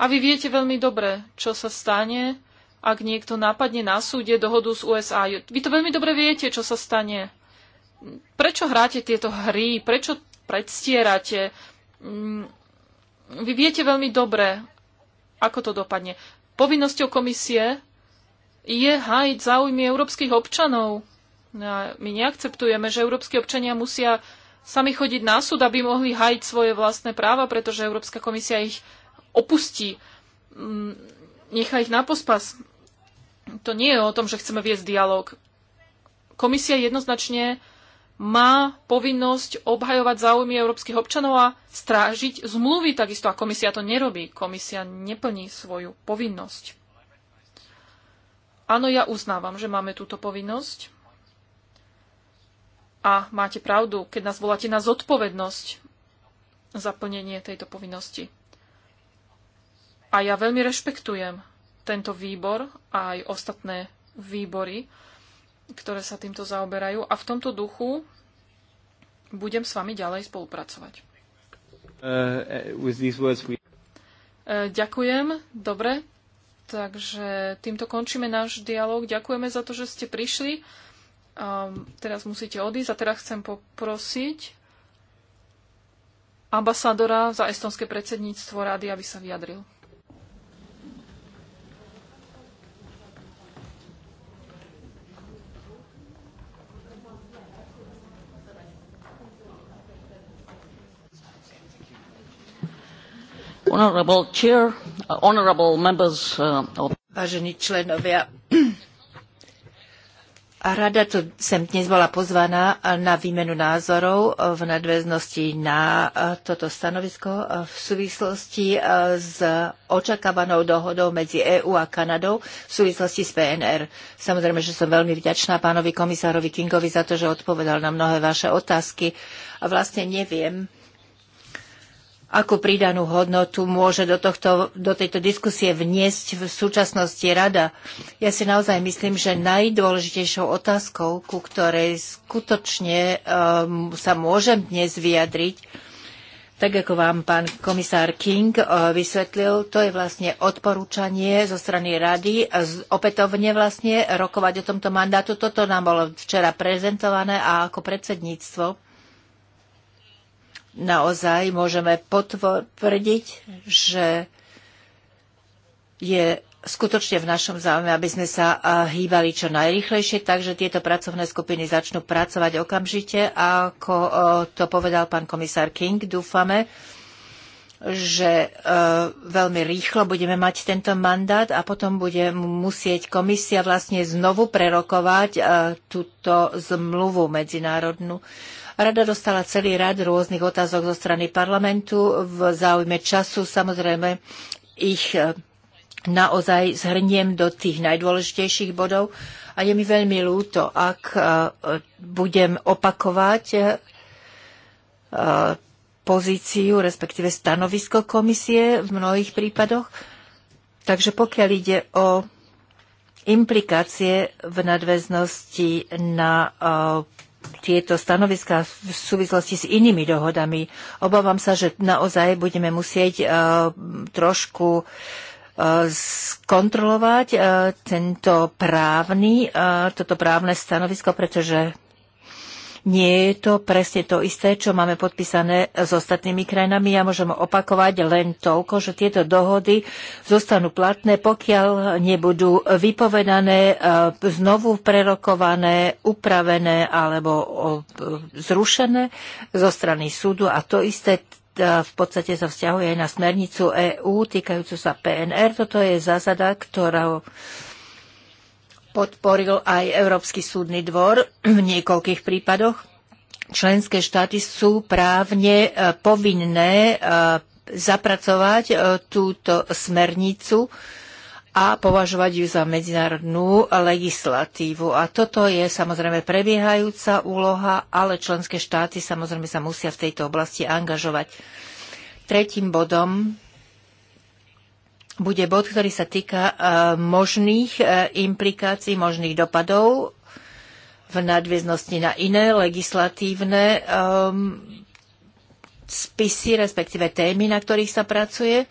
A vy viete veľmi dobre, čo sa stane, ak niekto napadne na súde dohodu z USA. Vy to veľmi dobre viete, čo sa stane. Prečo hráte tieto hry? Prečo predstierate? Mm, vy viete veľmi dobre, ako to dopadne. Povinnosťou komisie je hájiť záujmy európskych občanov my neakceptujeme, že európsky občania musia sami chodiť na súd, aby mohli hájiť svoje vlastné práva, pretože Európska komisia ich opustí, mm, nechá ich na pospas. To nie je o tom, že chceme viesť dialog. Komisia jednoznačne má povinnosť obhajovať záujmy európskych občanov a strážiť zmluvy takisto. A komisia to nerobí. Komisia neplní svoju povinnosť. Áno, ja uznávam, že máme túto povinnosť. A máte pravdu, keď nás voláte na zodpovednosť za plnenie tejto povinnosti. A ja veľmi rešpektujem tento výbor a aj ostatné výbory, ktoré sa týmto zaoberajú. A v tomto duchu budem s vami ďalej spolupracovať. Uh, we... uh, ďakujem. Dobre. Takže týmto končíme náš dialog. Ďakujeme za to, že ste prišli um, teraz musíte odísť a teraz chcem poprosiť ambasádora za estonské predsedníctvo rady, aby sa vyjadril. Honorable chair, honorable members uh, of... Vážení členovia Rada tu sem dnes bola pozvaná na výmenu názorov e, v nadväznosti na e, toto stanovisko e, v súvislosti s očakávanou dohodou medzi EÚ a Kanadou v súvislosti s PNR. Samozrejme, že som veľmi vďačná pánovi komisárovi Kingovi za to, že odpovedal na mnohé vaše otázky. A vlastne neviem, akú pridanú hodnotu môže do, tohto, do tejto diskusie vniesť v súčasnosti rada. Ja si naozaj myslím, že najdôležitejšou otázkou, ku ktorej skutočne um, sa môžem dnes vyjadriť, tak ako vám pán komisár King uh, vysvetlil, to je vlastne odporúčanie zo strany rady opätovne vlastne rokovať o tomto mandátu. Toto nám bolo včera prezentované a ako predsedníctvo naozaj môžeme potvrdiť, že je skutočne v našom záujme, aby sme sa hýbali čo najrychlejšie, takže tieto pracovné skupiny začnú pracovať okamžite. A ako to povedal pán komisár King, dúfame, že e, veľmi rýchlo budeme mať tento mandát a potom bude musieť komisia vlastne znovu prerokovať e, túto zmluvu medzinárodnú Rada dostala celý rad rôznych otázok zo strany parlamentu. V záujme času samozrejme ich e, naozaj zhrniem do tých najdôležitejších bodov a je mi veľmi ľúto, ak e, budem opakovať e, pozíciu, respektíve stanovisko komisie v mnohých prípadoch. Takže pokiaľ ide o implikácie v nadväznosti na tieto stanoviská v súvislosti s inými dohodami. Obávam sa, že naozaj budeme musieť e, trošku e, skontrolovať e, tento právny, toto právne stanovisko, pretože nie je to presne to isté, čo máme podpísané s ostatnými krajinami. Ja môžem opakovať len toľko, že tieto dohody zostanú platné, pokiaľ nebudú vypovedané, e, znovu prerokované, upravené alebo e, zrušené zo strany súdu. A to isté e, v podstate sa vzťahuje aj na smernicu EÚ týkajúcu sa PNR. Toto je zásada, ktorá podporil aj Európsky súdny dvor v niekoľkých prípadoch. Členské štáty sú právne e, povinné e, zapracovať e, túto smernicu a považovať ju za medzinárodnú legislatívu. A toto je samozrejme prebiehajúca úloha, ale členské štáty samozrejme sa musia v tejto oblasti angažovať. Tretím bodom bude bod, ktorý sa týka e, možných e, implikácií, možných dopadov v nadväznosti na iné legislatívne ehm, spisy, respektíve témy, na ktorých sa pracuje.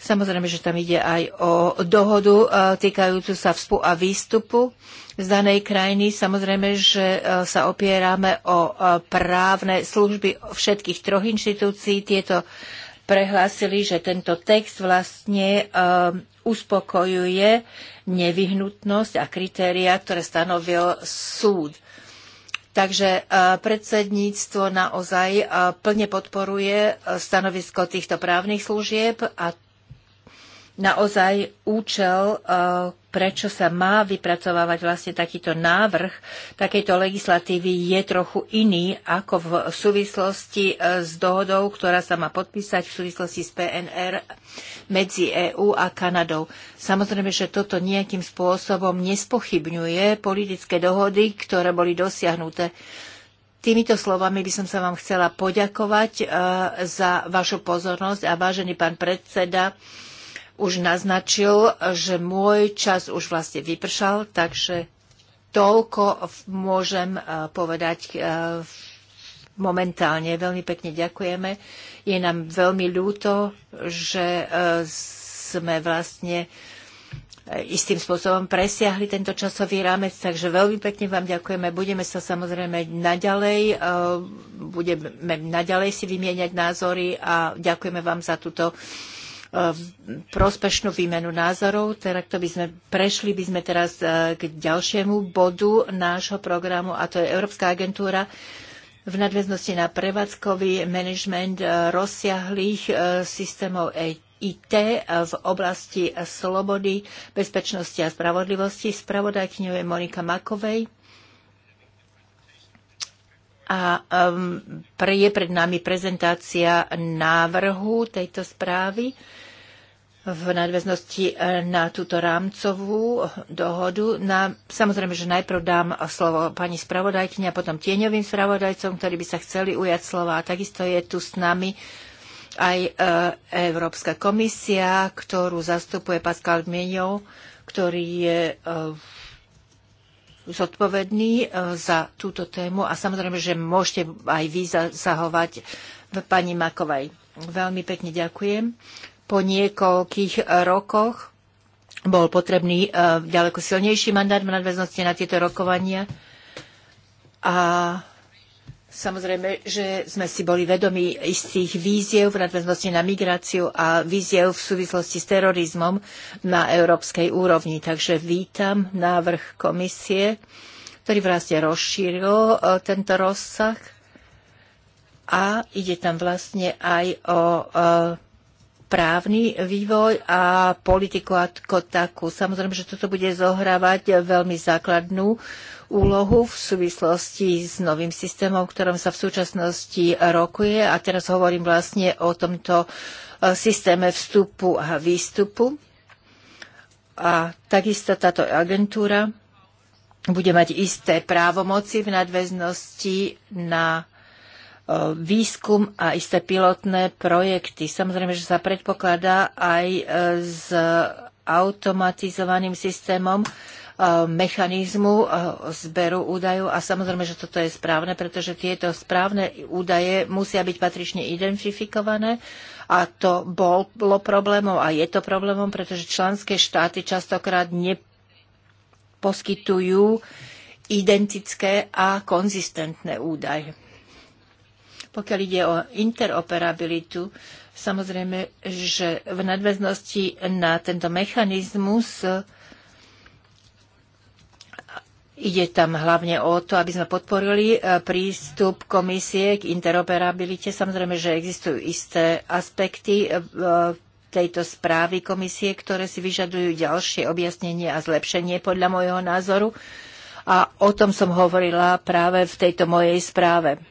Samozrejme, že tam ide aj o dohodu e, týkajúcu sa vstupu a výstupu z danej krajiny. Samozrejme, že sa opierame o právne služby všetkých troch inštitúcií. Tieto uh, prehlásili, že tento text vlastne um, uspokojuje nevyhnutnosť a kritéria, ktoré stanovil súd. Takže uh, predsedníctvo naozaj uh, plne podporuje uh, stanovisko týchto právnych služieb a naozaj účel prečo sa má vypracovávať vlastne takýto návrh takejto legislatívy je trochu iný ako v súvislosti e, s dohodou, ktorá sa má podpísať v súvislosti s PNR medzi EÚ a Kanadou. Samozrejme, že toto nejakým spôsobom nespochybňuje politické dohody, ktoré boli dosiahnuté. Týmito slovami by som sa vám chcela poďakovať e, za vašu pozornosť a vážený pán predseda, už naznačil, že môj čas už vlastne vypršal, takže toľko môžem eh, povedať eh, momentálne. Veľmi pekne ďakujeme. Je nám veľmi ľúto, že eh, sme vlastne istým spôsobom presiahli tento časový rámec, takže veľmi pekne vám ďakujeme. Budeme sa samozrejme naďalej, budeme naďalej si vymieňať názory a ďakujeme vám za túto prospešnú výmenu názorov. Teda to by sme prešli, by sme teraz e, k ďalšiemu bodu nášho programu a to je Európska agentúra v nadväznosti na prevádzkový management e, rozsiahlých e, systémov IT v oblasti slobody, bezpečnosti a spravodlivosti. Spravodajkňou je Monika Makovej. A um, pre, je pred nami prezentácia návrhu tejto správy. Uh, v nadväznosti e, na túto rámcovú dohodu. Na, samozrejme, že najprv dám slovo pani spravodajkyni a potom tieňovým spravodajcom, ktorí by sa chceli ujať slova. A takisto je tu s nami aj e, Európska komisia, ktorú zastupuje Pascal Mieňov, ktorý je e, zodpovedný za túto tému a samozrejme, že môžete aj vy zasahovať pani Makovej. Veľmi pekne ďakujem po niekoľkých rokoch bol potrebný e, ďaleko silnejší mandát v nadväznosti na tieto rokovania. A samozrejme, že sme si boli vedomi istých víziev v nadväznosti na migráciu a víziev v súvislosti s terorizmom na európskej úrovni. Takže vítam návrh komisie, ktorý vlastne rozšíril e, tento rozsah a ide tam vlastne aj o e, právny vývoj a politiku ako takú. Samozrejme, že toto bude zohrávať veľmi základnú úlohu v súvislosti s novým systémom, v ktorom sa v súčasnosti rokuje. A teraz hovorím vlastne o tomto e, systéme vstupu a výstupu. A takisto táto agentúra bude mať isté právomoci v nadväznosti na E, výskum a isté pilotné projekty. Samozrejme, že sa predpokladá aj e, s automatizovaným systémom e, mechanizmu zberu údajov a samozrejme, že toto je správne, pretože tieto správne údaje musia byť patrične identifikované a to bolo problémom a je to problémom, pretože členské štáty častokrát neposkytujú identické a konzistentné údaje. Pokiaľ ide o interoperabilitu, samozrejme, že v nadväznosti na tento mechanizmus e, Ide tam hlavne o to, aby sme podporili e, prístup komisie k interoperabilite. Samozrejme, že existujú isté aspekty e, tejto správy komisie, ktoré si vyžadujú ďalšie objasnenie a zlepšenie podľa môjho názoru. A o tom som hovorila práve v tejto mojej správe.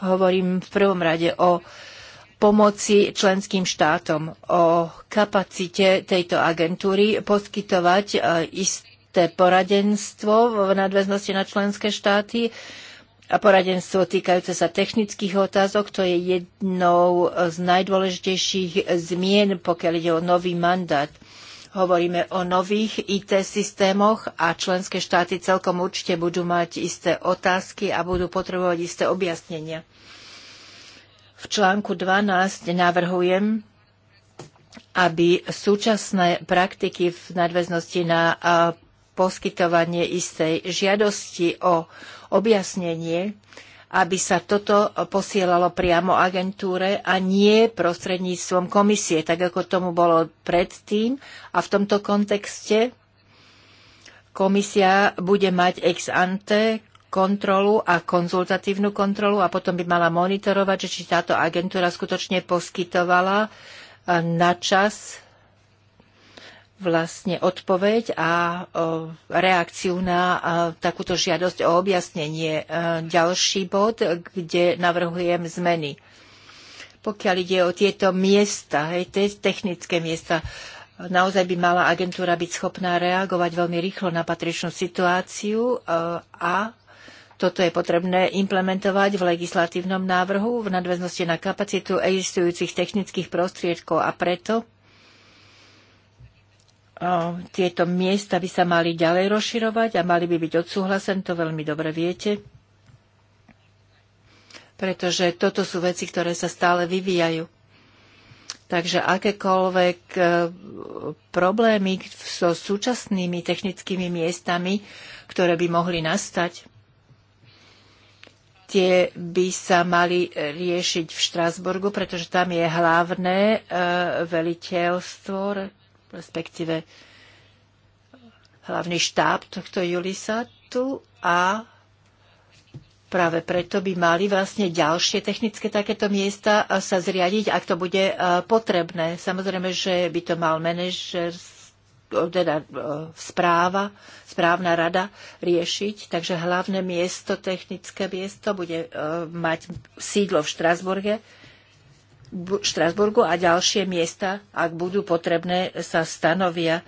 Hovorím v prvom rade o pomoci členským štátom, o kapacite tejto agentúry poskytovať e, isté poradenstvo v nadväznosti na členské štáty a poradenstvo týkajúce sa technických otázok. To je jednou z najdôležitejších zmien, pokiaľ ide o nový mandát Hovoríme o nových IT systémoch a členské štáty celkom určite budú mať isté otázky a budú potrebovať isté objasnenia. V článku 12 navrhujem, aby súčasné praktiky v nadväznosti na poskytovanie istej žiadosti o objasnenie aby sa toto posielalo priamo agentúre a nie prostredníctvom komisie, tak ako tomu bolo predtým. A v tomto kontexte komisia bude mať ex ante kontrolu a konzultatívnu kontrolu a potom by mala monitorovať, či táto agentúra skutočne poskytovala eh, na čas vlastne odpoveď a reakciu na takúto žiadosť o objasnenie. E, ďalší bod, kde navrhujem zmeny. Pokiaľ ide o tieto miesta, hej, tie technické miesta, naozaj by mala agentúra byť schopná reagovať veľmi rýchlo na patričnú situáciu e, a toto je potrebné implementovať v legislatívnom návrhu v nadväznosti na kapacitu existujúcich technických prostriedkov a preto tieto miesta by sa mali ďalej rozširovať a mali by byť odsúhlasené, to veľmi dobre viete, pretože toto sú veci, ktoré sa stále vyvíjajú. Takže akékoľvek e, problémy so súčasnými technickými miestami, ktoré by mohli nastať, tie by sa mali riešiť v Štrásburgu, pretože tam je hlavné e, veliteľstvo respektíve hlavný štáb tohto Julisatu a práve preto by mali vlastne ďalšie technické takéto miesta sa zriadiť, ak to bude potrebné. Samozrejme, že by to mal manažer, teda správa, správna rada riešiť. Takže hlavné miesto, technické miesto, bude mať sídlo v Štrasburge Štrasburgu a ďalšie miesta, ak budú potrebné, sa stanovia.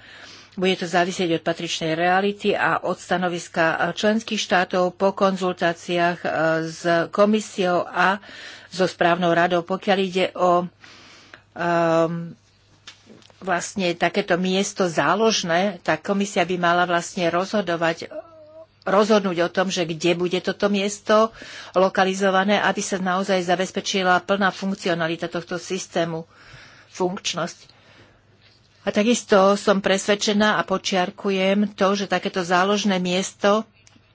Bude to závisieť od patričnej reality a od stanoviska členských štátov po konzultáciách e, s komisiou a so správnou radou, pokiaľ ide o um, vlastne takéto miesto záložné, tak komisia by mala vlastne rozhodovať rozhodnúť o tom, že kde bude toto miesto lokalizované, aby sa naozaj zabezpečila plná funkcionalita tohto systému, funkčnosť. A takisto som presvedčená a počiarkujem to, že takéto záložné miesto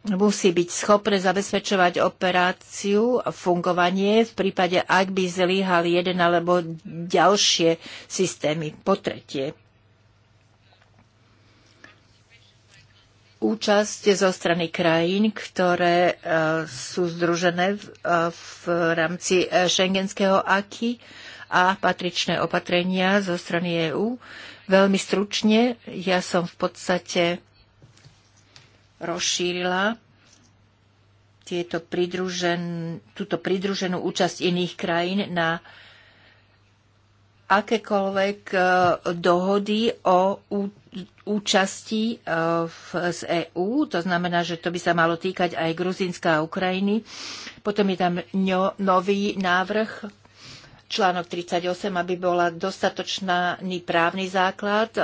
musí byť schopné zabezpečovať operáciu a fungovanie v prípade, ak by zlyhal jeden alebo ďalšie systémy. Po tretie, účasť zo strany krajín, ktoré e, sú združené v, e, v rámci e, šengenského AKI a patričné opatrenia zo strany EÚ. Veľmi stručne, ja som v podstate rozšírila tieto pridružen, túto pridruženú účasť iných krajín na akékoľvek dohody o účasť účasti e, z EÚ, to znamená, že to by sa malo týkať aj Gruzínska a Ukrajiny. Potom je tam nový návrh, článok 38, aby bola dostatočný právny základ e,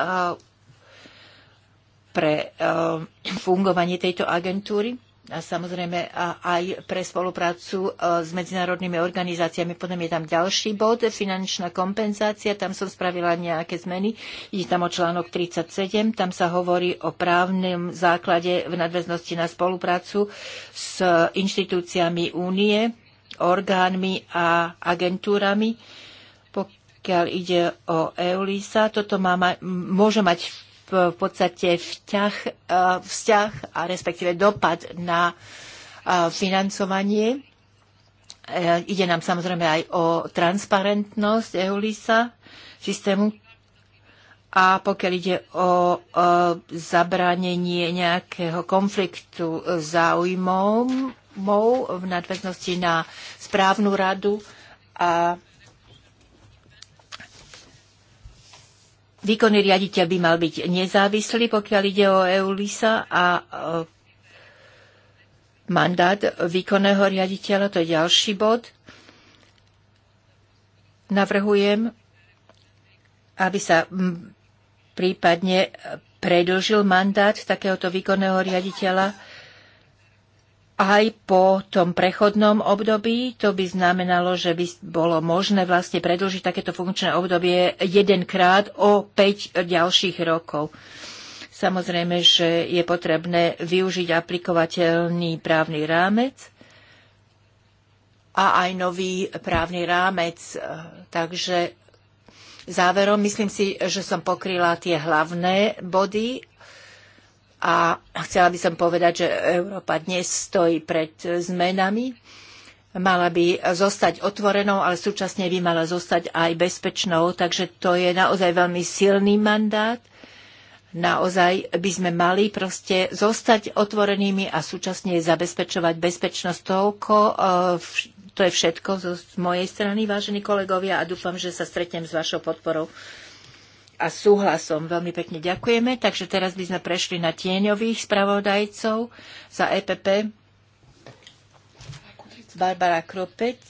pre e, fungovanie tejto agentúry a samozrejme aj pre spoluprácu e, s medzinárodnými organizáciami. Potom je tam ďalší bod, finančná kompenzácia, tam som spravila nejaké zmeny. Ide tam o článok 37, tam sa hovorí o právnom základe v nadväznosti na spoluprácu s inštitúciami únie, orgánmi a agentúrami. Pokiaľ ide o EULISA, toto má, môže mať v podstate vťah, e, vzťah a respektíve dopad na e, financovanie. E, ide nám samozrejme aj o transparentnosť EULISA systému. A pokiaľ ide o, zabránenie nejakého konfliktu záujmov v nadväznosti na správnu radu a Výkonný riaditeľ by mal byť nezávislý, pokiaľ ide o EULISA a e, mandát výkonného riaditeľa, to je ďalší bod. Navrhujem, aby sa prípadne predlžil mandát takéhoto výkonného riaditeľa aj po tom prechodnom období. To by znamenalo, že by bolo možné vlastne predlžiť takéto funkčné obdobie jedenkrát o 5 ďalších rokov. Samozrejme, že je potrebné využiť aplikovateľný právny rámec a aj nový právny rámec. Takže záverom myslím si, že som pokryla tie hlavné body a chcela by som povedať, že Európa dnes stojí pred zmenami. Mala by zostať otvorenou, ale súčasne by mala zostať aj bezpečnou. Takže to je naozaj veľmi silný mandát. Naozaj by sme mali proste zostať otvorenými a súčasne zabezpečovať bezpečnosť toľko e, to je všetko z mojej strany, vážení kolegovia, a dúfam, že sa stretnem s vašou podporou a súhlasom. Veľmi pekne ďakujeme. Takže teraz by sme prešli na tieňových spravodajcov za EPP. Barbara Kropec.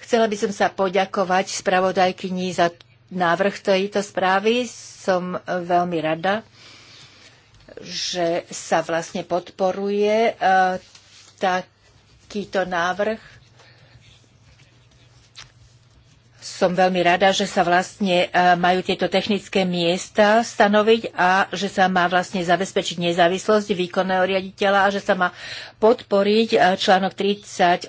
Chcela by som sa poďakovať spravodajkyni za návrh tejto správy. Som veľmi rada, že sa vlastne podporuje eh, takýto návrh som veľmi rada, že sa vlastne e, majú tieto technické miesta stanoviť a že sa má vlastne zabezpečiť nezávislosť výkonného riaditeľa a že sa má podporiť e, článok 38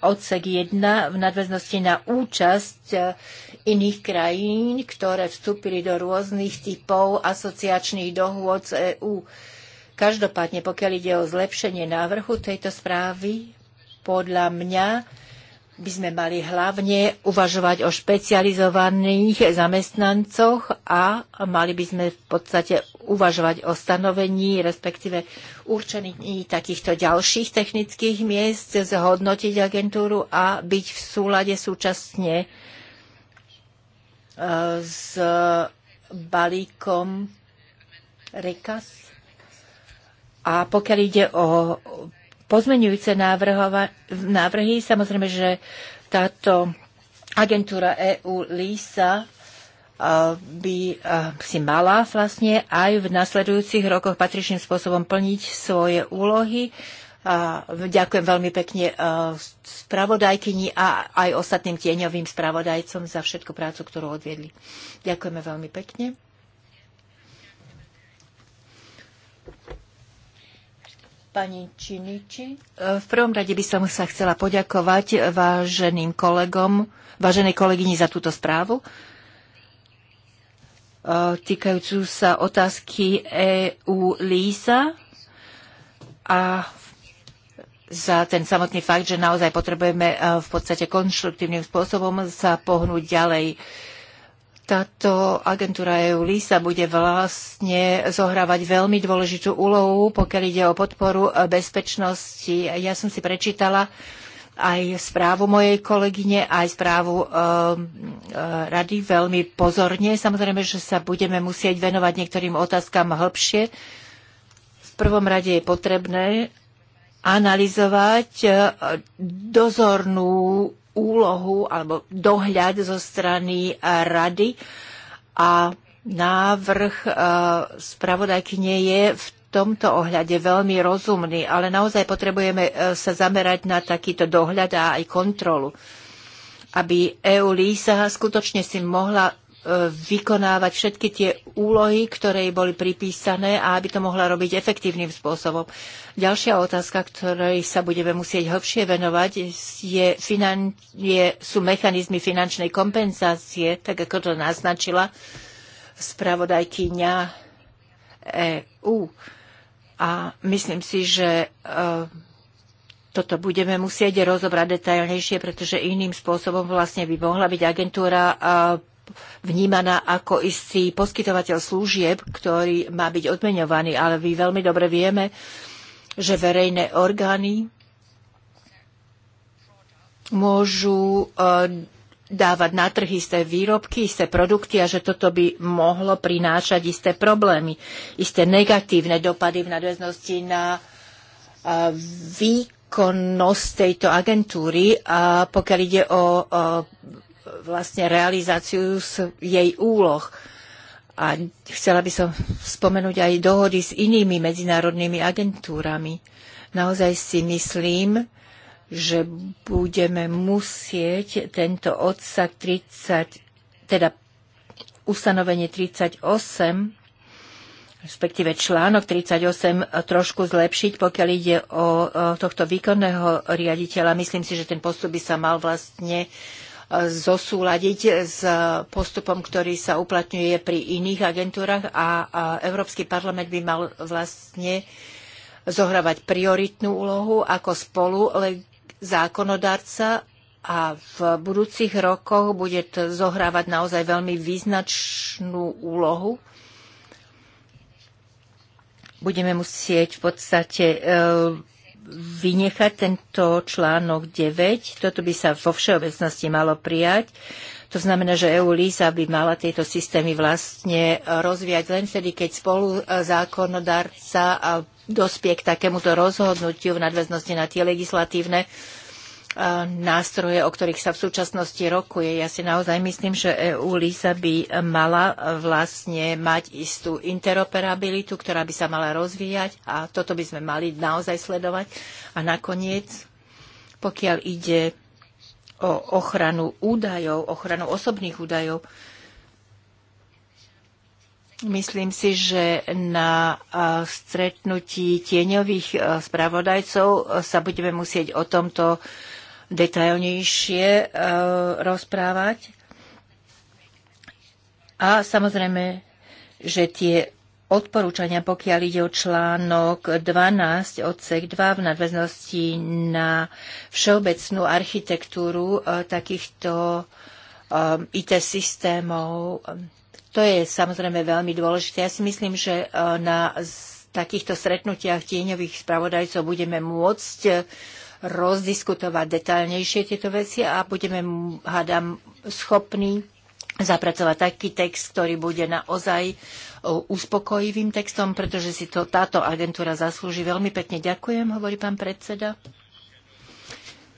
odsek 1 v nadväznosti na účasť e, iných krajín, ktoré vstúpili do rôznych typov asociačných dohôd z EÚ. Každopádne, pokiaľ ide o zlepšenie návrhu tejto správy, podľa mňa by sme mali hlavne uvažovať o špecializovaných zamestnancoch a mali by sme v podstate uvažovať o stanovení, respektíve určení takýchto ďalších technických miest, zhodnotiť agentúru a byť v súlade súčasne e, s balíkom REKAS. A pokiaľ ide o pozmenujúce návrhy. Samozrejme, že táto agentúra EU LISA by si mala vlastne aj v nasledujúcich rokoch patričným spôsobom plniť svoje úlohy. ďakujem veľmi pekne spravodajkyni a aj ostatným tieňovým spravodajcom za všetku prácu, ktorú odviedli. Ďakujeme veľmi pekne. Pani Činiči. E, v prvom rade by som sa chcela poďakovať váženým kolegom, váženej kolegyni za túto správu e, týkajúcu sa otázky EU LISA a za ten samotný fakt, že naozaj potrebujeme e, v podstate konštruktívnym spôsobom sa pohnúť ďalej. Uh, táto agentúra EU LISA bude vlastne zohrávať veľmi dôležitú úlohu, pokiaľ ide o podporu bezpečnosti. Ja som si prečítala aj správu mojej kolegyne, aj správu e, rady veľmi pozorne. Samozrejme, že sa budeme musieť venovať niektorým otázkam hĺbšie. V prvom rade je potrebné analyzovať uh, dozornú úlohu alebo dohľad zo strany eh, rady a návrh eh, nie je v tomto ohľade veľmi rozumný, ale naozaj potrebujeme eh, sa zamerať na takýto dohľad a aj kontrolu, aby EU Lisa skutočne si mohla vykonávať všetky tie úlohy, ktoré jej boli pripísané a aby to mohla robiť efektívnym spôsobom. Ďalšia otázka, ktorej sa budeme musieť hlbšie venovať, je, finan- je, sú mechanizmy finančnej kompenzácie, tak ako to naznačila spravodajkyňa EU. A myslím si, že e, toto budeme musieť rozobrať detailnejšie, pretože iným spôsobom vlastne by mohla byť agentúra e, vnímaná ako istý poskytovateľ služieb, ktorý má byť odmeňovaný, ale my veľmi dobre vieme, že verejné orgány môžu e, dávať na trh isté výrobky, isté produkty a že toto by mohlo prinášať isté problémy, isté negatívne dopady v nadväznosti na e, výkonnosť tejto agentúry, a pokiaľ ide o e, vlastne realizáciu jej úloh. A chcela by som spomenúť aj dohody s inými medzinárodnými agentúrami. Naozaj si myslím, že budeme musieť tento odsak 30, teda ustanovenie 38 respektíve článok 38 trošku zlepšiť, pokiaľ ide o tohto výkonného riaditeľa. Myslím si, že ten postup by sa mal vlastne zosúladiť s postupom, ktorý sa uplatňuje pri iných agentúrach a Európsky parlament by mal vlastne zohrávať prioritnú úlohu ako spolu zákonodárca a v budúcich rokoch bude to zohrávať naozaj veľmi význačnú úlohu. Budeme musieť v podstate e, vynechať tento článok 9. Toto by sa vo všeobecnosti malo prijať. To znamená, že EU-LISA by mala tieto systémy vlastne rozvíjať len vtedy, keď spolu zákonodárca dospie k takémuto rozhodnutiu v nadväznosti na tie legislatívne E, nástroje, o ktorých sa v súčasnosti rokuje. Ja si naozaj myslím, že EU LISA by mala vlastne mať istú interoperabilitu, ktorá by sa mala rozvíjať a toto by sme mali naozaj sledovať. A nakoniec, pokiaľ ide o ochranu údajov, ochranu osobných údajov, Myslím si, že na e, stretnutí tieňových e, spravodajcov sa budeme musieť o tomto detailnejšie e, rozprávať. A samozrejme, že tie odporúčania, pokiaľ ide o článok 12 odsek 2 v nadväznosti na všeobecnú architektúru e, takýchto e, IT systémov. To je samozrejme veľmi dôležité. Ja si myslím, že na takýchto stretnutiach tieňových spravodajcov budeme môcť rozdiskutovať detaľnejšie tieto veci a budeme, hádam, schopní zapracovať taký text, ktorý bude naozaj e, uspokojivým textom, pretože si to táto agentúra zaslúži. Veľmi pekne ďakujem, hovorí pán predseda.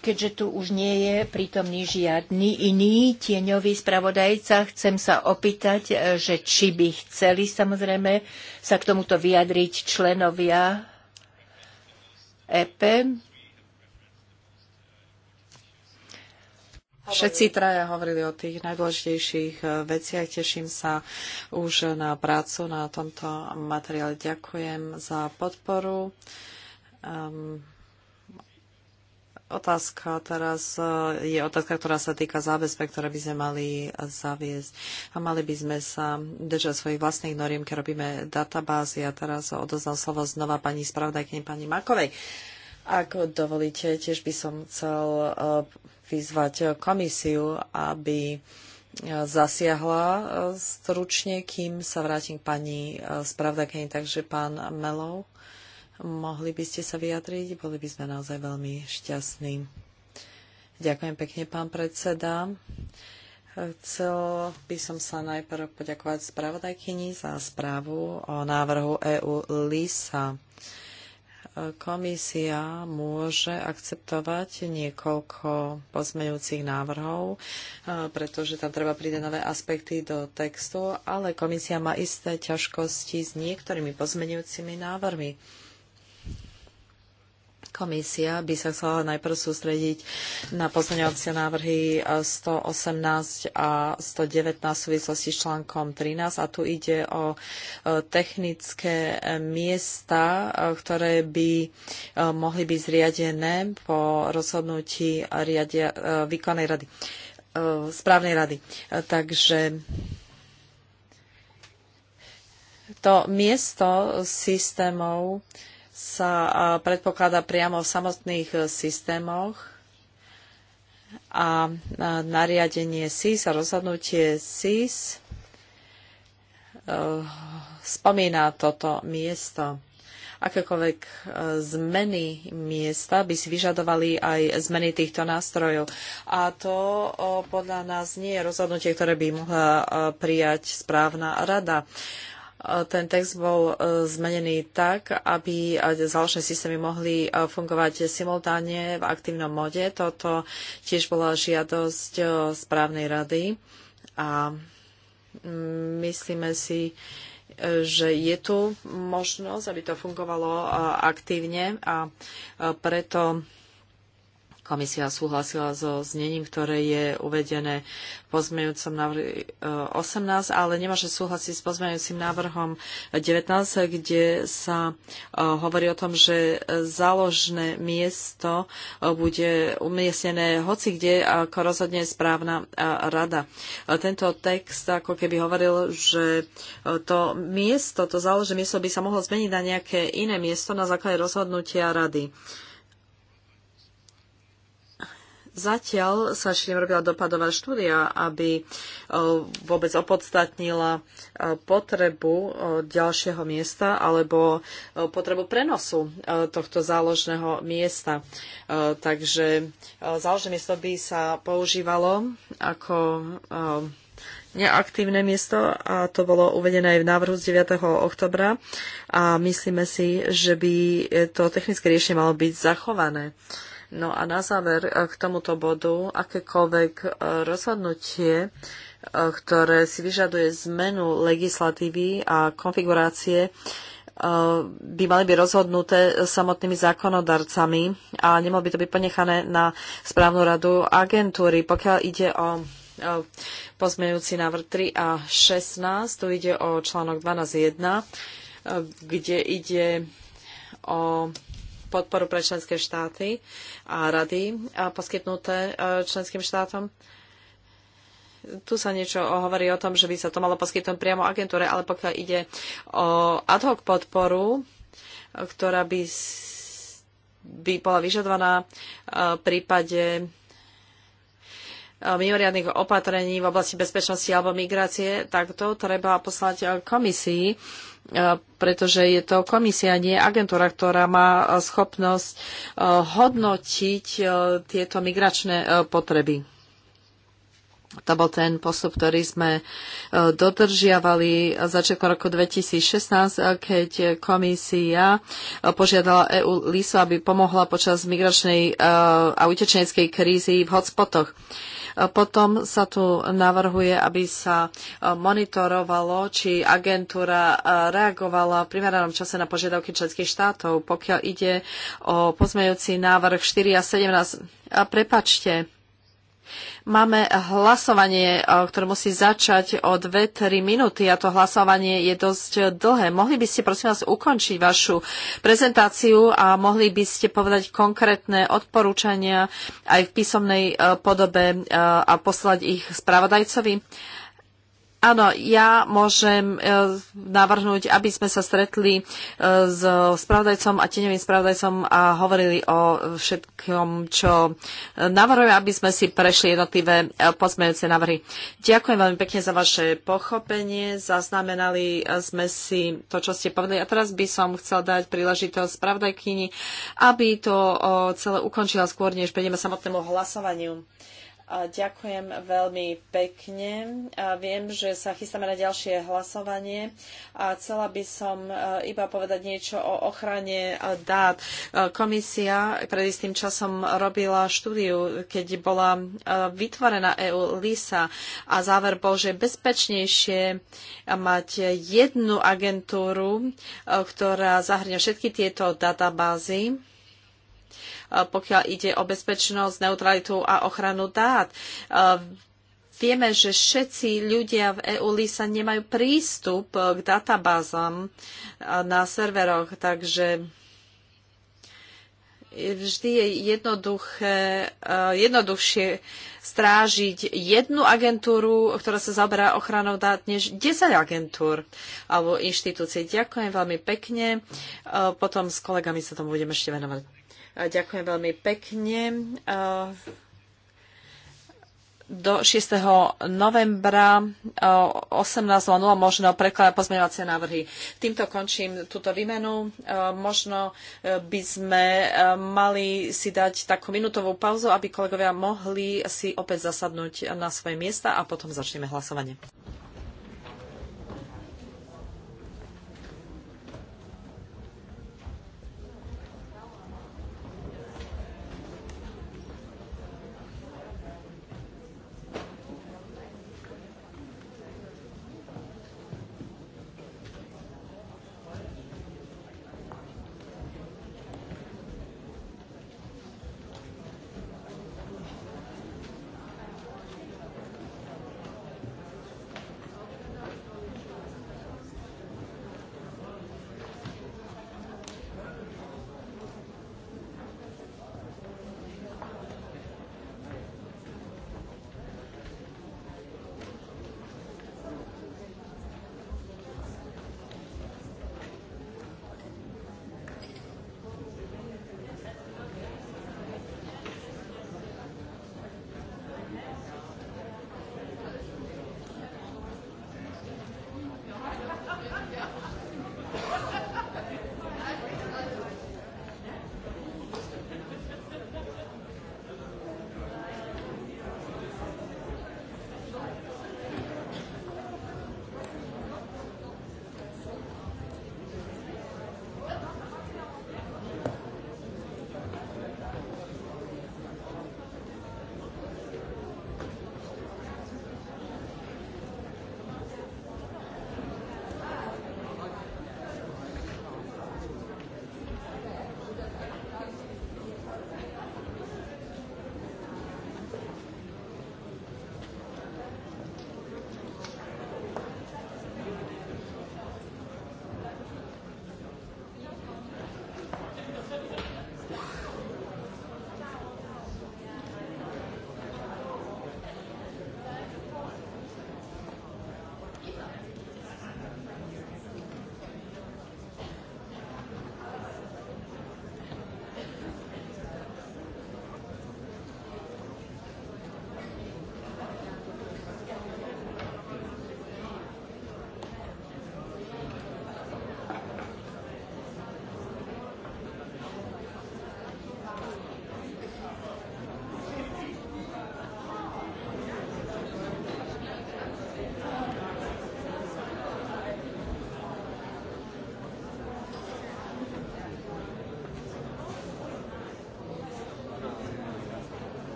Keďže tu už nie je prítomný žiadny iný tieňový spravodajca, chcem sa opýtať, e, že či by chceli samozrejme sa k tomuto vyjadriť členovia EP. Všetci traja hovorili o tých najdôležitejších e, veciach. Teším sa už na prácu na tomto materiále. Ďakujem za podporu. Um, otázka teraz e, je otázka, ktorá sa týka zábezpe, ktoré by sme mali zaviesť. A mali by sme sa držať svojich vlastných noriem, keď robíme databázy. A teraz odoznám slovo znova pani spravodajkyni, pani Makovej. Ak dovolíte, tiež by som chcel uh, vyzvať komisiu, aby zasiahla stručne, kým sa vrátim k pani e, spravdakej. Takže pán Melov, mohli by ste sa vyjadriť? Boli by sme naozaj veľmi šťastní. Ďakujem pekne, pán predseda. Chcel by som sa najprv poďakovať spravodajkyni za správu o návrhu EU LISA komisia môže akceptovať niekoľko pozmeňujúcich návrhov, e, pretože tam treba pridať nové aspekty do textu, ale komisia má isté ťažkosti s niektorými pozmeňujúcimi návrhmi Komisia by sa chcela najprv sústrediť na pozmeňovacie návrhy 118 eh, a 119 v súvislosti s článkom 13 a tu ide o eh, technické eh, miesta, ktoré by mohli byť zriadené po rozhodnutí riadia, výkonnej rady, správnej rady. Takže to miesto systémov sa predpokladá priamo v samotných e, systémoch a nariadenie SIS a rozhodnutie SIS e, spomína toto miesto. Akékoľvek e, zmeny miesta by si vyžadovali aj zmeny týchto nástrojov. A to podľa nás nie je rozhodnutie, ktoré by mohla prijať správna rada ten text bol e, zmenený tak, aby e, záložné systémy mohli e, fungovať simultáne v aktívnom mode. Toto tiež bola žiadosť správnej rady a mm, myslíme si, že je tu možnosť, aby to fungovalo aktívne a preto Komisia súhlasila so znením, ktoré je uvedené v pozmeňujúcom návrhu 18, e, ale nemôže súhlasiť s pozmeňujúcim návrhom 19, kde sa e, hovorí o tom, že záložné miesto e, bude umiestnené hoci kde, ako rozhodne správna rada. Tento text ako keby hovoril, že to miesto, to záložné miesto by sa mohlo zmeniť na nejaké iné miesto na základe rozhodnutia rady. Zatiaľ sa ešte nerobila dopadová štúdia, aby e, vôbec opodstatnila e, potrebu e, ďalšieho miesta alebo potrebu prenosu tohto záložného miesta. Takže záložné miesto by sa používalo ako neaktívne miesto a to bolo uvedené aj v návrhu z 9. oktobra a myslíme si, že by to technické riešenie malo byť zachované. Uh, No a na záver eh, k tomuto bodu, akékoľvek eh, rozhodnutie, eh, ktoré si vyžaduje zmenu legislatívy a konfigurácie, by mali byť rozhodnuté samotnými zákonodarcami a nemalo by to byť ponechané na správnu radu agentúry. Pokiaľ ide o pozmeňujúci návrh 3 a 16, tu ide o článok 12.1, kde ide o podporu pre členské štáty a rady poskytnuté e, členským štátom. Tu sa niečo hovorí o tom, že by sa to malo poskytnúť priamo agentúre, ale pokiaľ ide o ad hoc podporu, ktorá by, by bola vyžadovaná e, v prípade e, mimoriadnych opatrení v oblasti bezpečnosti alebo migrácie, tak to treba poslať komisii E, pretože je to komisia, nie agentúra, ktorá má e, schopnosť e, hodnotiť tieto migračné potreby. To bol ten postup, ktorý sme dodržiavali začiatkom roku 2016, keď komisia požiadala EU LISO, aby pomohla počas migračnej a utečeneckej krízy v hotspotoch. Potom sa tu navrhuje, aby sa e, monitorovalo, či agentúra e, reagovala v primeranom čase na požiadavky členských štátov. Pokiaľ ide o pozmejúci návrh 4 a 17, a prepačte, Máme hlasovanie, eh, ktoré musí začať o 2-3 minúty a to hlasovanie je dosť dlhé. Mohli by ste prosím vás ukončiť vašu prezentáciu a mohli by ste povedať konkrétne odporúčania aj v písomnej eh, podobe eh, a poslať ich spravodajcovi? Áno, ja môžem e, navrhnúť, aby sme sa stretli e, s spravodajcom a teňovým spravodajcom a hovorili o všetkom, čo e, navrhujem, aby sme si prešli jednotlivé pozmeňujúce návrhy. Ďakujem veľmi pekne za vaše pochopenie. Zaznamenali sme si to, čo ste povedali. A teraz by som chcel dať príležitosť spravodajkyni, aby to celé ukončila skôr, než prejdeme samotnému hlasovaniu. Ďakujem veľmi pekne. Viem, že sa chystáme na ďalšie hlasovanie a chcela by som e, iba povedať niečo o ochrane e, dát. E, komisia pred istým časom robila štúdiu, keď bola vytvorená EU LISA a záver bol, že je bezpečnejšie mať jednu agentúru, ktorá zahrňa všetky tieto databázy Eh, pokiaľ ide o bezpečnosť, neutralitu a ochranu dát. Eh, vieme, že všetci ľudia v EU sa nemajú prístup eh, k databázam na serveroch, takže vždy je jednoduché, jednoduchšie strážiť jednu agentúru, ktorá sa zaoberá ochranou dát, než 10 agentúr alebo inštitúcií. Ďakujem veľmi pekne. Potom s kolegami sa tomu budeme ešte venovať. Ďakujem veľmi pekne. Do 6. novembra 18.00 možno prekladať pozmeňovacie návrhy. Týmto končím túto výmenu. Možno e, by sme e, mali si dať takú minutovú pauzu, aby kolegovia mohli si opäť zasadnúť na svoje miesta a potom začneme hlasovanie.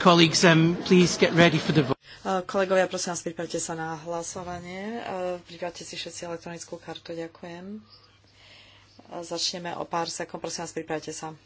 Colleagues, um, please get ready for the vote. Uh, kolegovia, prosím vás, pripravte sa na hlasovanie. Uh, pripravte si všetci elektronickú kartu. Ďakujem. Uh, začneme o pár sekúnd. Prosím vás, pripravte sa.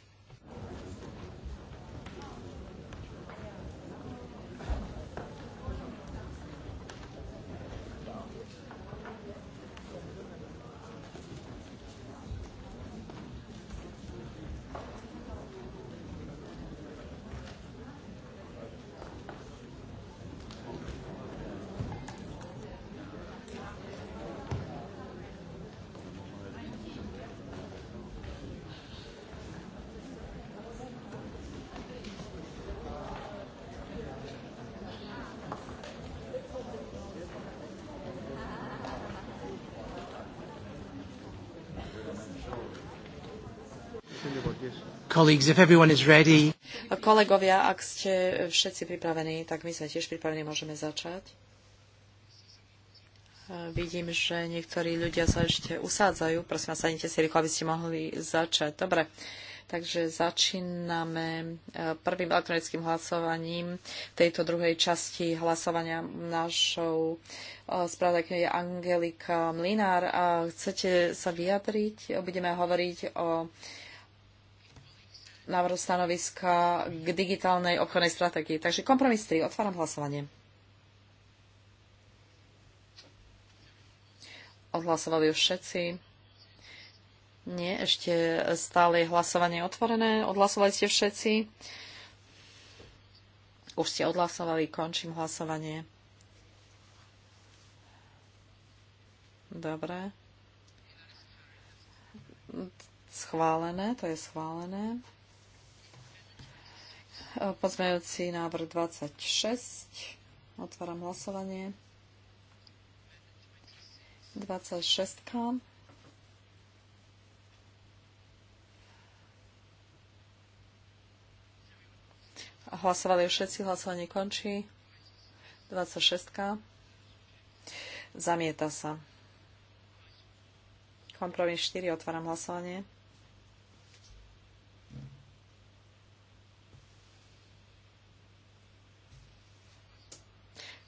Kolegovia, ak ste všetci pripravení, tak my sme tiež pripravení, môžeme začať. Vidím, že niektorí ľudia sa ešte usádzajú. Prosím vás, sadnite si rýchlo, aby ste mohli začať. Dobre, takže začíname e, prvým elektronickým hlasovaním tejto druhej časti hlasovania našou e, spravodajkou je Angelika Mlinár. Chcete sa vyjadriť? Budeme hovoriť o návrhu stanoviska k digitálnej obchodnej stratégii. Takže kompromis 3. Otváram hlasovanie. Odhlasovali už všetci. Nie, ešte stále je hlasovanie otvorené. Odhlasovali ste všetci. Už ste odhlasovali, končím hlasovanie. Dobre. Schválené, to je schválené. Pozmejúci návrh 26. Otváram hlasovanie. 26. Hlasovali všetci, hlasovanie končí. 26. Zamieta sa. Kompromis 4, otváram hlasovanie.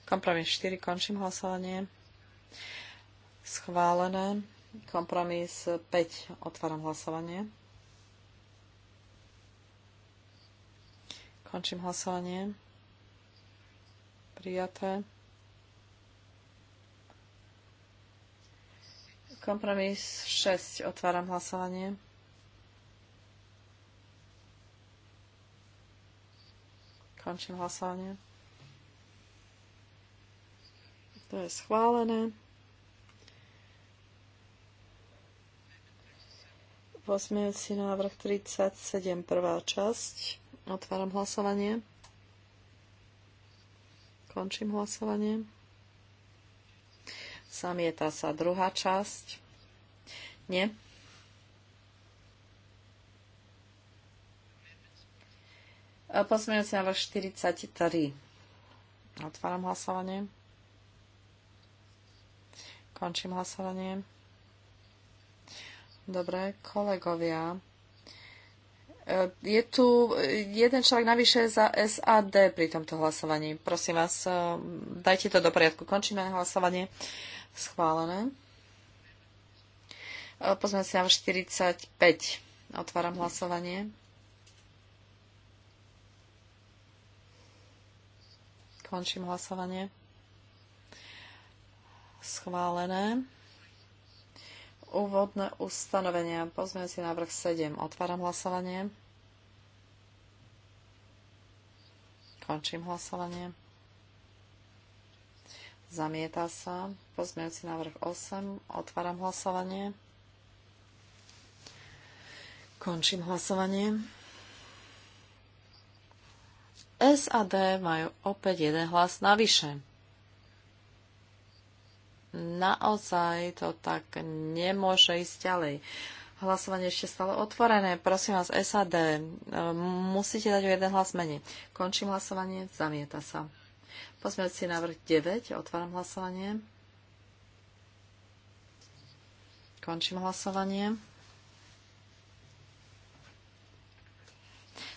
Kompromis 4, končím hlasovanie. Schválené. Kompromis 5, otváram hlasovanie. Končím hlasovanie. Prijaté. Kompromis 6, otváram hlasovanie. Končím hlasovanie. To je schválené. Pozmejúci návrh 37, prvá časť. Otváram hlasovanie. Končím hlasovanie. Samieta sa druhá časť. Nie. Pozmejúci návrh 43. Otváram hlasovanie. Končím hlasovanie. Dobre, kolegovia. E, je tu jeden človek navyše za SAD pri tomto hlasovaní. Prosím vás, e, dajte to do poriadku. Končíme hlasovanie. Schválené. E, pozme si na 45. Otváram hlasovanie. Končím hlasovanie. Schválené. Úvodné ustanovenia. Pozmeňujem si návrh 7. Otváram hlasovanie. Končím hlasovanie. Zamieta sa. si návrh 8. Otváram hlasovanie. Končím hlasovanie. S a D majú opäť jeden hlas navyše naozaj to tak nemôže ísť ďalej. Hlasovanie ešte stále otvorené. Prosím vás, SAD, e, musíte dať o jeden hlas menej. Končím hlasovanie, zamieta sa. Pozmeňujúci návrh 9, otváram hlasovanie. Končím hlasovanie.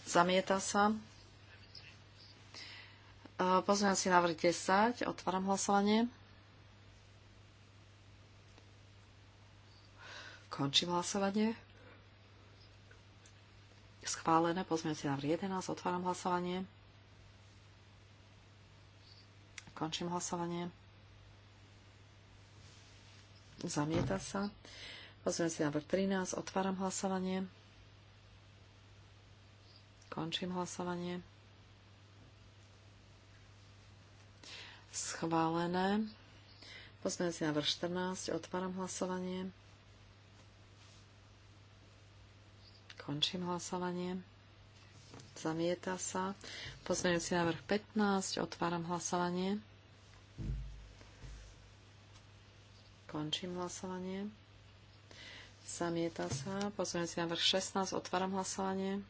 Zamieta sa. E, Pozmeňujem si návrh 10. Otváram hlasovanie. Končím hlasovanie. Schválené si návrh 11. Otváram hlasovanie. Končím hlasovanie. Zamieta sa. si návrh 13. Otváram hlasovanie. Končím hlasovanie. Schválené. si návrh 14. Otváram hlasovanie. Končím hlasovanie. Zamieta sa. Pozmeňujúci návrh 15. Otváram hlasovanie. Končím hlasovanie. Zamieta sa. Pozmeňujúci návrh 16. Otváram hlasovanie.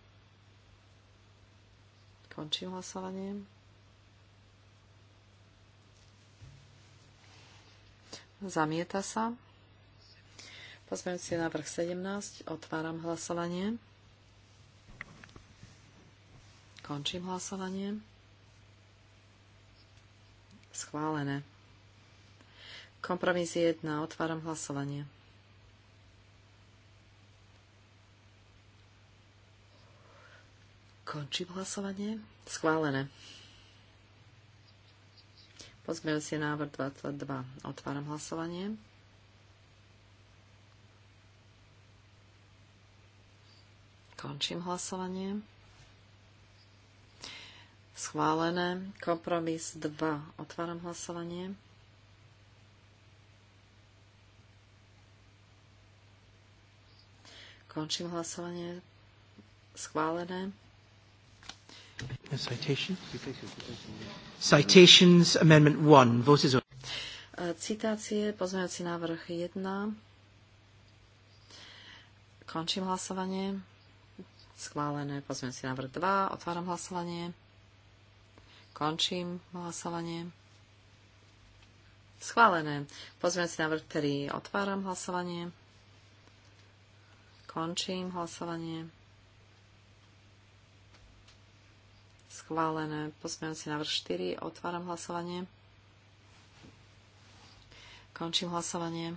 Končím hlasovanie. Zamieta sa. Pozmeňujúci návrh 17. Otváram hlasovanie. Končím hlasovanie. Schválené. Kompromis 1. Otváram hlasovanie. Končím hlasovanie. Schválené. Pozmeňujem si návrh 22. Otváram hlasovanie. Končím hlasovanie. Schválené. Kompromis 2. Otváram hlasovanie. Končím hlasovanie. Schválené. Citations, Amendment 1. E, citácie, pozmeňujúci návrh 1. Končím hlasovanie. Schválené pozmeňujúci návrh 2. Otváram hlasovanie. Končím hlasovanie. Schválené. Pozrieme si na vrch 3. Otváram hlasovanie. Končím hlasovanie. Schválené. na vrch 4. Otváram hlasovanie. Končím hlasovanie.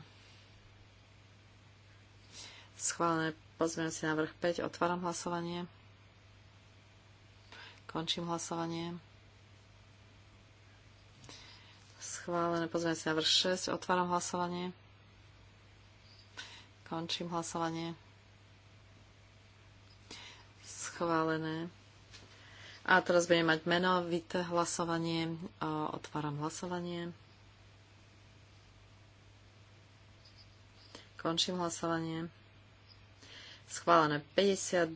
Schválené. na vrch 5. Otváram hlasovanie. Končím hlasovanie. Schválené na návrh 6. Otváram hlasovanie. Končím hlasovanie. Schválené. A teraz budeme mať menovité hlasovanie. Otváram hlasovanie. Končím hlasovanie. Schválené 52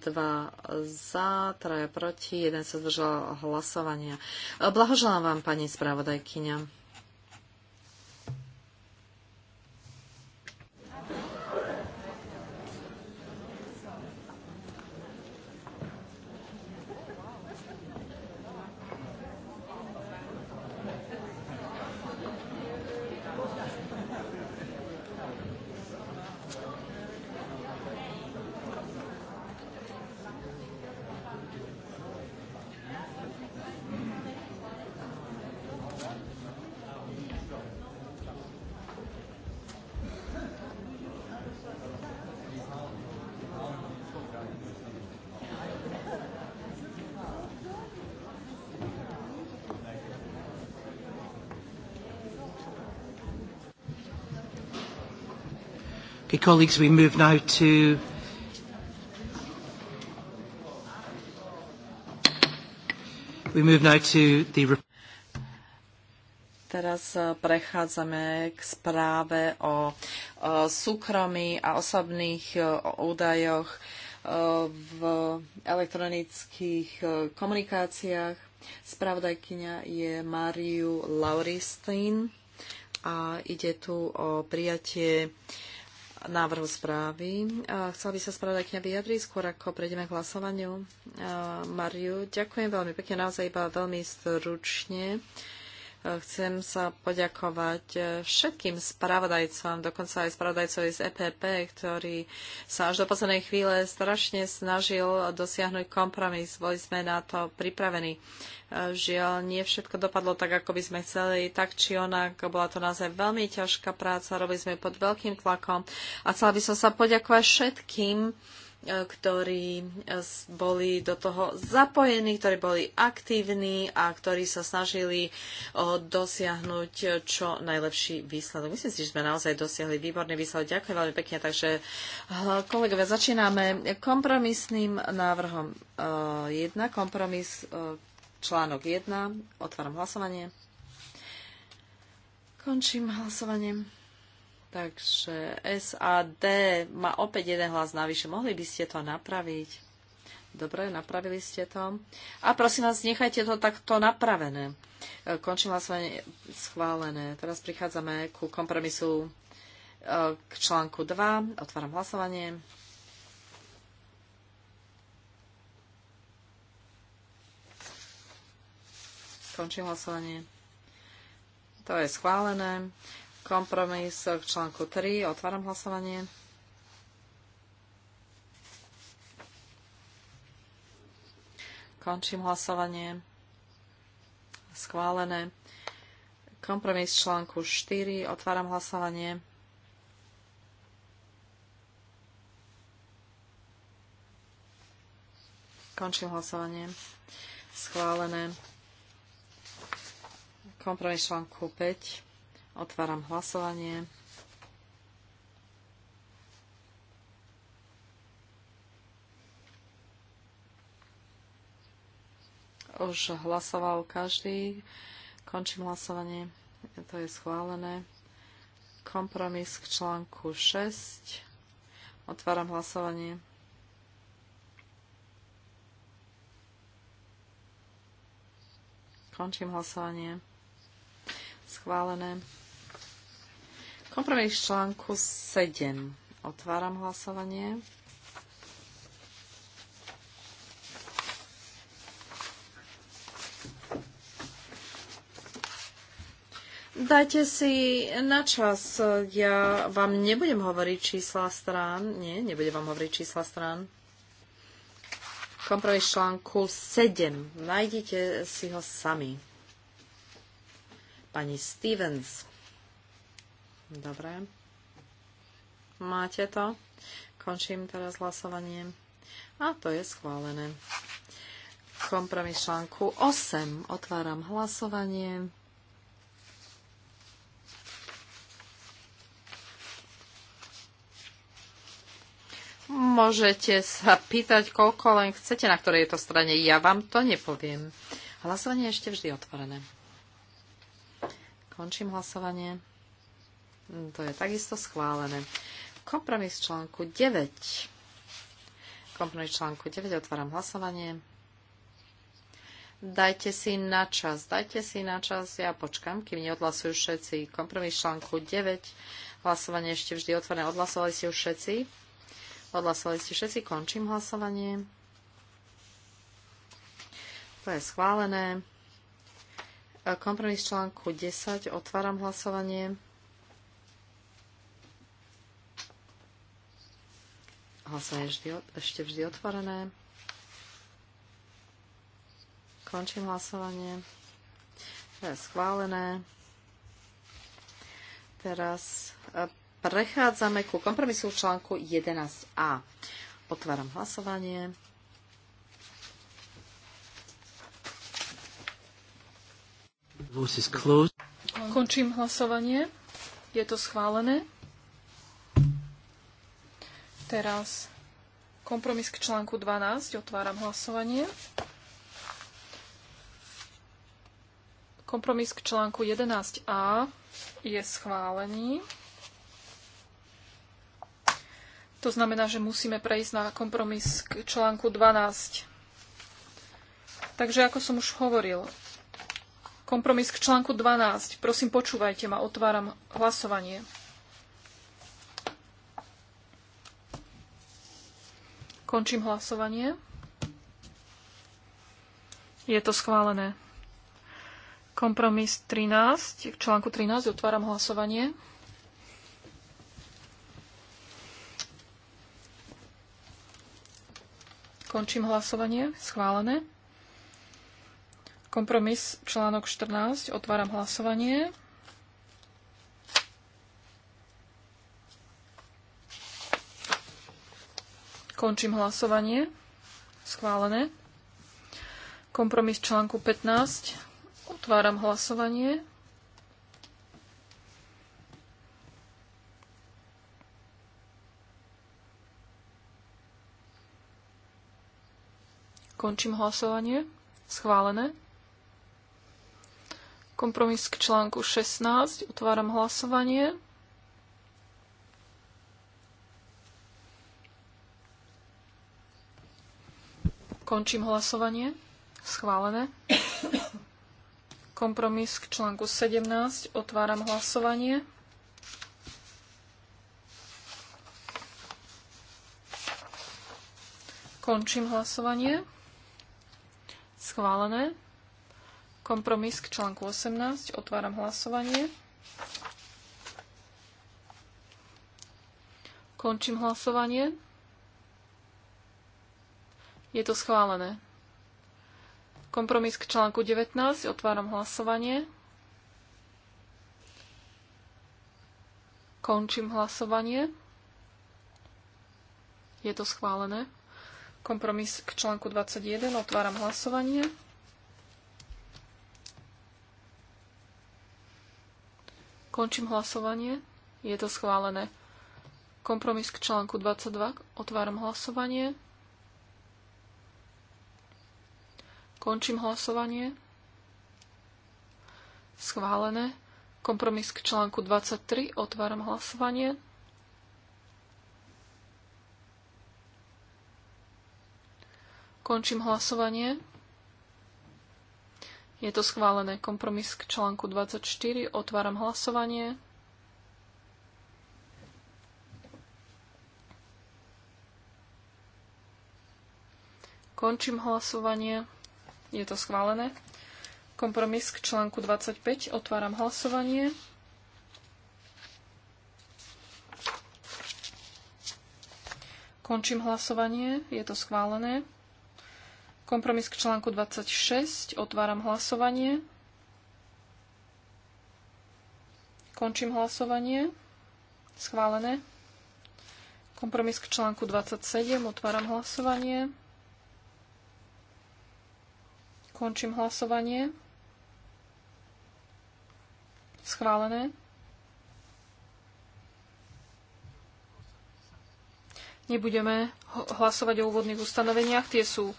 za, 3 proti, 1 sa zdržal hlasovania. Blahoželám vám, pani spravodajkyňa. Colleagues, we move now to we move now to the Teraz eh, prechádzame k správe o, eh, súkromí a osobných eh, údajoch v elektronických komunikáciách. Spravodajkyňa je Mariu Lauristin a ide tu o prijatie uh, návrhu správy. Chcela by sa spravodajkňa vyjadri, skôr, ako prejdeme k hlasovaniu. Mariu, ďakujem veľmi pekne, naozaj iba veľmi stručne. Uh, Chcem sa poďakovať eh, všetkým spravodajcom, dokonca aj spravodajcovi z EPP, ktorý sa až do poslednej chvíle strašne snažil dosiahnuť kompromis. Boli sme na to pripravení. Eh, Žiaľ, nie všetko dopadlo tak, ako by sme chceli, tak či onak. Bola to naozaj veľmi ťažká práca, robili sme pod veľkým tlakom. A chcela by som sa poďakovať všetkým, ktorí e, boli do toho zapojení, ktorí boli aktívni a ktorí sa snažili e, dosiahnuť e, čo najlepší výsledok. Myslím si, že sme naozaj dosiahli výborný výsledok. Ďakujem veľmi pekne. Takže kolegovia, začíname kompromisným návrhom 1. Kompromis článok 1. Otváram hlasovanie. Končím hlasovanie. Takže SAD má opäť jeden hlas navyše. Mohli by ste to napraviť? Dobre, napravili ste to. A prosím vás, nechajte to takto napravené. E, končím hlasovanie schválené. Teraz prichádzame ku kompromisu e, k článku 2. Otváram hlasovanie. Končím hlasovanie. To je schválené. Kompromis k článku 3. Otváram hlasovanie. Končím hlasovanie. Schválené. Kompromis článku 4. Otváram hlasovanie. Končím hlasovanie. Schválené. Kompromis článku 5. Otváram hlasovanie. Už hlasoval každý. Končím hlasovanie. To je schválené. Kompromis k článku 6. Otváram hlasovanie. Končím hlasovanie. Schválené. Kompromis článku 7. Otváram hlasovanie. Dajte si na čas. Ja vám nebudem hovoriť čísla strán. Nie, nebudem vám hovoriť čísla strán. Kompromis článku 7. Nájdite si ho sami. Pani Stevens. Dobre. Máte to? Končím teraz hlasovanie. A to je schválené. Kompromis článku 8. Otváram hlasovanie. Môžete sa pýtať, koľko len chcete, na ktorej je to strane. Ja vám to nepoviem. Hlasovanie je ešte vždy otvorené. Končím hlasovanie. To je takisto schválené. Kompromis článku 9. Kompromis článku 9. Otváram hlasovanie. Dajte si na čas, dajte si na čas, ja počkam, kým neodhlasujú všetci. Kompromis článku 9, hlasovanie ešte vždy otvorené, odhlasovali ste už všetci? Odhlasovali ste všetci, končím hlasovanie. To je schválené. Kompromis článku 10, otváram hlasovanie. Hlasovanie je vždy, ešte vždy otvorené. Končím hlasovanie. To je schválené. Teraz e, prechádzame ku kompromisu článku 11a. Otváram hlasovanie. Končím hlasovanie. Je to schválené. Teraz kompromis k článku 12. Otváram hlasovanie. Kompromis k článku 11a je schválený. To znamená, že musíme prejsť na kompromis k článku 12. Takže ako som už hovoril, kompromis k článku 12. Prosím, počúvajte ma, otváram hlasovanie. Končím hlasovanie. Je to schválené. Kompromis 13. K článku 13 otváram hlasovanie. Končím hlasovanie. Schválené. Kompromis článok 14. Otváram hlasovanie. Končím hlasovanie. Schválené. Kompromis článku 15. Otváram hlasovanie. Končím hlasovanie. Schválené. Kompromis k článku 16. Otváram hlasovanie. Končím hlasovanie. Schválené. Kompromis k článku 17. Otváram hlasovanie. Končím hlasovanie. Schválené. Kompromis k článku 18. Otváram hlasovanie. Končím hlasovanie. Je to schválené. Kompromis k článku 19. Otváram hlasovanie. Končím hlasovanie. Je to schválené. Kompromis k článku 21. Otváram hlasovanie. Končím hlasovanie. Je to schválené. Kompromis k článku 22. Otváram hlasovanie. Končím hlasovanie. Schválené. Kompromis k článku 23. Otváram hlasovanie. Končím hlasovanie. Je to schválené. Kompromis k článku 24. Otváram hlasovanie. Končím hlasovanie. Je to schválené. Kompromis k článku 25. Otváram hlasovanie. Končím hlasovanie. Je to schválené. Kompromis k článku 26. Otváram hlasovanie. Končím hlasovanie. Schválené. Kompromis k článku 27. Otváram hlasovanie. Končím hlasovanie. Schválené. Nebudeme hlasovať o úvodných ustanoveniach, tie sú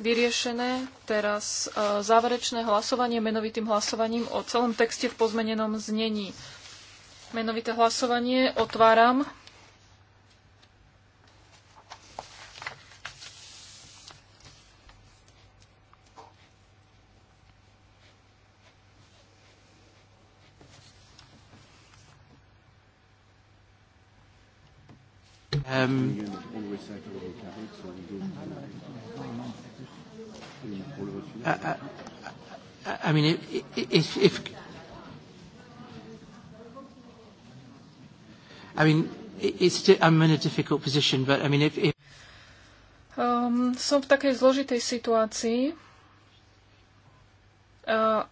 vyriešené. Teraz e, záverečné hlasovanie menovitým hlasovaním o celom texte v pozmenenom znení. Menovité hlasovanie otváram. Um, I, I mean, if, if, I mean, it's, I'm in a difficult position, but I mean, if, if um, som v takej zložitej situácii. Uh,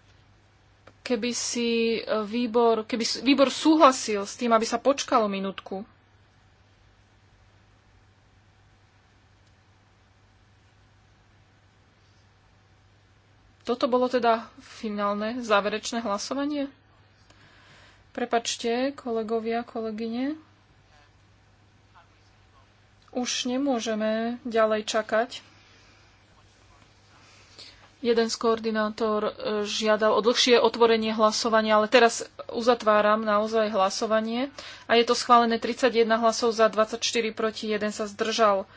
keby si uh, výbor, keby výbor súhlasil s tým, aby sa počkalo minútku, Toto bolo teda finálne, záverečné hlasovanie? Prepačte, kolegovia, kolegyne. Už nemôžeme ďalej čakať. Jeden z koordinátor e, žiadal o dlhšie otvorenie hlasovania, ale teraz uzatváram naozaj hlasovanie a je to schválené 31 hlasov za 24 proti 1 sa zdržal.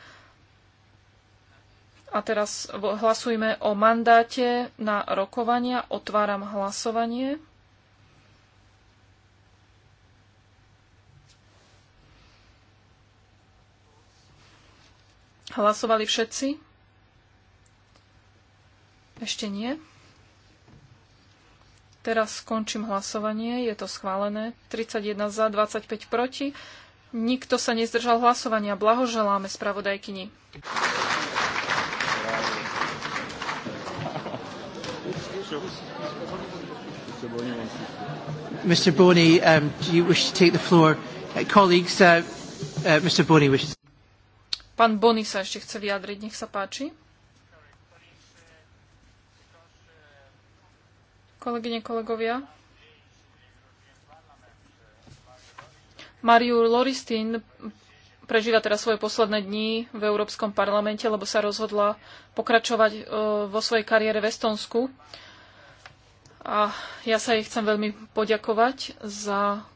A teraz hlasujme o mandáte na rokovania. Otváram hlasovanie. Hlasovali všetci? Ešte nie. Teraz skončím hlasovanie. Je to schválené. 31 za, 25 proti. Nikto sa nezdržal hlasovania. Blahoželáme spravodajkyni. Mr. Boney, um, do you wish to take the floor? Uh, colleagues, uh, uh, Mr. Boney wishes. Pán Boni sa ešte chce vyjadriť, nech sa páči. Kolegyne, kolegovia. Mariu Loristin prežíva teraz svoje posledné dni v Európskom parlamente, lebo sa rozhodla pokračovať uh, vo svojej kariére v Estonsku. A ja sa jej chcem veľmi poďakovať za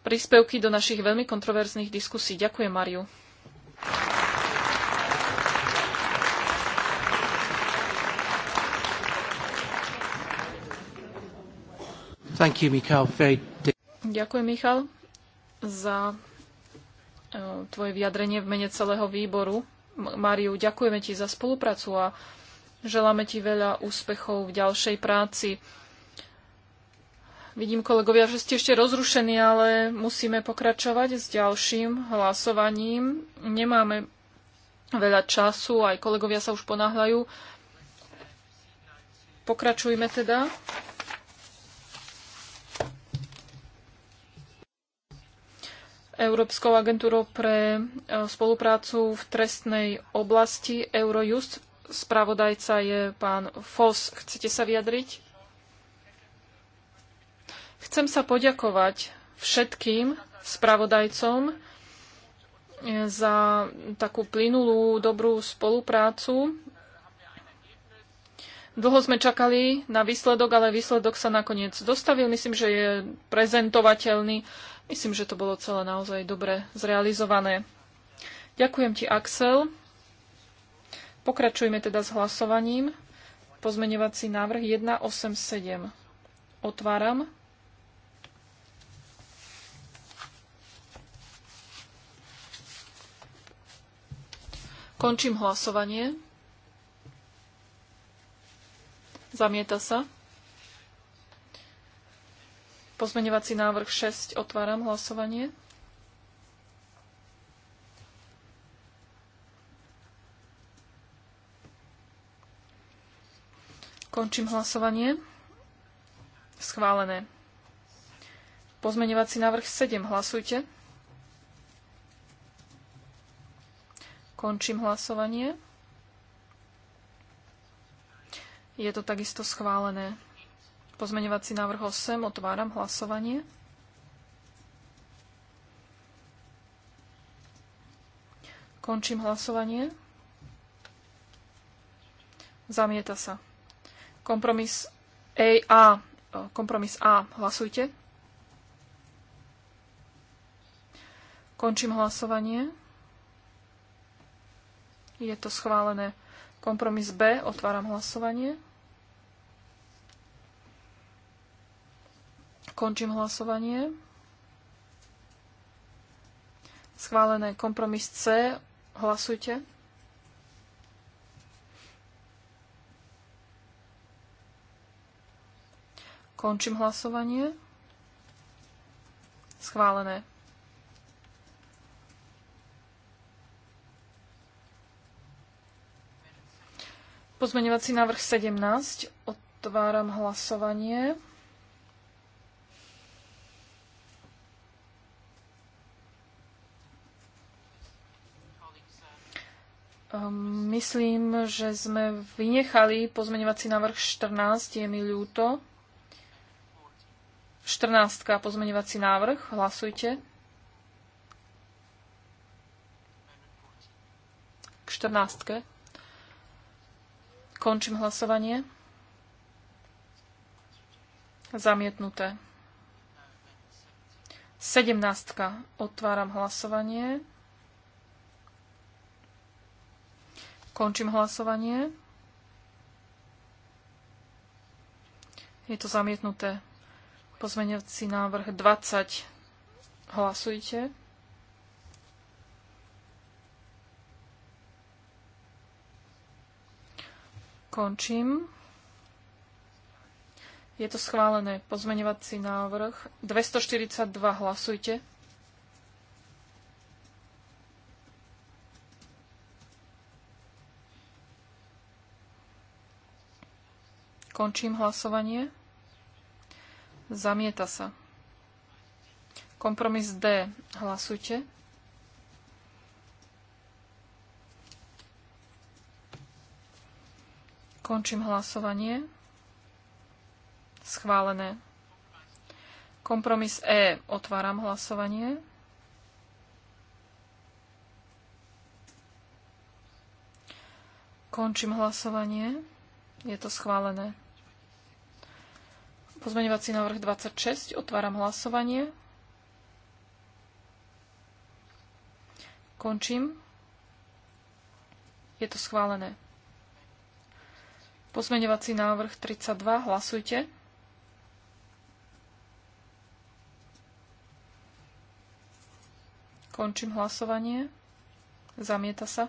príspevky do našich veľmi kontroverzných diskusí. Ďakujem, Mariu. Thank you, Michal. Ďakujem, Michal, za e, tvoje vyjadrenie v mene celého výboru. Mariu, ďakujeme ti za spoluprácu a želáme ti veľa úspechov v ďalšej práci. Vidím, kolegovia, že ste ešte rozrušení, ale musíme pokračovať s ďalším hlasovaním. Nemáme veľa času, aj kolegovia sa už ponáhľajú. Pokračujme teda. Európskou agentúrou pre e, spoluprácu v trestnej oblasti Eurojust. Spravodajca je pán Foss. Chcete sa vyjadriť? Chcem sa poďakovať všetkým spravodajcom eh, za takú plynulú, dobrú spoluprácu. Dlho sme čakali na výsledok, ale výsledok sa nakoniec dostavil. Myslím, že je prezentovateľný. Myslím, že to bolo celé naozaj dobre zrealizované. Ďakujem ti, Axel. Pokračujeme teda s hlasovaním. Pozmeňovací návrh 187. Otváram Končím hlasovanie. Zamieta sa. Pozmeňovací návrh 6. Otváram hlasovanie. Končím hlasovanie. Schválené. Pozmeňovací návrh 7. Hlasujte. Končím hlasovanie. Je to takisto schválené. Pozmeňovací návrh 8. Otváram hlasovanie. Končím hlasovanie. Zamieta sa. Kompromis A. Kompromis A. Hlasujte. Končím hlasovanie. Je to schválené. Kompromis B. Otváram hlasovanie. Končím hlasovanie. Schválené. Kompromis C. Hlasujte. Končím hlasovanie. Schválené. Pozmeňovací návrh 17. Otváram hlasovanie. Ehm, myslím, že sme vynechali pozmeňovací návrh 14, je mi ľúto. 14. pozmeňovací návrh, hlasujte. K 14. Končím hlasovanie. Zamietnuté. 17. Otváram hlasovanie. Končím hlasovanie. Je to zamietnuté. Pozmeňovací návrh 20. Hlasujte. Končím. Je to schválené. Pozmeňovací návrh. 242 hlasujte. Končím hlasovanie. Zamieta sa. Kompromis D. Hlasujte. Končím hlasovanie. Schválené. Kompromis E. Otváram hlasovanie. Končím hlasovanie. Je to schválené. Pozmeňovací návrh 26. Otváram hlasovanie. Končím. Je to schválené. Pozmeňovací návrh 32. Hlasujte. Končím hlasovanie. Zamieta sa.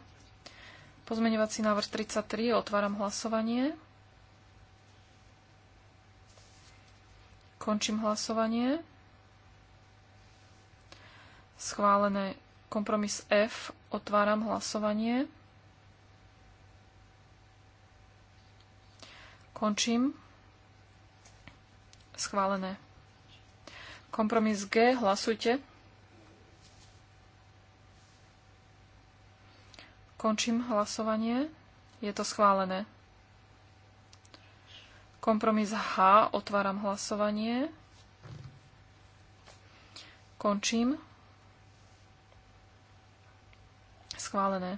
Pozmeňovací návrh 33. Otváram hlasovanie. Končím hlasovanie. Schválené kompromis F. Otváram hlasovanie. Končím. Schválené. Kompromis G. Hlasujte. Končím hlasovanie. Je to schválené. Kompromis H. Otváram hlasovanie. Končím. Schválené.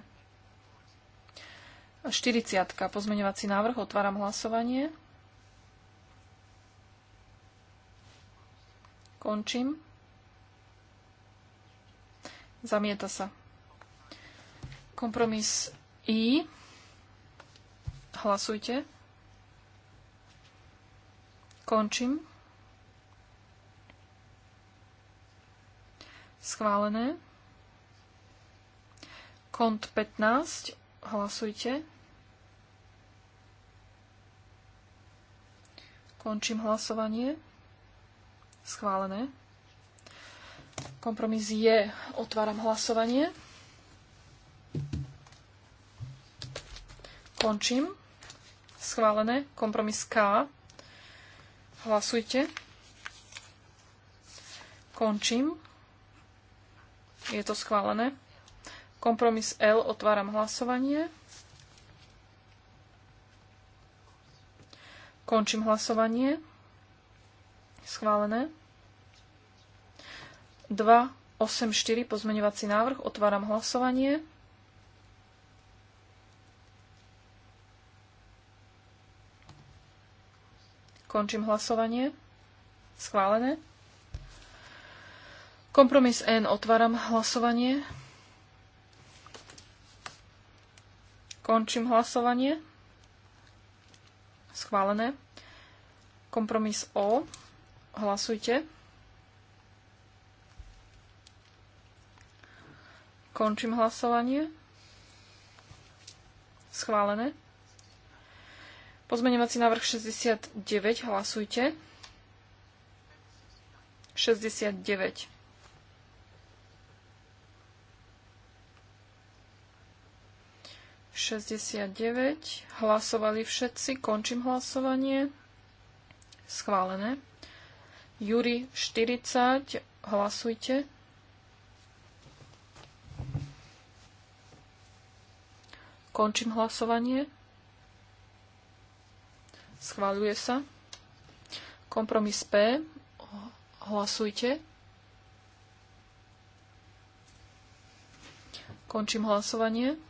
40. Pozmeňovací návrh. Otváram hlasovanie. Končím. Zamieta sa. Kompromis I. Hlasujte. Končím. Schválené. Kont 15. Hlasujte. Končím hlasovanie. Schválené. Kompromis je. Otváram hlasovanie. Končím. Schválené. Kompromis K. Hlasujte. Končím. Je to schválené. Kompromis L, otváram hlasovanie. Končím hlasovanie. Schválené. 2, 8, 4, pozmeňovací návrh, otváram hlasovanie. Končím hlasovanie. Schválené. Kompromis N. Otváram hlasovanie. Končím hlasovanie. Schválené. Kompromis O. Hlasujte. Končím hlasovanie. Schválené. Pozmeňovací návrh 69. Hlasujte. 69. 69. Hlasovali všetci. Končím hlasovanie. Schválené. Juri 40. Hlasujte. Končím hlasovanie. Schváľuje sa. Kompromis P. Hlasujte. Končím hlasovanie.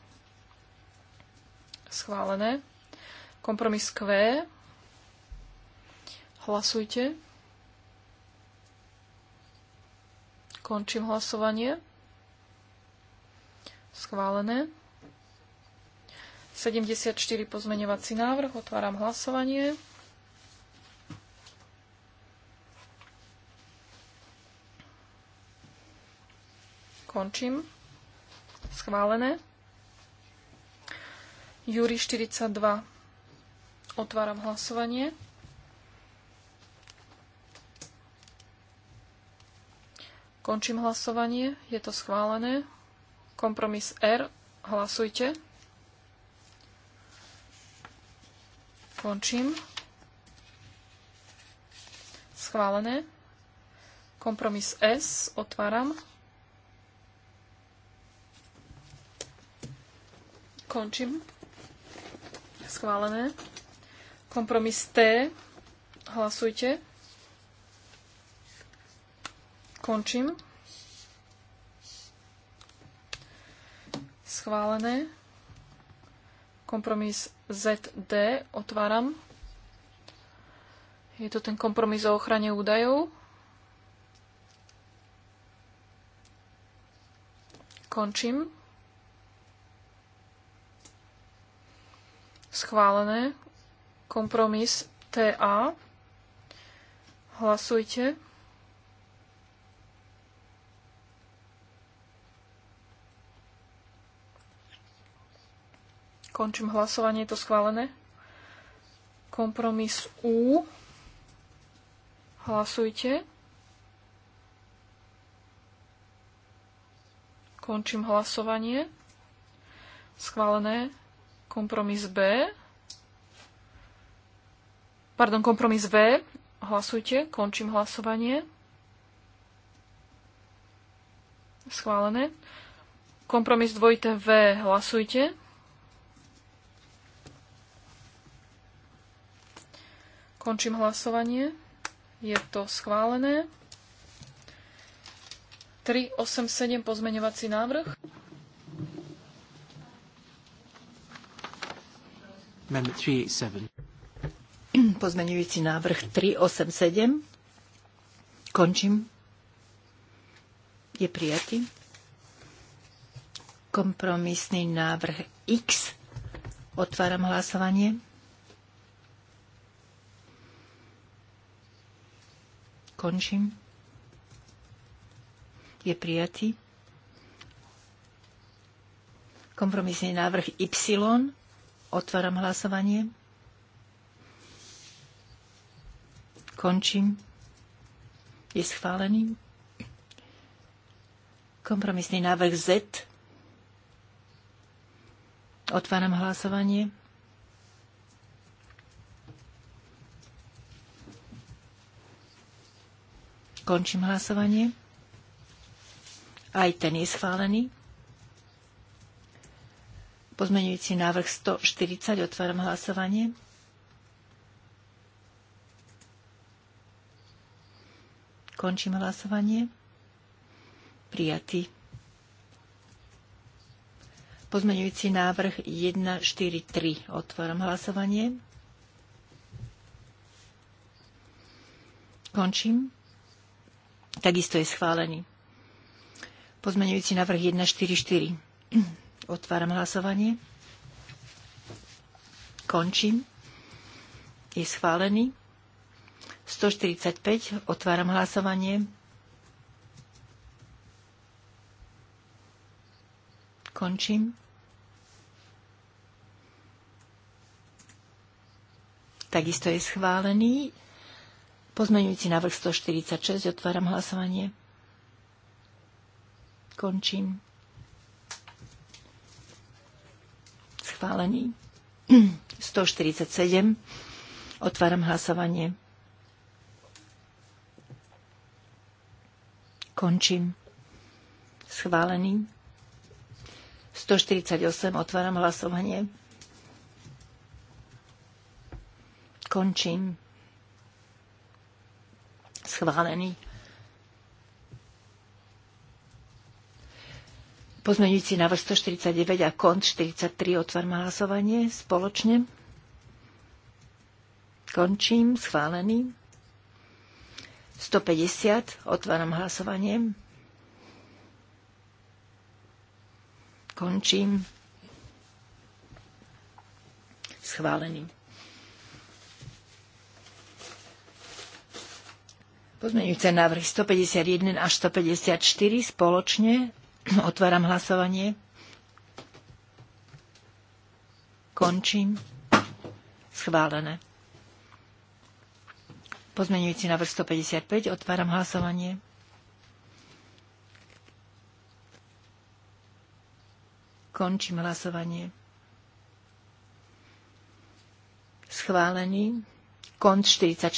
Schválené. Kompromis Q. Hlasujte. Končím hlasovanie. Schválené. 74 pozmeňovací návrh. Otváram hlasovanie. Končím. Schválené. Júri 42. Otváram hlasovanie. Končím hlasovanie. Je to schválené. Kompromis R. Hlasujte. Končím. Schválené. Kompromis S. Otváram. Končím schválené. Kompromis T. Hlasujte. Končím. Schválené. Kompromis ZD. Otváram. Je to ten kompromis o ochrane údajov. Končím. Schválené. Kompromis TA. Hlasujte. Končím hlasovanie, je to schválené. Kompromis U. Hlasujte. Končím hlasovanie. Schválené. Kompromis B. Pardon, kompromis V. Hlasujte. Končím hlasovanie. Schválené. Kompromis dvojité V. Hlasujte. Končím hlasovanie. Je to schválené. 387 pozmeňovací návrh. Amendment 387. Pozmenujúci návrh 387. Končím. Je prijatý. Kompromisný návrh X. Otváram hlasovanie. Končím. Je prijatý. Kompromisný návrh Y. Otváram hlasovanie. Končím. Je schválený. Kompromisný návrh Z. Otváram hlasovanie. Končím hlasovanie. Aj ten je schválený. Pozmeňujúci návrh 140. Otváram hlasovanie. Končím hlasovanie. Prijatý. Pozmeňujúci návrh 143. Otváram hlasovanie. Končím. Takisto je schválený. Pozmeňujúci návrh 144. Otváram hlasovanie. Končím. Je schválený. 145. Otváram hlasovanie. Končím. Takisto je schválený. Pozmeňujúci návrh 146. Otváram hlasovanie. Končím. schválení. 147. Otváram hlasovanie. Končím. Schválený. 148. Otváram hlasovanie. Končím. Schválený. Pozmeňujúci návrh 149 a kont 43 otvorme hlasovanie spoločne. Končím, schválený. 150, otváram hlasovanie. Končím. Schválený. Pozmeňujúce návrhy 151 až 154 spoločne Otváram hlasovanie. Končím. Schválené. Pozmeňujúci návrh 155. Otváram hlasovanie. Končím hlasovanie. Schválený. Kont 44.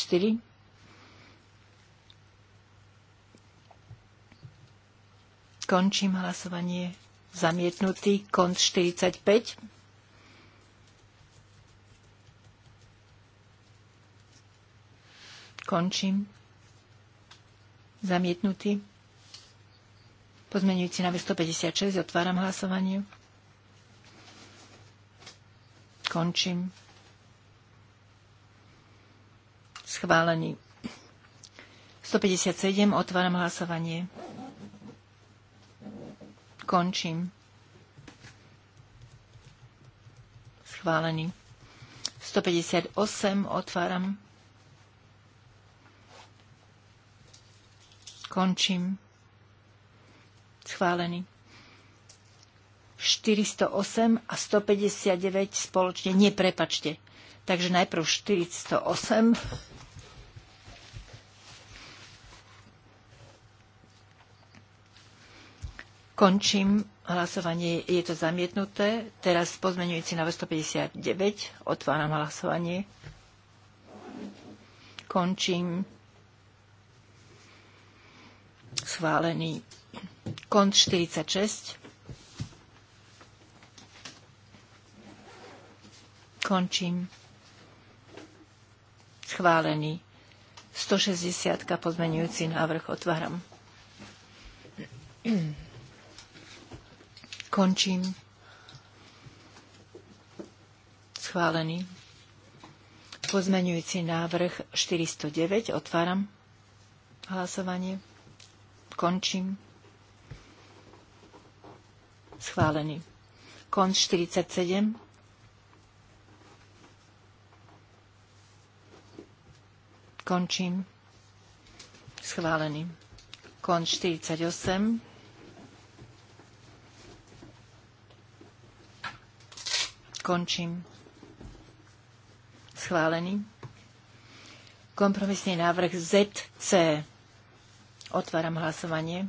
Končím hlasovanie. Zamietnutý. Kont 45. Končím. Zamietnutý. Pozmenujúci na 156. Otváram hlasovanie. Končím. Schválený. 157. Otváram hlasovanie. Končím. Schválený. 158 otváram. Končím. Schválený. 408 a 159 spoločne. neprepačte. Takže najprv 408 Končím hlasovanie. Je to zamietnuté. Teraz pozmenujúci na 159. Otváram hlasovanie. Končím. Schválený. Kont 46. Končím. Schválený. 160. pozmenujúci návrh otváram. Končím. Schválený. Pozmeňujúci návrh 409. Otváram hlasovanie. Končím. Schválený. Konč 47. Končím. Schválený. Kon 48. Končím. Schválený. Kompromisný návrh ZC. Otváram hlasovanie.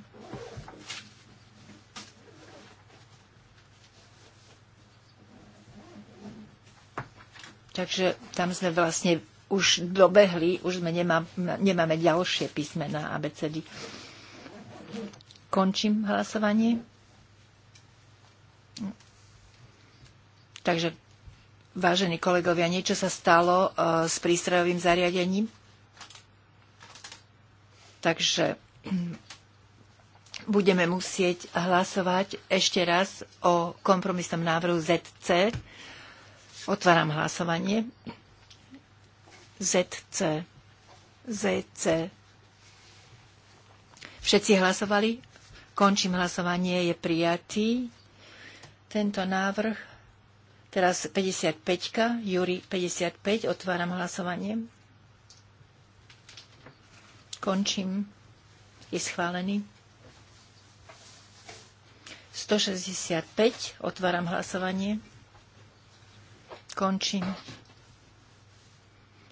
Takže tam sme vlastne už dobehli, už sme nemá, nemáme ďalšie písmená ABCD. Končím hlasovanie. Takže, vážení kolegovia, niečo sa stalo e, s prístrojovým zariadením. Takže budeme musieť hlasovať ešte raz o kompromisnom návrhu ZC. Otváram hlasovanie. ZC. ZC. Všetci hlasovali? Končím hlasovanie. Je prijatý tento návrh. Teraz 55-ka, Júri 55, otváram hlasovanie. Končím. Je schválený. 165, otváram hlasovanie. Končím.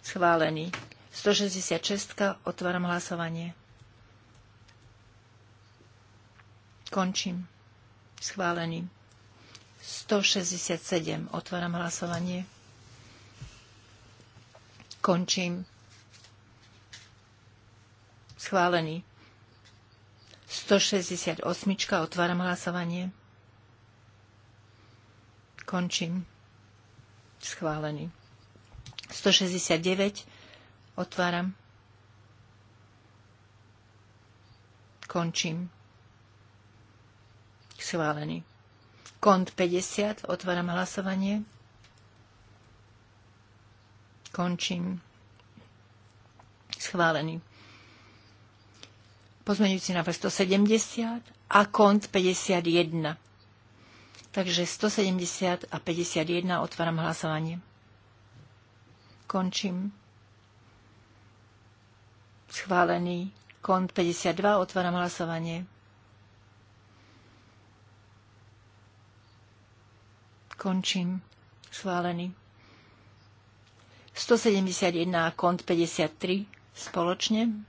Schválený. 166, otváram hlasovanie. Končím. Schválený. 167. Otváram hlasovanie. Končím. Schválený. 168. Otváram hlasovanie. Končím. Schválený. 169. Otváram. Končím. Schválený. Kont 50, otváram hlasovanie. Končím. Schválený. Pozmeňujúci návrh 170 a kont 51. Takže 170 a 51 otváram hlasovanie. Končím. Schválený. Kont 52 otváram hlasovanie. Končím. Schválený. 171 a kont 53 spoločne.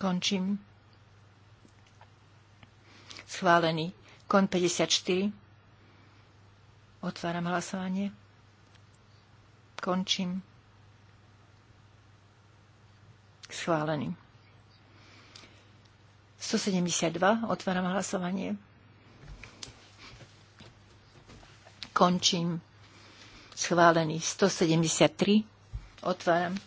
Končím. Schválený. Kon 54. Otváram hlasovanie. Končím. Schválený. 172. Otváram hlasovanie. Končím. Schválený 173. Otváram.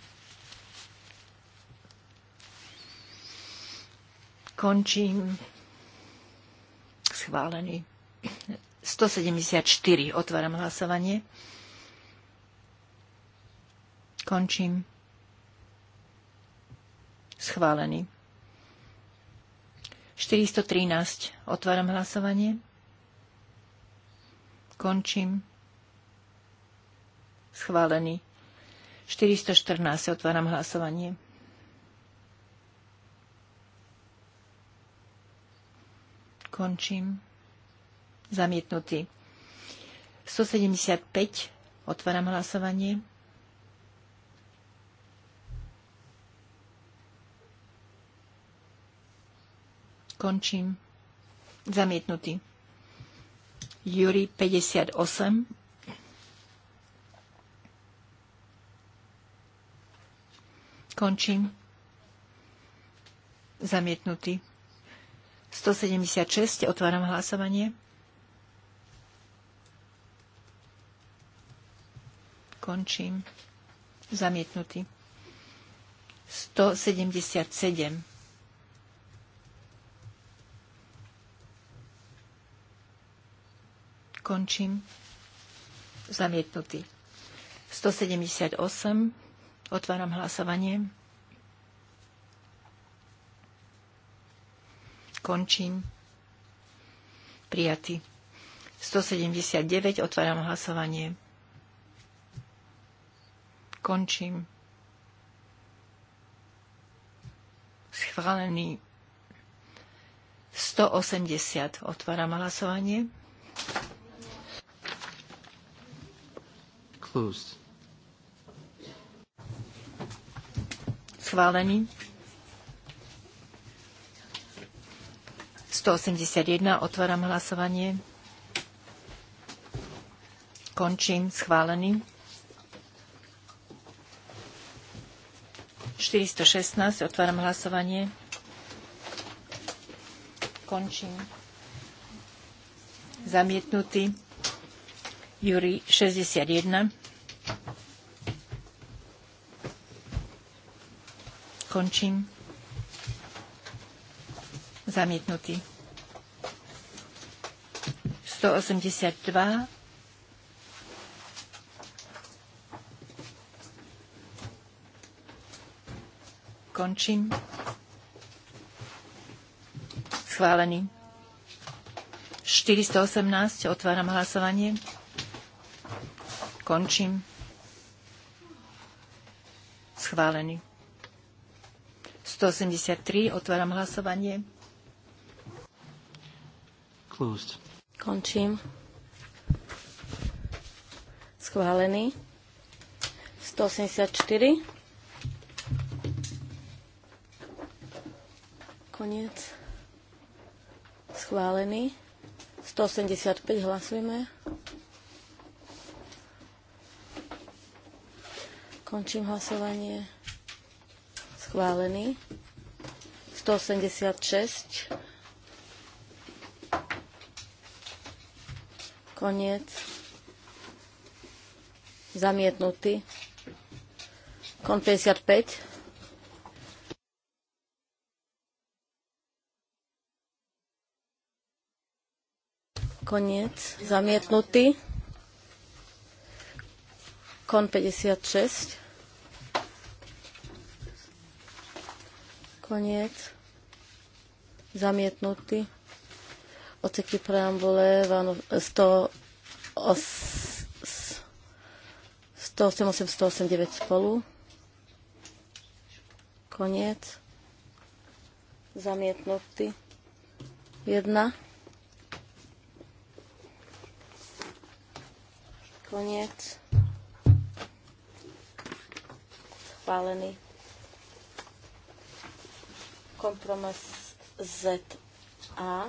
Končím. Schválený. 174. Otváram hlasovanie. Končím. Schválený. 413. Otváram hlasovanie. Končím. Schválený. 414. Otváram hlasovanie. Končím. Zamietnutý. 175. Otváram hlasovanie. Končím. Zamietnutý. Júri 58. Končím. Zamietnutý. 176. Otváram hlasovanie. Končím. Zamietnutý. 177. Končím. Zamietnutý. 178. Otváram hlasovanie. Končím. Prijatý. 179. Otváram hlasovanie. Končím. Schválený. 180. Otváram hlasovanie. closed. Schválený. 181. Otváram hlasovanie. Končím. Schválený. 416. Otváram hlasovanie. Končím. Zamietnutý. Júri 61. skončím. Zamietnutý. 182. Končím. Schválený. 418. Otváram hlasovanie. Končím. Schválený. 183. Otváram hlasovanie. Closed. Končím. Schválený. 184. Koniec. Schválený. 185 hlasujeme. Končím hlasovanie schválený. 186. Koniec. Zamietnutý. Kon 55. Koniec. Zamietnutý. Kon 56. Koniec. Zamietnutý. Oceky preambule 100, 108, 108, spolu. Koniec. Zamietnutý. 1. Koniec. Pálený. Kompromis A.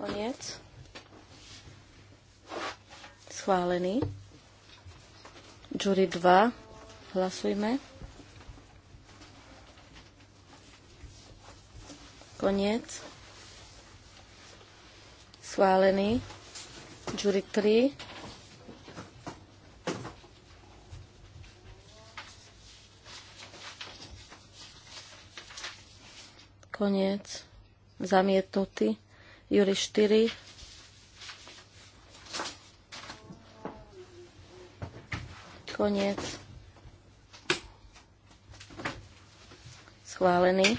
Koniec. Schválený. Jury 2. Hlasujme. Koniec. Schválený. Jury 3. Koniec. Zamietnutý. Juri 4. Koniec. Schválený.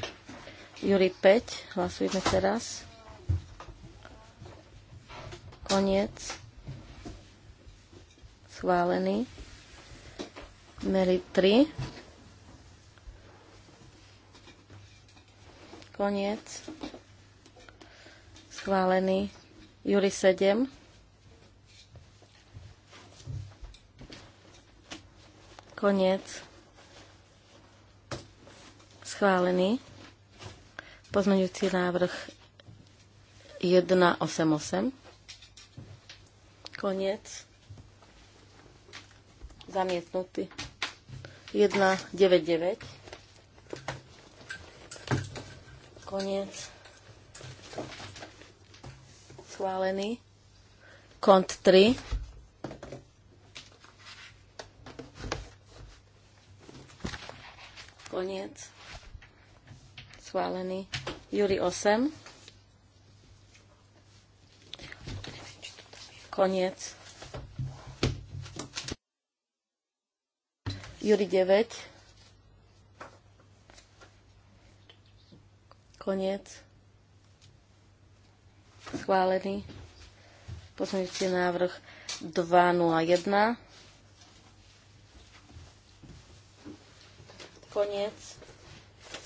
Juri 5. Hlasujeme teraz. Koniec. Schválený. Meri 3 Koniec. Schválený. Juli 7. Koniec. Schválený. Pozmeňujúci návrh 188. Koniec. Zamietnutý. 199. Koniec. Schválený. Kont 3. Koniec. Schválený. Júri 8. Koniec. Júri 9. Koniec. Schválený. Pozmeňujúci návrh 201. Koniec.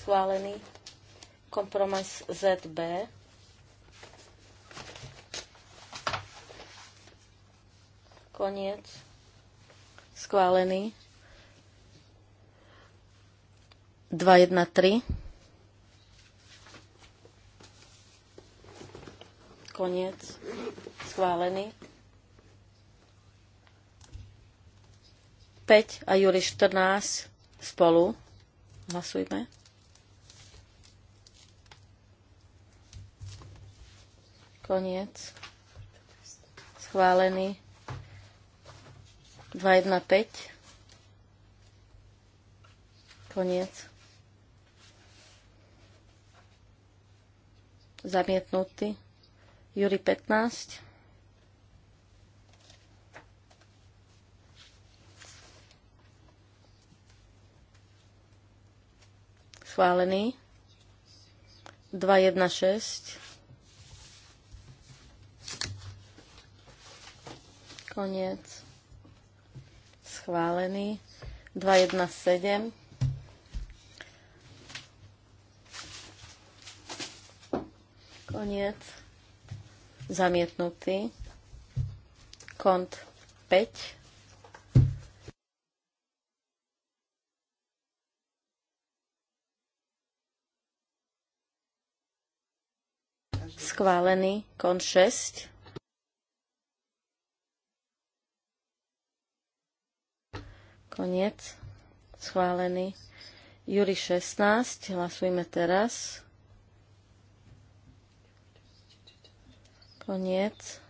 Schválený. Kompromis ZB. Koniec. Schválený. 213. nakoniec Schválený. 5 a Juli 14 spolu. Hlasujme. Koniec. Schválený. 2, 1, 5. Koniec. Zamietnutý. Juri 15. Chválený. 216. Koniec. Schválený. 217. Koniec zamietnutý. Kont 5 schválený Kont 6. Koniec. Schválený. Júri 16. Hlasujme teraz. Koniec.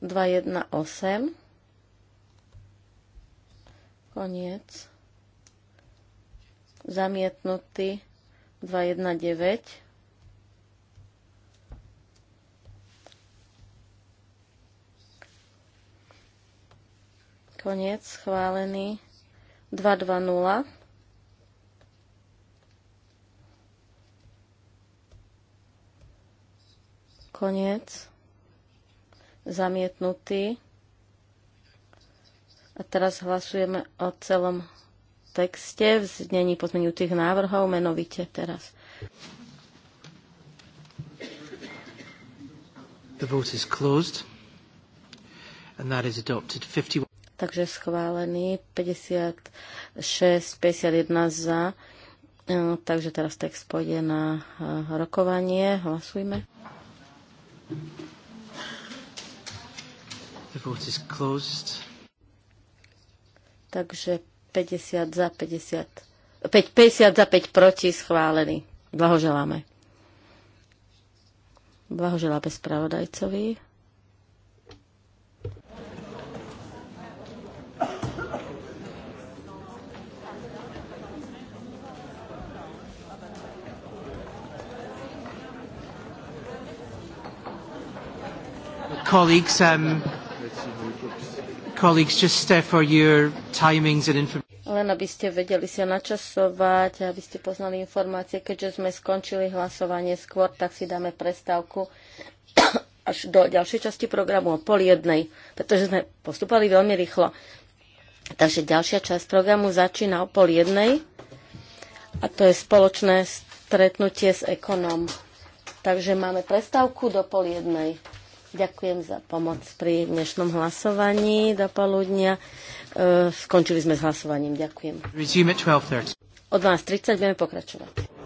Dva, jedna, osem. Koniec. Zamietnutý. Dva, jedna, deväť. Koniec. Schválený. 220. nakoniec Zamietnutý. A teraz hlasujeme o celom texte v znení pozmenutých návrhov, menovite teraz. The vote is closed. And that is adopted 51 takže schválený 56, 51 za. Ehm, takže teraz text pôjde na eh, rokovanie. Hlasujme. The vote is closed. Takže 50 za 50. 5, 50 za 5 proti schválený. Blahoželáme. Blahoželáme spravodajcovi. colleagues, um, colleagues, just uh, for your timings and information. Len aby ste vedeli sa načasovať, aby ste poznali informácie. Keďže sme skončili hlasovanie skôr, tak si dáme prestávku až do ďalšej časti programu o pol jednej, pretože sme postupali veľmi rýchlo. Takže ďalšia časť programu začína o pol jednej a to je spoločné stretnutie s ekonom. Takže máme prestávku do pol jednej. Ďakujem za pomoc pri dnešnom hlasovaní do poludnia. E, skončili sme s hlasovaním. Ďakujem. O 12.30 budeme pokračovať.